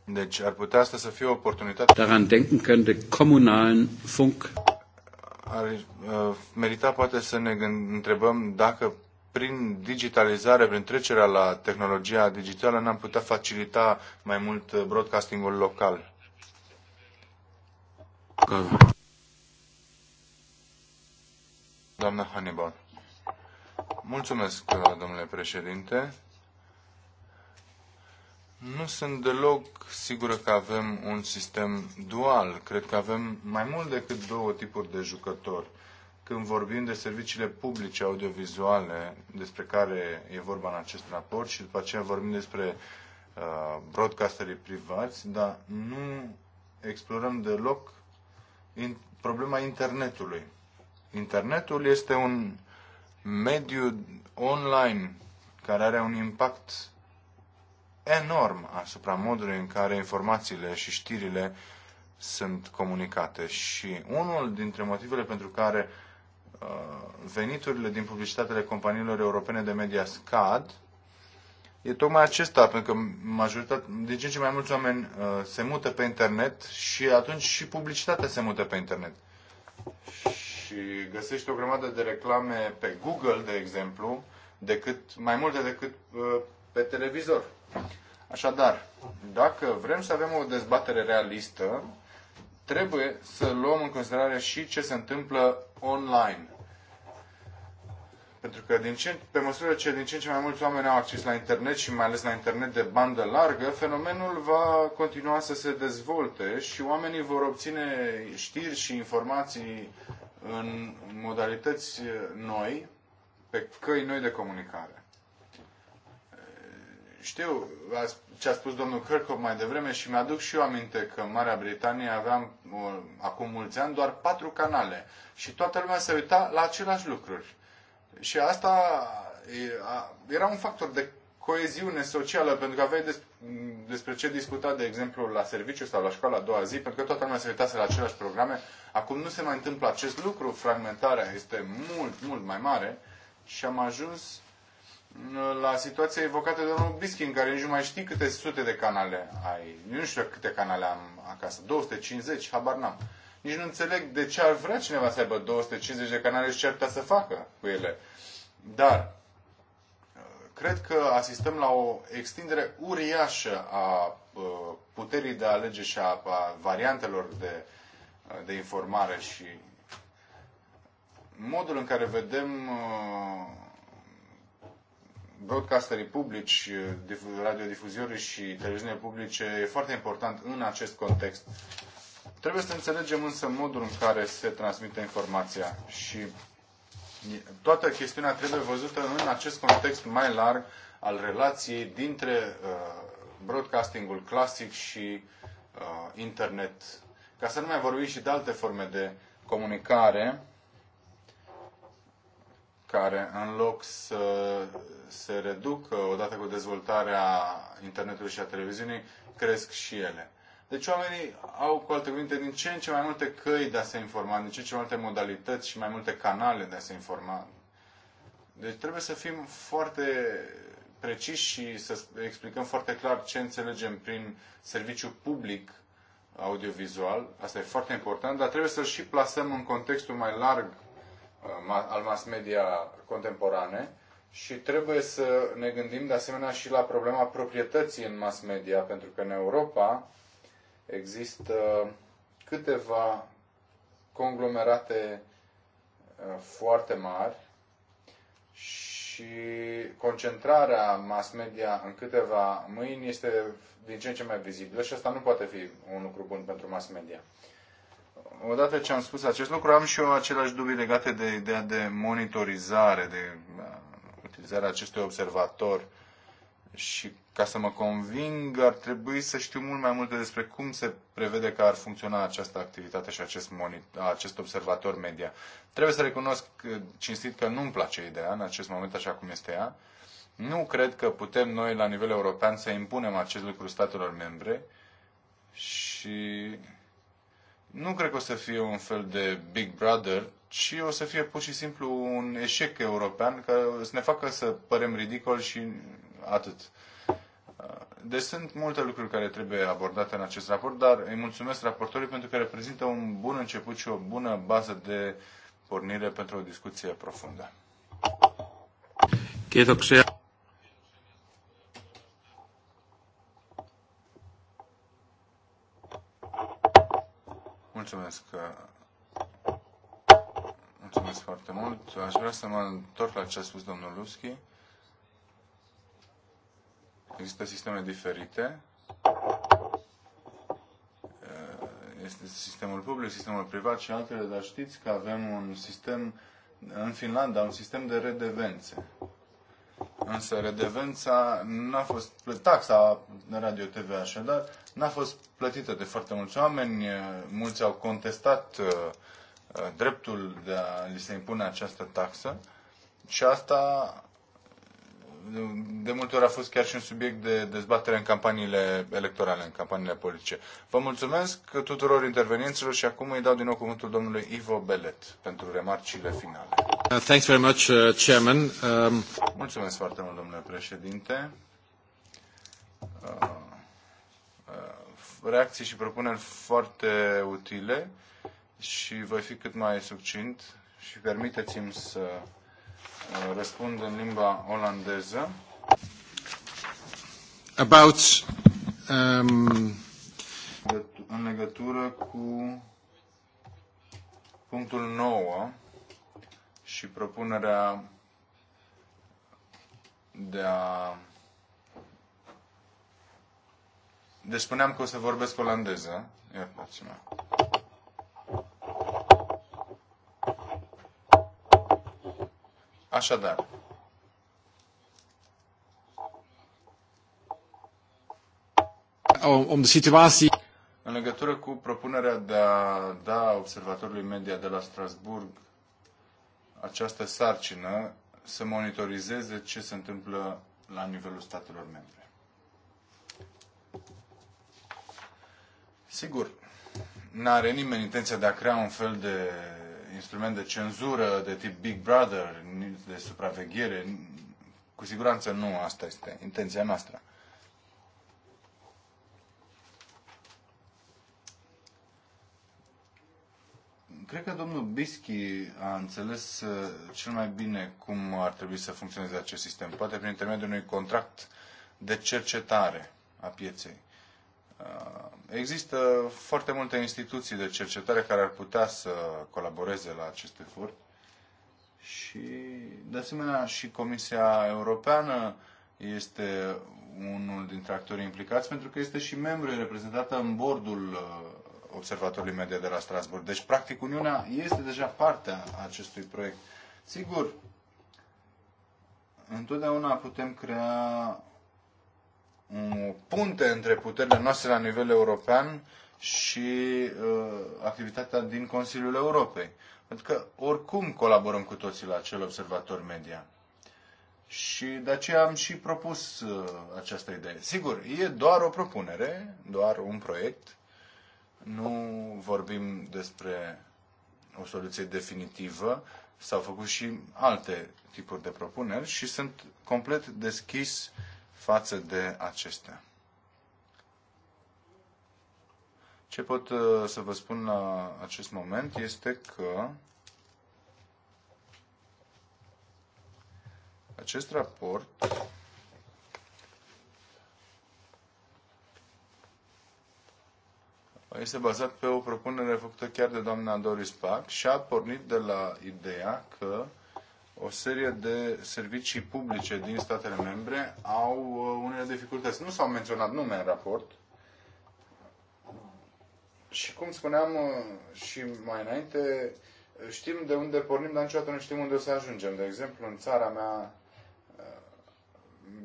Speaker 5: Deci ar putea asta să fie o oportunitate.
Speaker 1: Daran denken könnte kommunalen Funk
Speaker 5: ar uh, merita poate să ne întrebăm dacă prin digitalizare, prin trecerea la tehnologia digitală, n-am putea facilita mai mult uh, broadcastingul local. Doamna Hannibal. Mulțumesc, domnule președinte. Nu sunt deloc sigură că avem un sistem dual. Cred că avem mai mult decât două tipuri de jucători. Când vorbim de serviciile publice audiovizuale, despre care e vorba în acest raport, și după aceea vorbim despre uh, broadcasterii privați, dar nu explorăm deloc in, problema internetului. Internetul este un mediu online care are un impact enorm asupra modului în care informațiile și știrile sunt comunicate. Și unul dintre motivele pentru care uh, veniturile din publicitatele companiilor europene de media scad e tocmai acesta, pentru că majoritatea, din ce în ce mai mulți oameni uh, se mută pe internet și atunci și publicitatea se mută pe internet. Și găsești o grămadă de reclame pe Google, de exemplu, decât, mai multe decât uh, pe televizor. Așadar, dacă vrem să avem o dezbatere realistă, trebuie să luăm în considerare și ce se întâmplă online. Pentru că din ce, pe măsură ce din ce în ce mai mulți oameni au acces la internet și mai ales la internet de bandă largă, fenomenul va continua să se dezvolte și oamenii vor obține știri și informații în modalități noi, pe căi noi de comunicare. Știu ce a spus domnul Kirchhoff mai devreme și mi-aduc și eu aminte că în Marea Britanie aveam acum mulți ani doar patru canale și toată lumea se uita la aceleași lucruri. Și asta era un factor de coeziune socială, pentru că aveai despre ce discuta, de exemplu, la serviciu sau la școală a doua zi, pentru că toată lumea se uitase la aceleași programe. Acum nu se mai întâmplă acest lucru, fragmentarea este mult, mult mai mare și am ajuns la situația evocată de domnul Biskin, care nici nu mai știi câte sute de canale ai. Nu știu câte canale am acasă. 250, habar n-am. Nici nu înțeleg de ce ar vrea cineva să aibă 250 de canale și ce ar putea să facă cu ele. Dar cred că asistăm la o extindere uriașă a uh, puterii de a alege și a, a variantelor de, uh, de informare și modul în care vedem uh, broadcasterii publici, eh, radiodifuziorii și televiziunile publice e foarte important în acest context. Trebuie să înțelegem însă modul în care se transmite informația și toată chestiunea trebuie văzută în acest context mai larg al relației dintre eh, broadcastingul clasic și eh, internet. Ca să nu mai vorbim și de alte forme de comunicare, care în loc să se reducă odată cu dezvoltarea internetului și a televiziunii, cresc și ele. Deci oamenii au, cu alte cuvinte, din ce în ce mai multe căi de a se informa, din ce în ce mai multe modalități și mai multe canale de a se informa. Deci trebuie să fim foarte preciși și să explicăm foarte clar ce înțelegem prin serviciu public audiovizual. Asta e foarte important, dar trebuie să-l și plasăm în contextul mai larg Uh, al mass media contemporane și trebuie să ne gândim de asemenea și la problema proprietății în mass media, pentru că în Europa există câteva conglomerate uh, foarte mari și concentrarea mass media în câteva mâini este din ce în ce mai vizibilă și asta nu poate fi un lucru bun pentru mass media odată ce am spus acest lucru, am și eu aceleași dubii legate de ideea de monitorizare, de da, utilizarea acestui observator. Și ca să mă conving, ar trebui să știu mult mai multe despre cum se prevede că ar funcționa această activitate și acest, monitor, acest observator media. Trebuie să recunosc cinstit că nu-mi place ideea în acest moment așa cum este ea. Nu cred că putem noi, la nivel european, să impunem acest lucru statelor membre și nu cred că o să fie un fel de Big Brother, ci o să fie pur și simplu un eșec european care să ne facă să părem ridicol și atât. Deci sunt multe lucruri care trebuie abordate în acest raport, dar îi mulțumesc raportorului pentru că reprezintă un bun început și o bună bază de pornire pentru o discuție profundă. Kiitoksia. Mulțumesc. Uh, mulțumesc foarte mult. Aș vrea să mă întorc la ce a spus domnul Luschi. Există sisteme diferite. Uh, este sistemul public, sistemul privat și altele, dar știți că avem un sistem, în Finlanda, un sistem de redevențe. Însă redevența n-a fost, taxa de Radio TV așadar, n-a fost plătită de foarte mulți oameni. Mulți au contestat uh, uh, dreptul de a li se impune această taxă și asta de multe ori a fost chiar și un subiect de dezbatere în campaniile electorale, în campaniile politice. Vă mulțumesc tuturor intervenienților și acum îi dau din nou cuvântul domnului Ivo Belet pentru remarcile finale. Uh, thanks very much, uh, Chairman. Um, Mulțumesc foarte mult, domnule președinte. Uh, reacții și propuneri foarte utile și voi fi cât mai succint și permiteți-mi să răspund în limba olandeză.
Speaker 2: About
Speaker 3: um...
Speaker 5: în legătură cu punctul 9 și propunerea de a... Deci spuneam că o să vorbesc olandeză. Iertați-mă. Așadar, om de situații. În legătură cu propunerea de a da observatorului media de la Strasburg această sarcină să monitorizeze ce se întâmplă la nivelul statelor membre. Sigur, nu are nimeni intenția de a crea un fel de instrument de cenzură de tip Big Brother, de supraveghere. Cu siguranță nu asta este intenția noastră. Cred că domnul Bischi a înțeles uh, cel mai bine cum ar trebui să funcționeze acest sistem, poate prin intermediul unui contract de cercetare a pieței. Uh, există foarte multe instituții de cercetare care ar putea să colaboreze la acest efort și, de asemenea, și Comisia Europeană este unul dintre actorii implicați pentru că este și membru reprezentată în bordul uh, Observatorului Media de la Strasburg. Deci, practic, Uniunea este deja a acestui proiect. Sigur, întotdeauna putem crea o punte între puterile noastre la nivel european și uh, activitatea din Consiliul Europei. Pentru că oricum colaborăm cu toții la acel observator media. Și de aceea am și propus uh, această idee. Sigur, e doar o propunere, doar un proiect. Nu vorbim despre o soluție definitivă. S-au făcut și alte tipuri de propuneri și sunt complet deschis față de acestea. Ce pot uh, să vă spun la acest moment este că acest raport este bazat pe o propunere făcută chiar de doamna Doris Pack și a pornit de la ideea că o serie de servicii publice din statele membre au uh, unele dificultăți. Nu s-au menționat nume în raport. Și cum spuneam uh, și mai înainte, uh, știm de unde pornim, dar niciodată nu știm unde o să ajungem. De exemplu, în țara mea,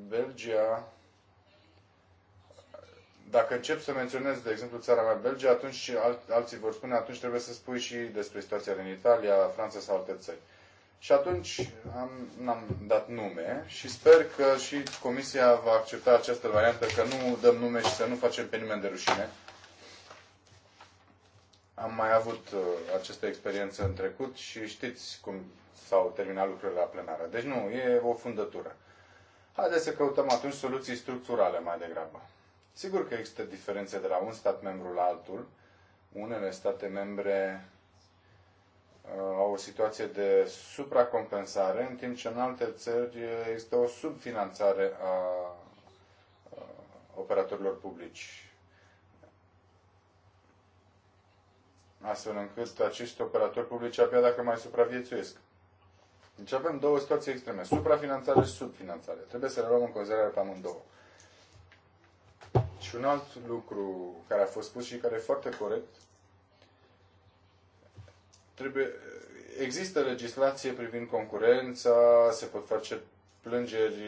Speaker 5: Belgia, dacă încep să menționez, de exemplu, țara mea, Belgia, atunci al, alții vor spune, atunci trebuie să spui și despre situația din Italia, Franța sau alte țări. Și atunci am, n-am dat nume și sper că și Comisia va accepta această variantă, că nu dăm nume și să nu facem pe nimeni de rușine. Am mai avut uh, această experiență în trecut și știți cum s-au terminat lucrurile la plenară. Deci nu, e o fundătură. Haideți să căutăm atunci soluții structurale mai degrabă. Sigur că există diferențe de la un stat membru la altul. Unele state membre uh, au o situație de supracompensare, în timp ce în alte țări uh, există o subfinanțare a uh, operatorilor publici. Astfel încât acești operatori publici abia dacă mai supraviețuiesc. Deci avem două situații extreme, suprafinanțare și subfinanțare. Trebuie să le luăm în considerare pe amândouă. Și un alt lucru care a fost spus și care e foarte corect, trebuie, există legislație privind concurența, se pot face plângeri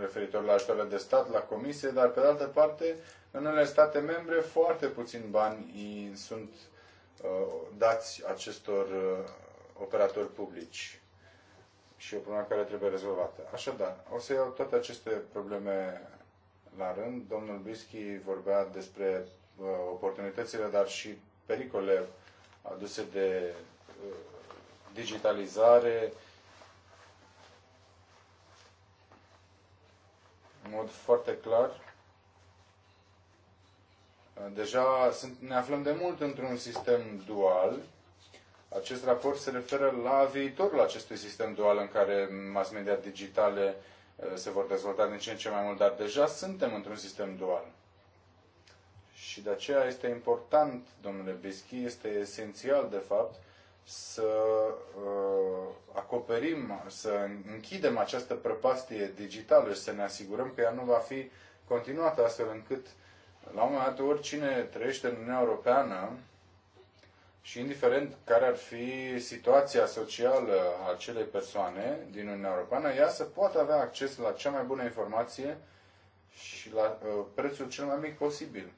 Speaker 5: referitor la ajutoarele de stat, la comisie, dar pe de altă parte, în unele state membre, foarte puțin bani sunt uh, dați acestor uh, operatori publici. Și o problemă care trebuie rezolvată. Așadar, o să iau toate aceste probleme la rând. Domnul Brischi vorbea despre uh, oportunitățile, dar și pericole aduse de uh, digitalizare, în mod foarte clar. Uh, deja sunt, ne aflăm de mult într-un sistem dual. Acest raport se referă la viitorul acestui sistem dual în care mass media digitale uh, Uh, se vor dezvolta din ce în ce mai mult, dar deja suntem într-un sistem dual. Și de aceea este important, domnule Bischi, este esențial, de fapt, să uh, acoperim, să închidem această prăpastie digitală și să ne asigurăm că ea nu va fi continuată astfel încât, la un moment dat, oricine trăiește în Uniunea Europeană și indiferent care ar fi situația socială a acelei persoane din Uniunea Europeană, ea să poată avea acces la cea mai bună informație și la uh, prețul cel mai mic posibil.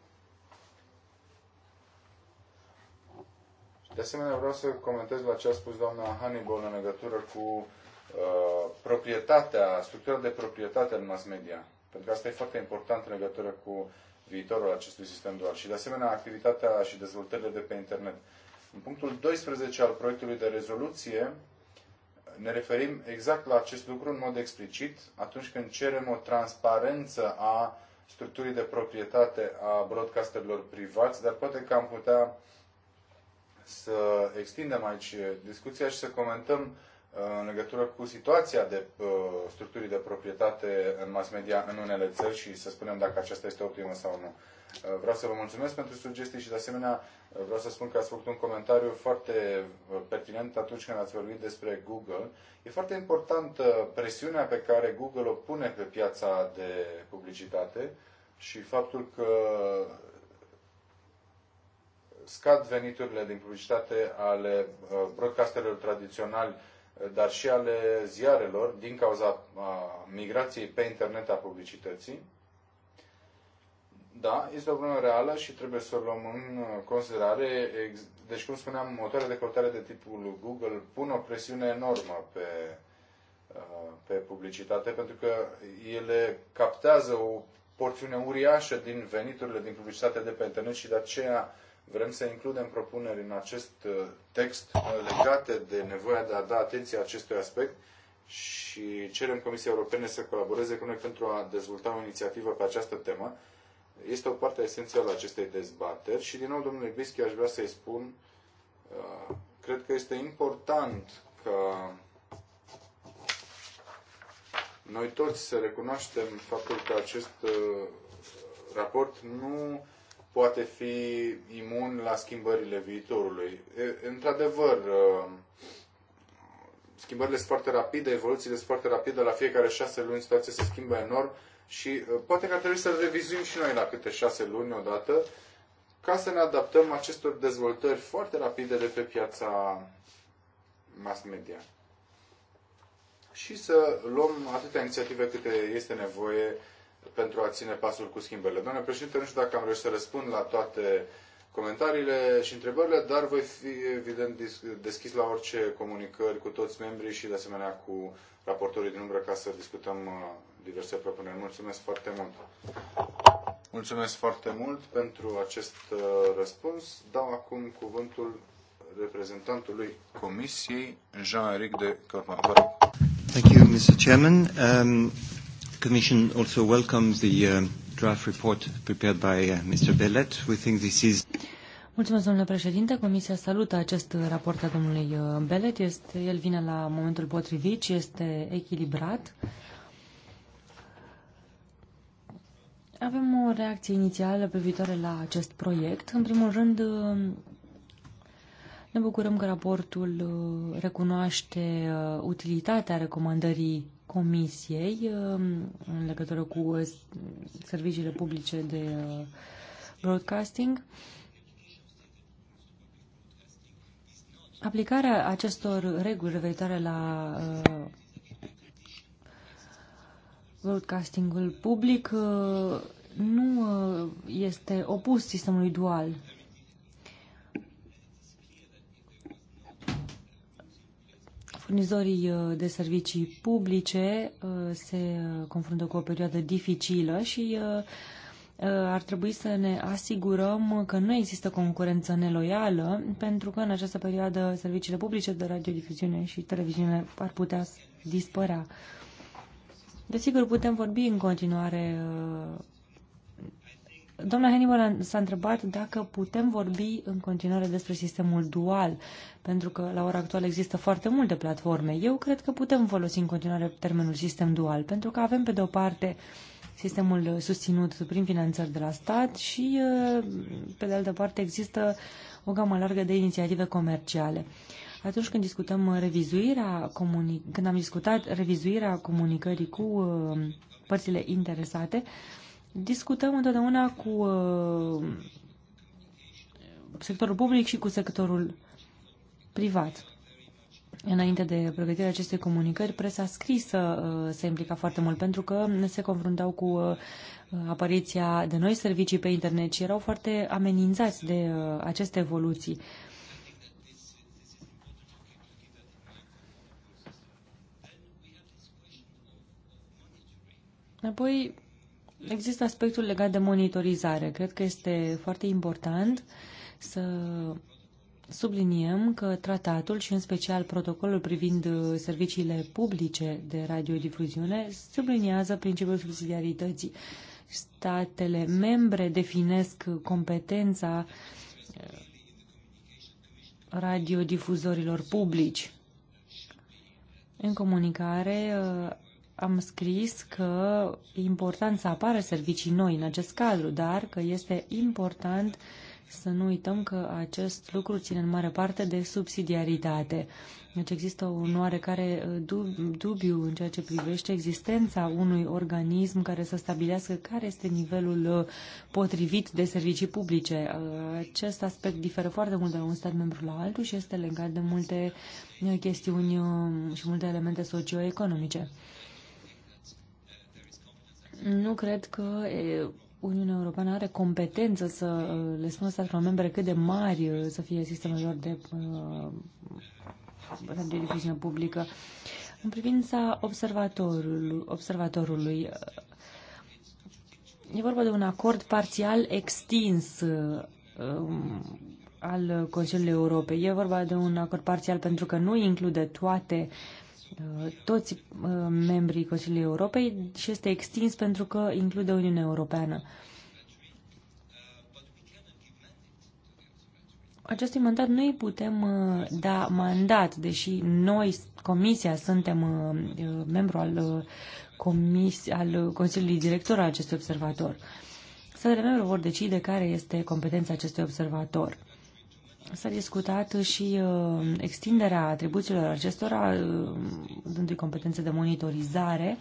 Speaker 5: De asemenea, vreau să comentez la ce a spus doamna Hannibal în legătură cu uh, proprietatea, structura de proprietate în mass media. Pentru că asta e foarte important în legătură cu viitorul acestui sistem dual. Și, de asemenea, activitatea și dezvoltările de pe internet. În punctul 12 al proiectului de rezoluție ne referim exact la acest lucru în mod explicit atunci când cerem o transparență a structurii de proprietate a broadcasterilor privați, dar poate că am putea să extindem aici discuția și să comentăm uh, în legătură cu situația de uh, structurii de proprietate în mass media în unele țări și să spunem dacă aceasta este optimă sau nu. Uh, vreau să vă mulțumesc pentru sugestii și, de asemenea, uh, vreau să spun că ați făcut un comentariu foarte uh, pertinent atunci când ați vorbit despre Google. E foarte importantă presiunea pe care Google o pune pe piața de publicitate și faptul că scad veniturile din publicitate ale broadcasterilor tradiționali, dar și ale ziarelor din cauza migrației pe internet a publicității. Da, este o problemă reală și trebuie să o luăm în uh, considerare. Deci, cum spuneam, motoarele de căutare de tipul Google pun o presiune enormă pe, uh, pe publicitate, pentru că ele captează o porțiune uriașă din veniturile din publicitate de pe internet și de aceea vrem să includem propuneri în acest uh, text legate de nevoia de a da atenție acestui aspect și cerem Comisiei Europene să colaboreze cu noi pentru a dezvolta o inițiativă pe această temă este o parte esențială a acestei dezbateri și din nou, domnule Bischi, aș vrea să-i spun, uh, cred că este important ca noi toți să recunoaștem faptul că acest uh, raport nu poate fi imun la schimbările viitorului. Într-adevăr, uh, schimbările sunt foarte rapide, evoluțiile sunt foarte rapide, la fiecare șase luni situația se schimbă enorm și uh, poate că ar trebui să-l revizuim și noi la câte șase luni odată, ca să ne adaptăm acestor dezvoltări foarte rapide de pe piața mass media. Și să luăm atâtea inițiative câte este nevoie pentru a ține pasul cu schimbările. Doamne președinte, nu știu dacă am reușit să răspund la toate comentariile și întrebările, dar voi fi evident deschis la orice comunicări cu toți membrii și de asemenea cu raportorii din umbră ca să discutăm uh, diverse propuneri. Mulțumesc foarte mult! Mulțumesc foarte mult pentru acest uh, răspuns. Dau acum cuvântul reprezentantului Comisiei, Jean-Eric de Corman.
Speaker 2: Thank you, Mr. Chairman. Um, the Commission also welcomes the uh, draft report prepared by uh, Mr. Bellet. We think this is...
Speaker 4: Mulțumesc, domnule președinte. Comisia salută acest raport al domnului uh, Belet. Este, el vine la momentul potrivit și este echilibrat. Uh, Avem o reacție inițială privitoare la acest proiect. În primul rând, ne bucurăm că raportul uh, recunoaște uh, utilitatea recomandării Comisiei uh, în legătură cu serviciile publice de broadcasting. Aplicarea acestor reguli referitoare la broadcastingul public uh, nu uh, este opus sistemului dual. Furnizorii uh, de servicii publice se confruntă cu o perioadă dificilă și ar trebui să ne asigurăm că nu există concurență neloială, pentru că în această perioadă serviciile publice de radiodifuziune și televiziune ar putea dispărea. Desigur, putem vorbi în continuare. Uh, doamna Hannibal s-a întrebat dacă putem vorbi în continuare despre sistemul dual, pentru că la ora actuală există foarte multe platforme. Eu cred că putem folosi în continuare termenul sistem dual, pentru că avem pe de o parte sistemul susținut prin finanțări de la stat și, uh, pe de altă parte, există o gamă largă de inițiative comerciale. Uh, atunci când discutăm uh, revizuirea comunic- când am discutat revizuirea comunicării cu uh, părțile interesate, discutăm întotdeauna cu uh, sectorul public și cu sectorul privat. Înainte de pregătirea acestei comunicări, presa scrisă uh, se implica foarte mult pentru că ne se confruntau cu uh, apariția de noi servicii pe internet și erau foarte amenințați de aceste evoluții. Apoi, există aspectul legat de monitorizare. Cred că este foarte important să subliniem că tratatul și în special protocolul privind uh, serviciile publice de radiodifuziune subliniază principiul subsidiarității. Statele membre definesc competența uh, radiodifuzorilor publici. În comunicare uh, am scris că e important să apară servicii noi în acest cadru, dar că este important să nu uităm că acest lucru ține în mare parte de subsidiaritate. Deci există un oarecare uh, dubiu în ceea ce privește existența unui organism care să stabilească care este nivelul uh, potrivit de servicii publice. Uh, acest aspect diferă foarte mult de la un stat membru la altul și este legat de multe chestiuni și multe elemente socioeconomice. economice nu cred că Uniunea Europeană are competență să uh, le spună statelor membre cât de mari uh, să fie sistemul lor de uh, de difuziune publică. În privința observatorului, observatorului, e vorba de un acord parțial extins um, al Consiliului Europei. E vorba de un acord parțial pentru că nu include toate Uh, toți uh, membrii Consiliului Europei și este extins pentru că include Uniunea Europeană. Acestui mandat nu îi putem uh, da mandat, deși noi, Comisia, suntem membru al, comis, al Consiliului Director al acestui observator. Statele membre vor decide care este competența acestui observator. S-a discutat și uh, extinderea atribuțiilor acestora, uh, dându-i competențe de monitorizare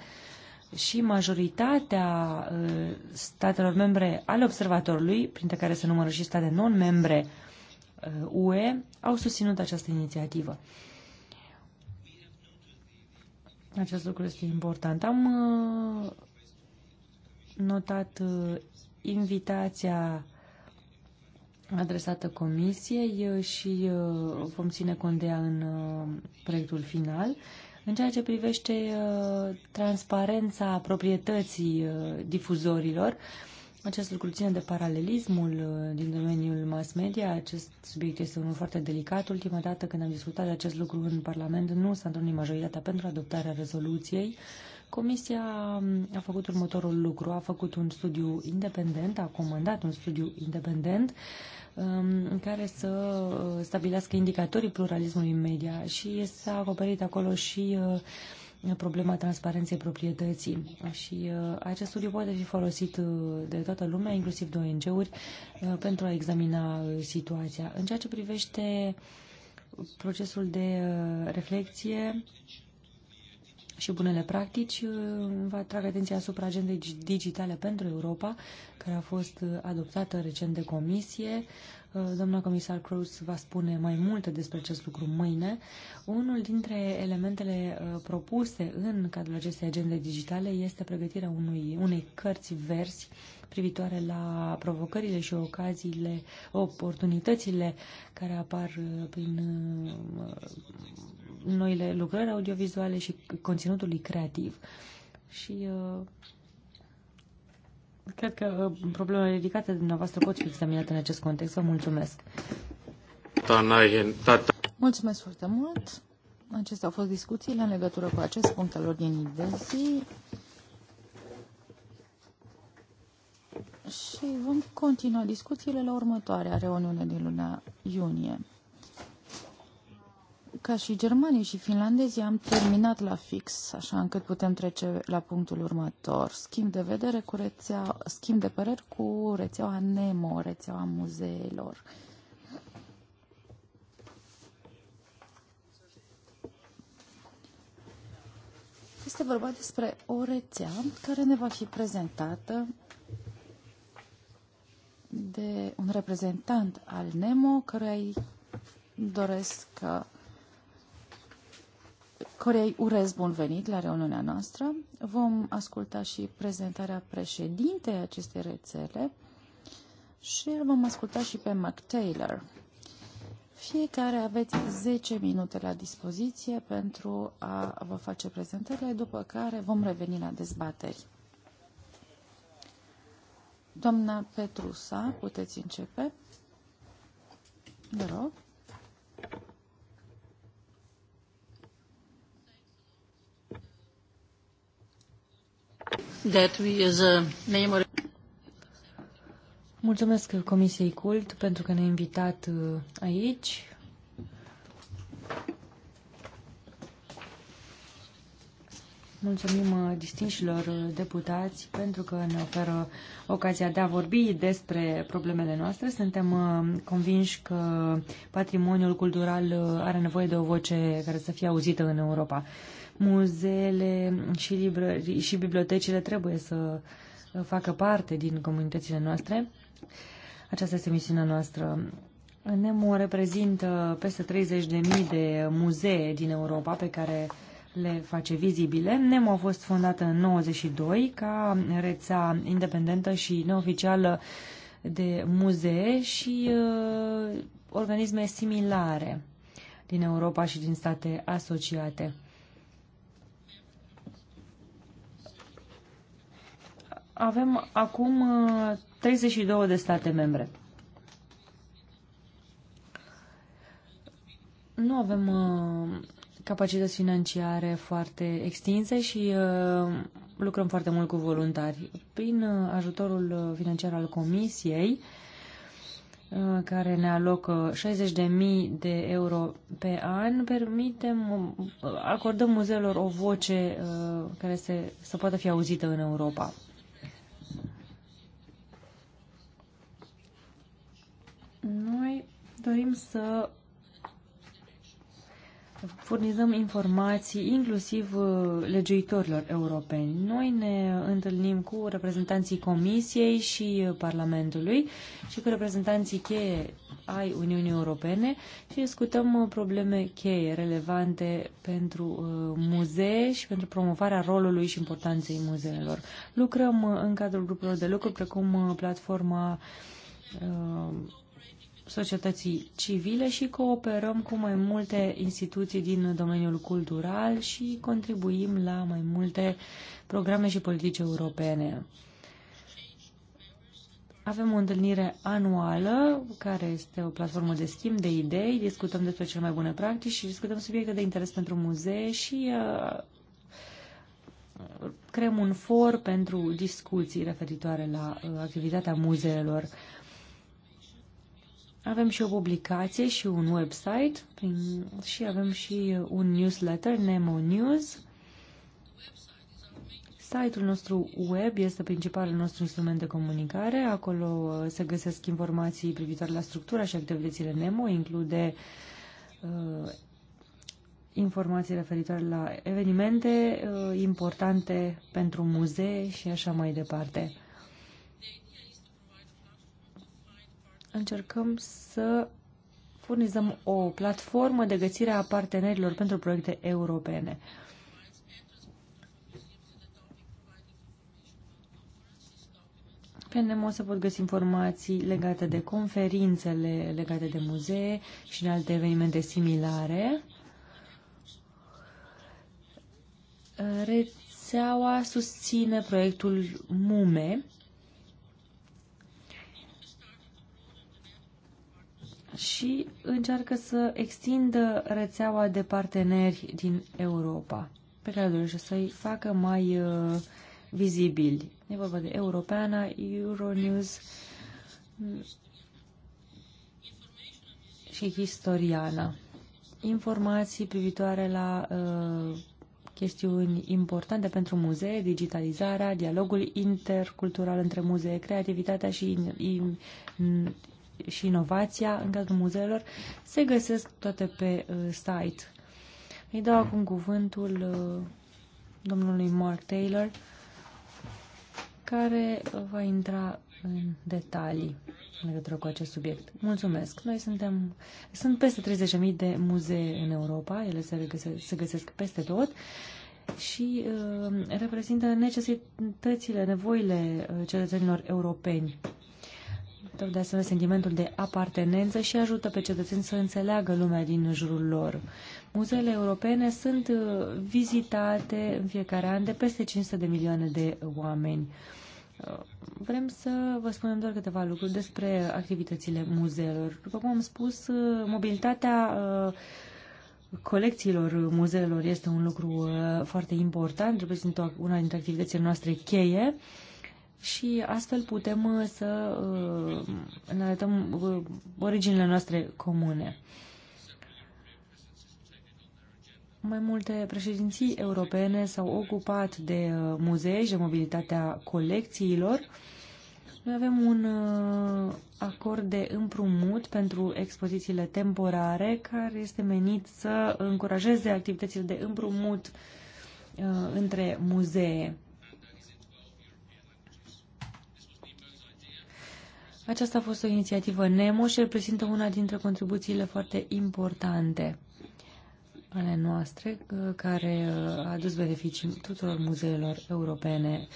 Speaker 4: și majoritatea uh, statelor membre ale observatorului, printre care se numără și state non-membre uh, UE, au susținut această inițiativă. Acest lucru este important. Am uh, notat uh, invitația adresată comisiei și vom ține cont de ea în proiectul final. În ceea ce privește transparența proprietății difuzorilor, acest lucru ține de paralelismul din domeniul mass media. Acest subiect este unul foarte delicat. Ultima dată când am discutat acest lucru în Parlament, nu s-a întâlnit majoritatea pentru adoptarea rezoluției. Comisia a făcut următorul lucru, a făcut un studiu independent, a comandat un studiu independent uh, Um, în care să uh, stabilească indicatorii pluralismului media și s-a acoperit acolo și uh, problema transparenței proprietății și uh, acest studiu poate fi folosit de toată lumea, inclusiv de ONG-uri, pentru a examina situația. În ceea ce privește procesul de reflexie, și bunele practici. Uh, vă atrag atenția asupra agendei digitale pentru Europa, care a fost uh, adoptată recent de comisie. Uh, doamna comisar Cruz va spune mai multe despre acest lucru mâine. Unul dintre elementele uh, propuse în cadrul acestei agende digitale este pregătirea unui, unei cărți versi privitoare la provocările și ocaziile, oportunitățile care apar uh, prin noile lucrări audiovizuale și conținutului creativ. Și Cred că uh, problemele ridicate de dumneavoastră
Speaker 6: pot fi examinate în acest context. Vă mulțumesc. Mulțumesc foarte mult. Acestea au fost discuțiile în legătură cu acest punct al ordinii de zi. Și vom continua discuțiile la următoarea reuniune din luna iunie. Ca și germanii și finlandezii am terminat la fix, așa încât putem trece la punctul următor. Schimb de vedere cu rețea, schimb de păreri cu rețeaua NEMO, rețeaua muzeelor. Este vorba despre o rețea care ne va fi prezentată de un reprezentant al NEMO, care îi doresc Corei, urez bun venit la reuniunea noastră. Vom asculta și prezentarea președintei acestei rețele și îl vom asculta și pe Mac Taylor. Fiecare aveți 10 minute la dispoziție pentru a vă face prezentările, după care vom reveni la dezbateri. Doamna Petrusa, puteți începe? Vă rog.
Speaker 4: Mulțumesc Comisiei Cult pentru că ne-a invitat uh, aici. Mulțumim uh, distinșilor uh, deputați pentru că ne oferă ocazia de a vorbi despre problemele noastre. Suntem convinși că patrimoniul cultural are nevoie de o voce care să fie auzită în Europa muzeele și, librării, și bibliotecile trebuie să facă parte din comunitățile noastre. Aceasta este misiunea noastră. Nemo reprezintă peste 30.000 de muzee din Europa pe care le face vizibile. Nemo a fost fondată în 92 ca rețea independentă și neoficială de muzee și uh, organisme similare din Europa și din state asociate. avem acum 32 uh, de state membre. Nu avem uh, capacități financiare foarte extinse și uh, lucrăm foarte mult cu voluntari. Prin ajutorul financiar al Comisiei, care ne alocă 60.000 de euro pe an, permitem, acordăm muzeelor o voce care se, să poată fi auzită în Europa. Noi dorim să furnizăm informații inclusiv uh, legiuitorilor europeni. Noi ne întâlnim cu reprezentanții Comisiei și uh, Parlamentului și cu reprezentanții cheie ai Uniunii Europene și discutăm uh, probleme cheie relevante pentru muzee și pentru promovarea rolului și importanței muzeelor. Lucrăm în cadrul grupurilor de lucru precum platforma societății civile și cooperăm cu mai multe instituții din domeniul cultural și contribuim la mai multe programe și politici europene. Avem o întâlnire anuală, care este o platformă de schimb de idei, discutăm despre cele mai bune practici și discutăm subiecte de interes pentru muzee și uh, creăm un for pentru discuții referitoare la uh, activitatea muzeelor. Avem și o publicație și un website prin, și avem și un newsletter, Nemo News. Site-ul nostru web este principalul nostru instrument de comunicare. Acolo uh, se găsesc informații privitoare la structura și activitățile Nemo, include uh, informații referitoare la evenimente uh, importante pentru muzee și așa mai departe. încercăm să furnizăm o platformă de găsire a partenerilor pentru proiecte europene. Pe NEMO se pot găsi informații legate de conferințele legate de muzee și de alte evenimente similare. Rețeaua susține proiectul MUME, și încearcă să extindă rețeaua de parteneri din Europa, pe care dorește să-i facă mai uh, vizibili. E vorba de Europeana, Euronews mm, și Historiana. Informații privitoare la uh, chestiuni importante pentru muzee, digitalizarea, dialogul intercultural între muzee, creativitatea și in, in, și inovația în cadrul muzeelor se găsesc toate pe uh, site. Îi dau acum cuvântul uh, domnului Mark Taylor, care va intra în detalii în legătură cu acest subiect. Mulțumesc! Noi suntem, sunt peste 30.000 de muzee în Europa, ele se, regăsesc, se găsesc peste tot și uh, reprezintă necesitățile, nevoile uh, cetățenilor europeni dau de asemenea sentimentul de apartenență și ajută pe cetățeni să înțeleagă lumea din jurul lor. Muzeele europene sunt uh, vizitate în fiecare an de peste 500 de milioane de oameni. Uh, vrem să vă spunem doar câteva lucruri despre activitățile muzeelor. După cum am spus, uh, mobilitatea colecțiilor muzeelor este un lucru foarte important, reprezintă una dintre activitățile noastre cheie și astfel putem uh, să uh, ne arătăm uh, originile noastre comune. Mai multe președinții europene s-au ocupat de muzee și de mobilitatea colecțiilor. Noi avem un acord de împrumut pentru expozițiile temporare care este menit să încurajeze activitățile de împrumut între muzee. Aceasta a fost o inițiativă NEMO și reprezintă una dintre contribuțiile foarte importante ale noastre, uh, care uh, a adus beneficii tuturor muzeelor europene.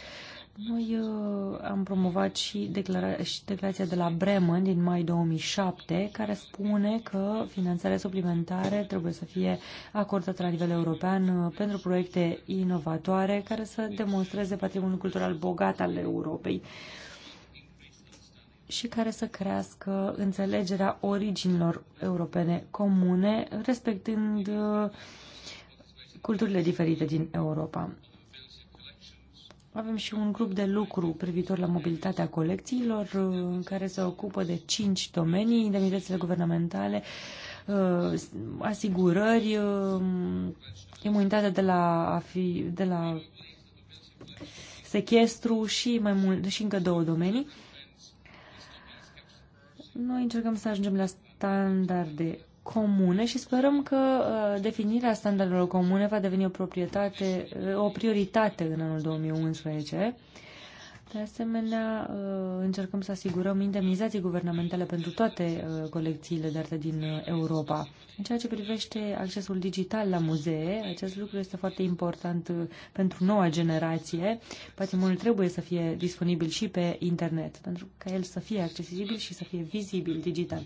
Speaker 4: Noi uh, am promovat și, declara- și declarația de la Bremen din mai 2007, care spune că finanțarea suplimentare trebuie să fie acordată la nivel european uh, pentru proiecte inovatoare care să demonstreze patrimoniul cultural bogat al Europei. Uh, și care să crească înțelegerea originilor europene comune, respectând uh, culturile diferite din Europa. Avem și un grup de lucru privitor la mobilitatea colecțiilor, uh, care se ocupă de cinci domenii, indemnitățile guvernamentale, uh, asigurări, imunitatea de la, a fi, de la sechestru și mai mult, și încă două domenii. Noi încercăm să ajungem la standarde comune și sperăm că uh, definirea standardelor comune va deveni o, proprietate, uh, o prioritate în anul 2011 de asemenea, uh, încercăm să asigurăm indemnizații guvernamentale pentru toate uh, colecțiile de artă din uh, Europa. În ceea ce privește accesul digital la muzee, acest lucru este foarte important pentru noua generație. Patrimoniul trebuie să fie disponibil și pe internet, pentru ca el să fie accesibil și să fie vizibil digital.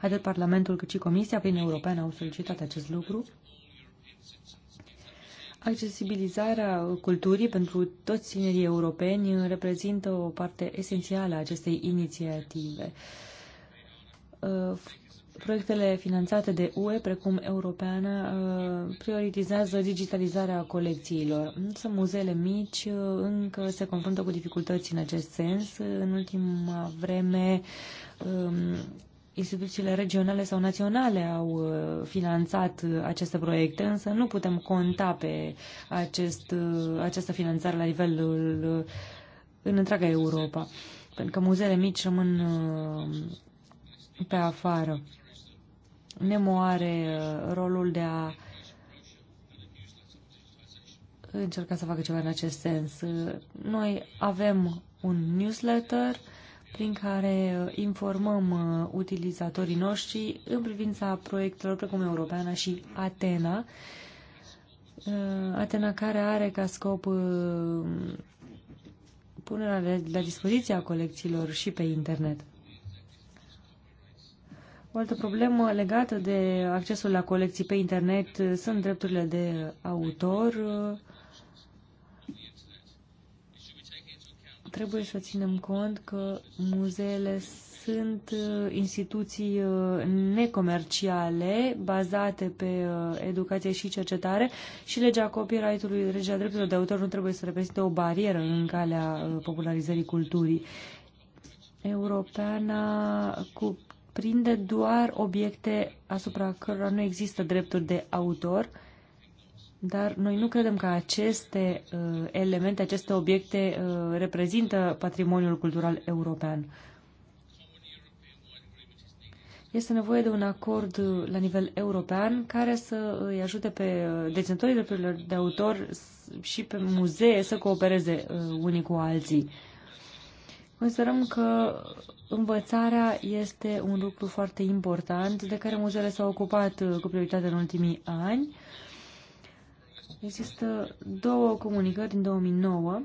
Speaker 4: Atât Parlamentul cât și Comisia prin Europeană au solicitat acest lucru Accesibilizarea culturii pentru toți tinerii europeni reprezintă o parte esențială a acestei inițiative. Uh, proiectele finanțate de UE, precum Europeană, uh, prioritizează digitalizarea colecțiilor. Însă muzeele mici uh, încă se confruntă cu dificultăți în acest sens. În ultima vreme, um, instituțiile regionale sau naționale au uh, finanțat uh, aceste proiecte, însă nu putem conta pe acest, uh, această finanțare la nivelul în întreaga Europa, pentru că muzeele mici rămân pe afară. Nemo are rolul de a încerca să facă ceva în acest sens. Noi avem un newsletter prin care uh, informăm uh, utilizatorii noștri în privința proiectelor precum Europeana și Atena, uh, Atena care are ca scop punerea la dispoziția colecțiilor și pe internet. O altă problemă legată de accesul la colecții pe internet sunt drepturile de autor, trebuie să ținem cont că muzeele sunt uh, instituții uh, necomerciale bazate pe uh, educație și cercetare și legea copyright-ului, legea drepturilor de autor nu trebuie să reprezinte o barieră în calea popularizării culturii. Europeana prinde doar obiecte asupra cărora nu există drepturi de autor, dar noi nu credem că aceste uh, elemente, aceste obiecte uh, reprezintă patrimoniul cultural european. Este nevoie de un acord uh, la nivel european care să uh, îi ajute pe uh, deținătorii drepturilor de autor și pe muzee să coopereze unii cu alții. Considerăm că învățarea este un lucru foarte important de care muzeele s-au ocupat cu prioritate în ultimii ani Există două comunicări din 2009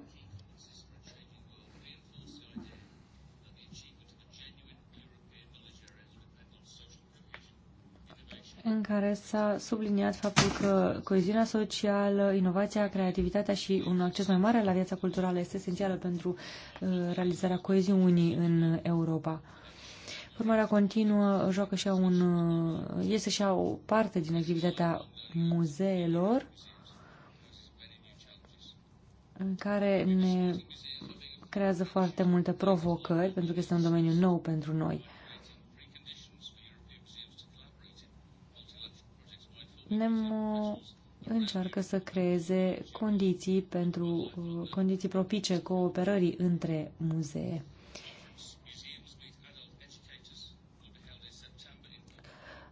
Speaker 4: în care s-a subliniat faptul că coeziunea socială, inovația, creativitatea și un acces mai mare la viața culturală este esențială pentru uh, realizarea coeziunii în Europa. Formarea continuă joacă și un, uh, este și o parte din activitatea muzeelor în care ne creează foarte multe provocări, pentru că este un domeniu nou pentru noi. Nemo uh, încearcă să creeze condiții pentru uh, condiții propice cooperării între muzee.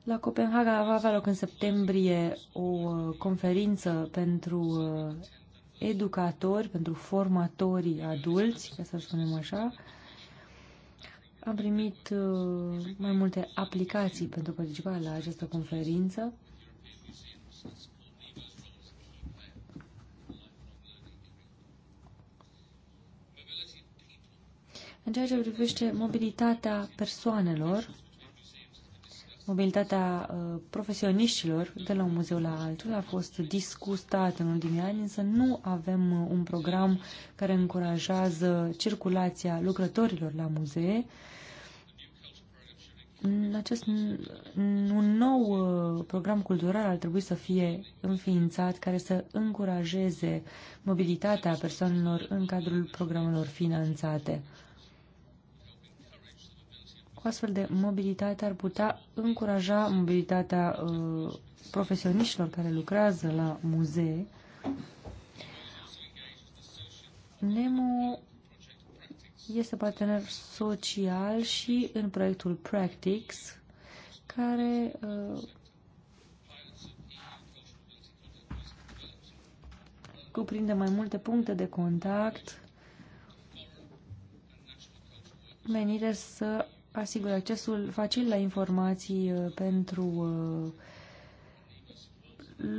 Speaker 4: La Copenhaga va avea loc în septembrie o uh, conferință pentru educatori, pentru formatorii adulți, ca să spunem așa. Am primit uh, mai multe aplicații pentru participarea la această conferință. În ceea ce privește mobilitatea persoanelor, Mobilitatea uh, profesioniștilor de la un muzeu la altul a fost discutată în ultimii ani, însă nu avem uh, un program care încurajează circulația lucrătorilor la muzee. Acest un nou uh, program cultural ar trebui să fie înființat care să încurajeze mobilitatea persoanelor în cadrul programelor finanțate astfel de mobilitate ar putea încuraja mobilitatea uh, profesioniștilor care lucrează la muzee. Nemo este partener social și în proiectul Practics, care uh, cuprinde mai multe puncte de contact menire să asigură accesul facil la informații uh, pentru uh,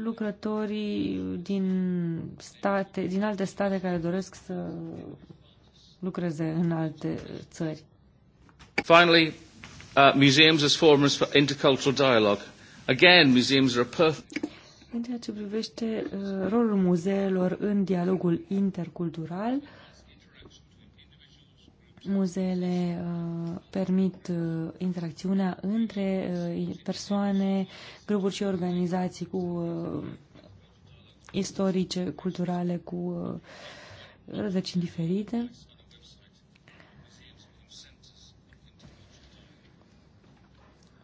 Speaker 4: lucrătorii din, state, din alte state care doresc să lucreze în alte țări.
Speaker 3: Finally, uh, museums as forums for intercultural dialogue. Again, museums are a perfect...
Speaker 4: În ceea ce privește uh, rolul muzeelor în dialogul intercultural, uh, Muzeele uh, permit uh, interacțiunea între uh, persoane, grupuri și organizații cu uh, istorice, culturale, cu uh, rădăcini diferite.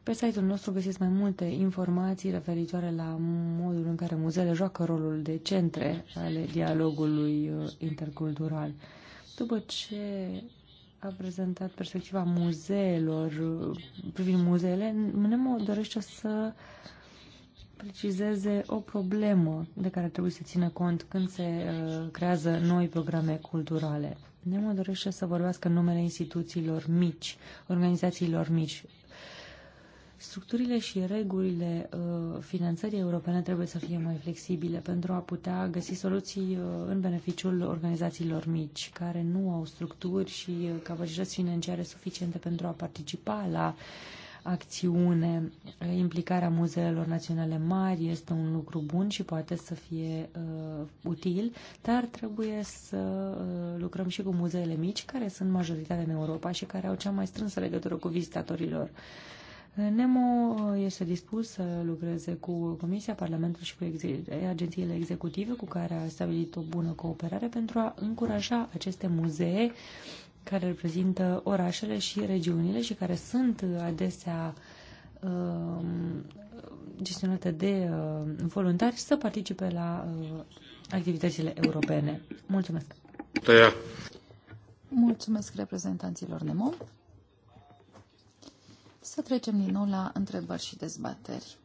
Speaker 4: Pe site-ul nostru găsiți mai multe informații referitoare la modul în care muzeele joacă rolul de centre ale dialogului uh, intercultural. După ce a prezentat perspectiva muzeelor, uh, privind muzeele, Mnemo dorește să precizeze o problemă de care trebuie să țină cont când se uh, creează noi programe culturale. Nemo dorește să vorbească în numele instituțiilor mici, organizațiilor mici, Structurile și regulile uh, finanțării europene trebuie să fie mai flexibile pentru a putea găsi soluții uh, în beneficiul organizațiilor mici, care nu au structuri și uh, capacități financiare suficiente pentru a participa la acțiune. Implicarea muzeelor naționale mari este un lucru bun și poate să fie uh, util, dar trebuie să lucrăm și cu muzeele mici, care sunt majoritatea în Europa și care au cea mai strânsă legătură cu vizitatorilor. Uh, Nemo este dispus să lucreze cu Comisia, Parlamentul și cu agențiile executive cu care a stabilit o bună cooperare pentru a încuraja aceste muzee care reprezintă orașele și regiunile și care sunt adesea um, gestionate de um, voluntari să participe la uh, activitățile europene. Mulțumesc!
Speaker 6: Mulțumesc reprezentanților NEMO. Să trecem din nou la întrebări și dezbateri.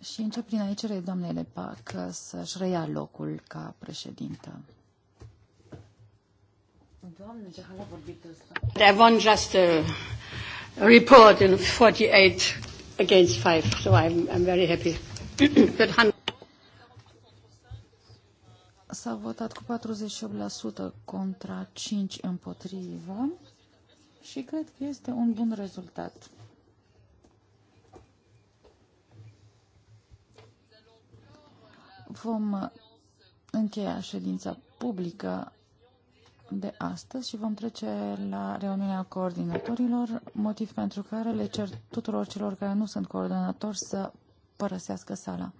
Speaker 6: Și încep prin aici doamnele Pac, să-și reia locul
Speaker 1: ca președintă.
Speaker 6: Doamne, ce hal vorbit
Speaker 1: ăsta? won just a report in 48 against 5, so I'm, I'm very happy. S-a
Speaker 6: votat cu 48% contra 5 împotrivă și cred că este un bun rezultat. Vom încheia ședința publică de astăzi și vom trece la reuniunea coordinatorilor, motiv pentru care le cer tuturor celor care nu sunt coordonatori să părăsească sala.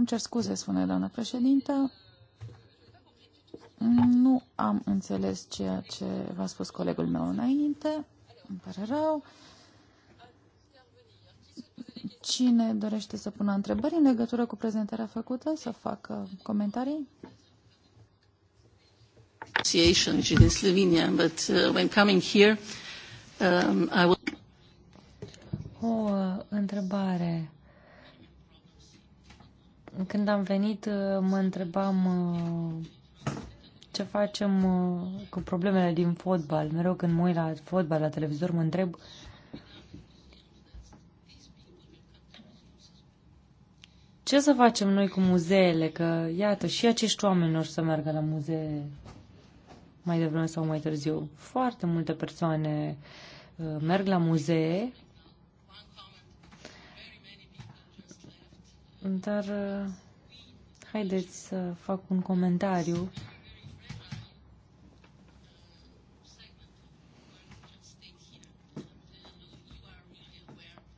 Speaker 6: Îmi cer scuze, spune doamna președintă. Nu am înțeles ceea ce v-a spus colegul meu înainte. Îmi pare rău. Cine dorește să pună întrebări în legătură cu prezentarea făcută, să facă comentarii?
Speaker 1: Association in Slovenia, but uh, when coming here, um, I will... O uh, întrebare
Speaker 4: când am venit, uh, mă întrebam uh, ce facem uh, cu problemele din fotbal. Mereu când mă uit la fotbal, la televizor, mă întreb ce să facem noi cu muzeele, că iată, și acești oameni nu să meargă la muzee mai devreme sau mai târziu. Foarte multe persoane merg la muzee dar uh, haideți să fac un comentariu.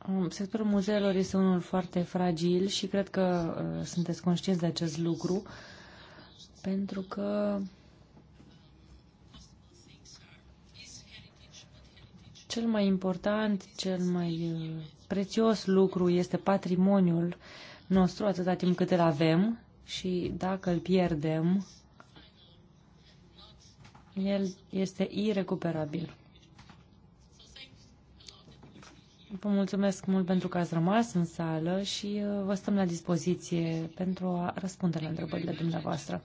Speaker 4: Um, sectorul muzeelor este unul foarte fragil și cred că uh, sunteți conștienți de acest lucru, pentru că cel mai important, cel mai uh, prețios lucru este patrimoniul uh, nostru atâta timp cât îl avem și dacă îl pierdem, el este irecuperabil. Vă mulțumesc mult pentru că ați rămas în sală și uh, vă stăm la dispoziție pentru a răspunde la întrebările dumneavoastră.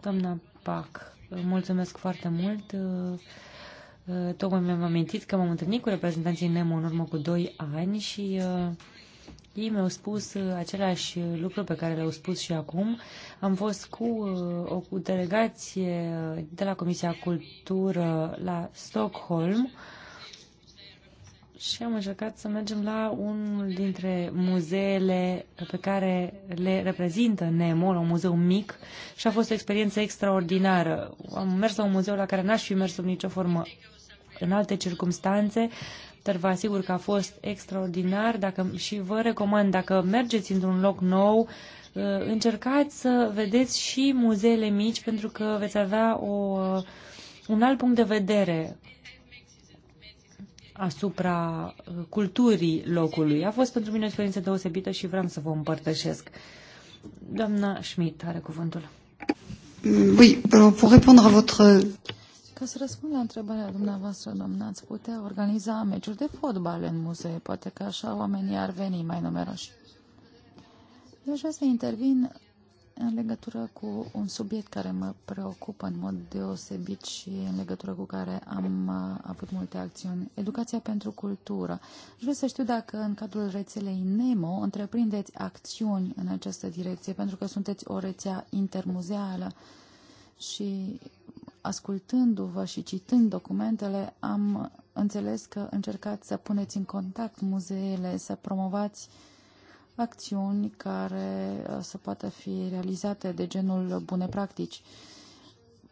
Speaker 4: Doamna Pac, uh, mulțumesc foarte mult. Uh, tocmai mi-am amintit că m-am întâlnit cu reprezentanții NEMO în urmă cu 2 ani și ei mi-au spus uh, același lucru pe care le-au spus și acum. Am fost cu uh, o delegație de la Comisia Cultură la Stockholm și am încercat să mergem la unul dintre muzeele pe care le reprezintă Nemo, la un muzeu mic și a fost o experiență extraordinară. Am mers la un muzeu la care n-aș fi mers sub nicio formă în alte circunstanțe. Chester, vă asigur că a fost extraordinar dacă, și vă recomand, dacă mergeți într-un loc nou, uh, încercați să vedeți și muzeele mici, pentru că veți avea o, uh, un alt punct de vedere asupra uh, culturii locului. A fost pentru mine o experiență deosebită și vreau să vă împărtășesc. Doamna Schmidt are cuvântul.
Speaker 1: Oui, euh, pour répondre à votre
Speaker 6: ca să răspund la întrebarea dumneavoastră, domnule, ați putea organiza meciuri de fotbal în muzee. Poate că așa oamenii ar veni mai numeroși. Eu aș vrea să intervin în legătură cu un subiect care mă preocupă în mod deosebit și în legătură cu care am uh, avut multe acțiuni. Educația pentru cultură. Aș vreau să știu dacă în cadrul rețelei NEMO întreprindeți acțiuni în această direcție, pentru că sunteți o rețea intermuzeală și ascultându-vă și citând documentele, am înțeles că încercați să puneți în contact muzeele, să promovați acțiuni care uh, să poată fi realizate de genul bune practici.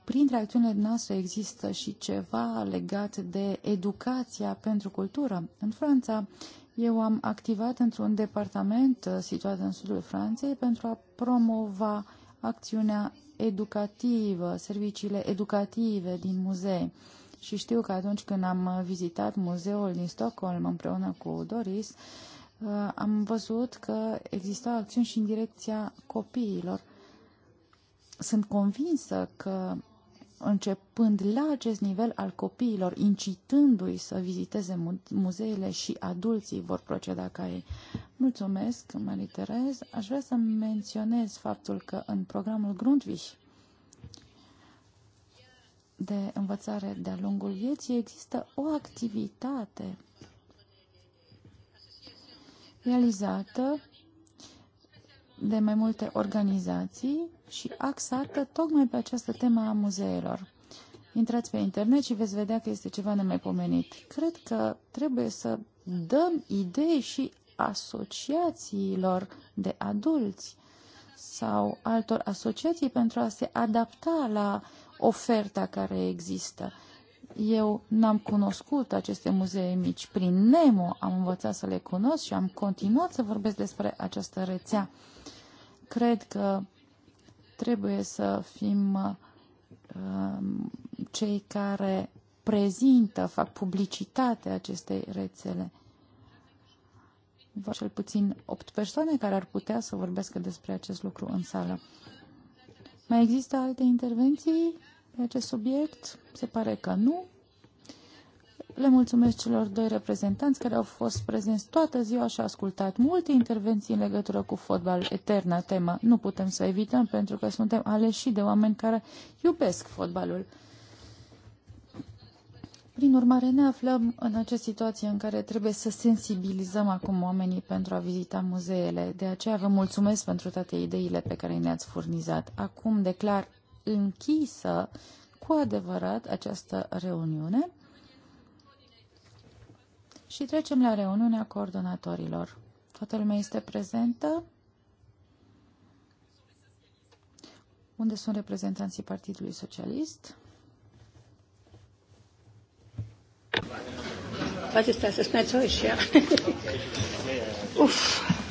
Speaker 6: Printre acțiunile noastre există și ceva legat de educația pentru cultură. În Franța, eu am activat într-un departament uh, situat în sudul Franței pentru a promova acțiunea educativă, serviciile educative din muzee. Și știu că atunci când am vizitat muzeul din Stockholm împreună cu Doris, uh, am văzut că existau acțiuni și în direcția copiilor. Sunt convinsă că începând la acest nivel al copiilor, incitându-i să viziteze muzeele și adulții vor proceda ca ei. Mulțumesc, Marie Terez. Aș vrea să menționez faptul că în programul Grundvig de învățare de-a lungul vieții există o activitate realizată de mai multe organizații și axată tocmai pe această temă a muzeelor. Intrați pe internet și veți vedea că este ceva nemaipomenit. Cred că trebuie să dăm idei și asociațiilor de adulți sau altor asociații pentru a se adapta la oferta care există. Eu n-am cunoscut aceste muzee mici. Prin Nemo am învățat să le cunosc și am continuat să vorbesc despre această rețea. Cred că trebuie să fim uh, cei care prezintă, fac publicitate acestei rețele. Vă cel puțin opt persoane care ar putea să vorbească despre acest lucru în sală. Mai există alte intervenții? pe acest subiect? Se pare că nu. Le mulțumesc celor doi reprezentanți care au fost prezenți toată ziua și au ascultat multe intervenții în legătură cu fotbal, eterna temă. Nu putem să evităm pentru că suntem aleși de oameni care iubesc fotbalul. Prin urmare, ne aflăm în această situație în care trebuie să sensibilizăm acum oamenii pentru a vizita muzeele. De aceea vă mulțumesc pentru toate ideile pe care ne-ați furnizat. Acum declar închisă cu adevărat această reuniune și trecem la reuniunea coordonatorilor. Toată lumea este prezentă. Unde sunt reprezentanții Partidului Socialist?
Speaker 2: Poate stai spuneți o Uf!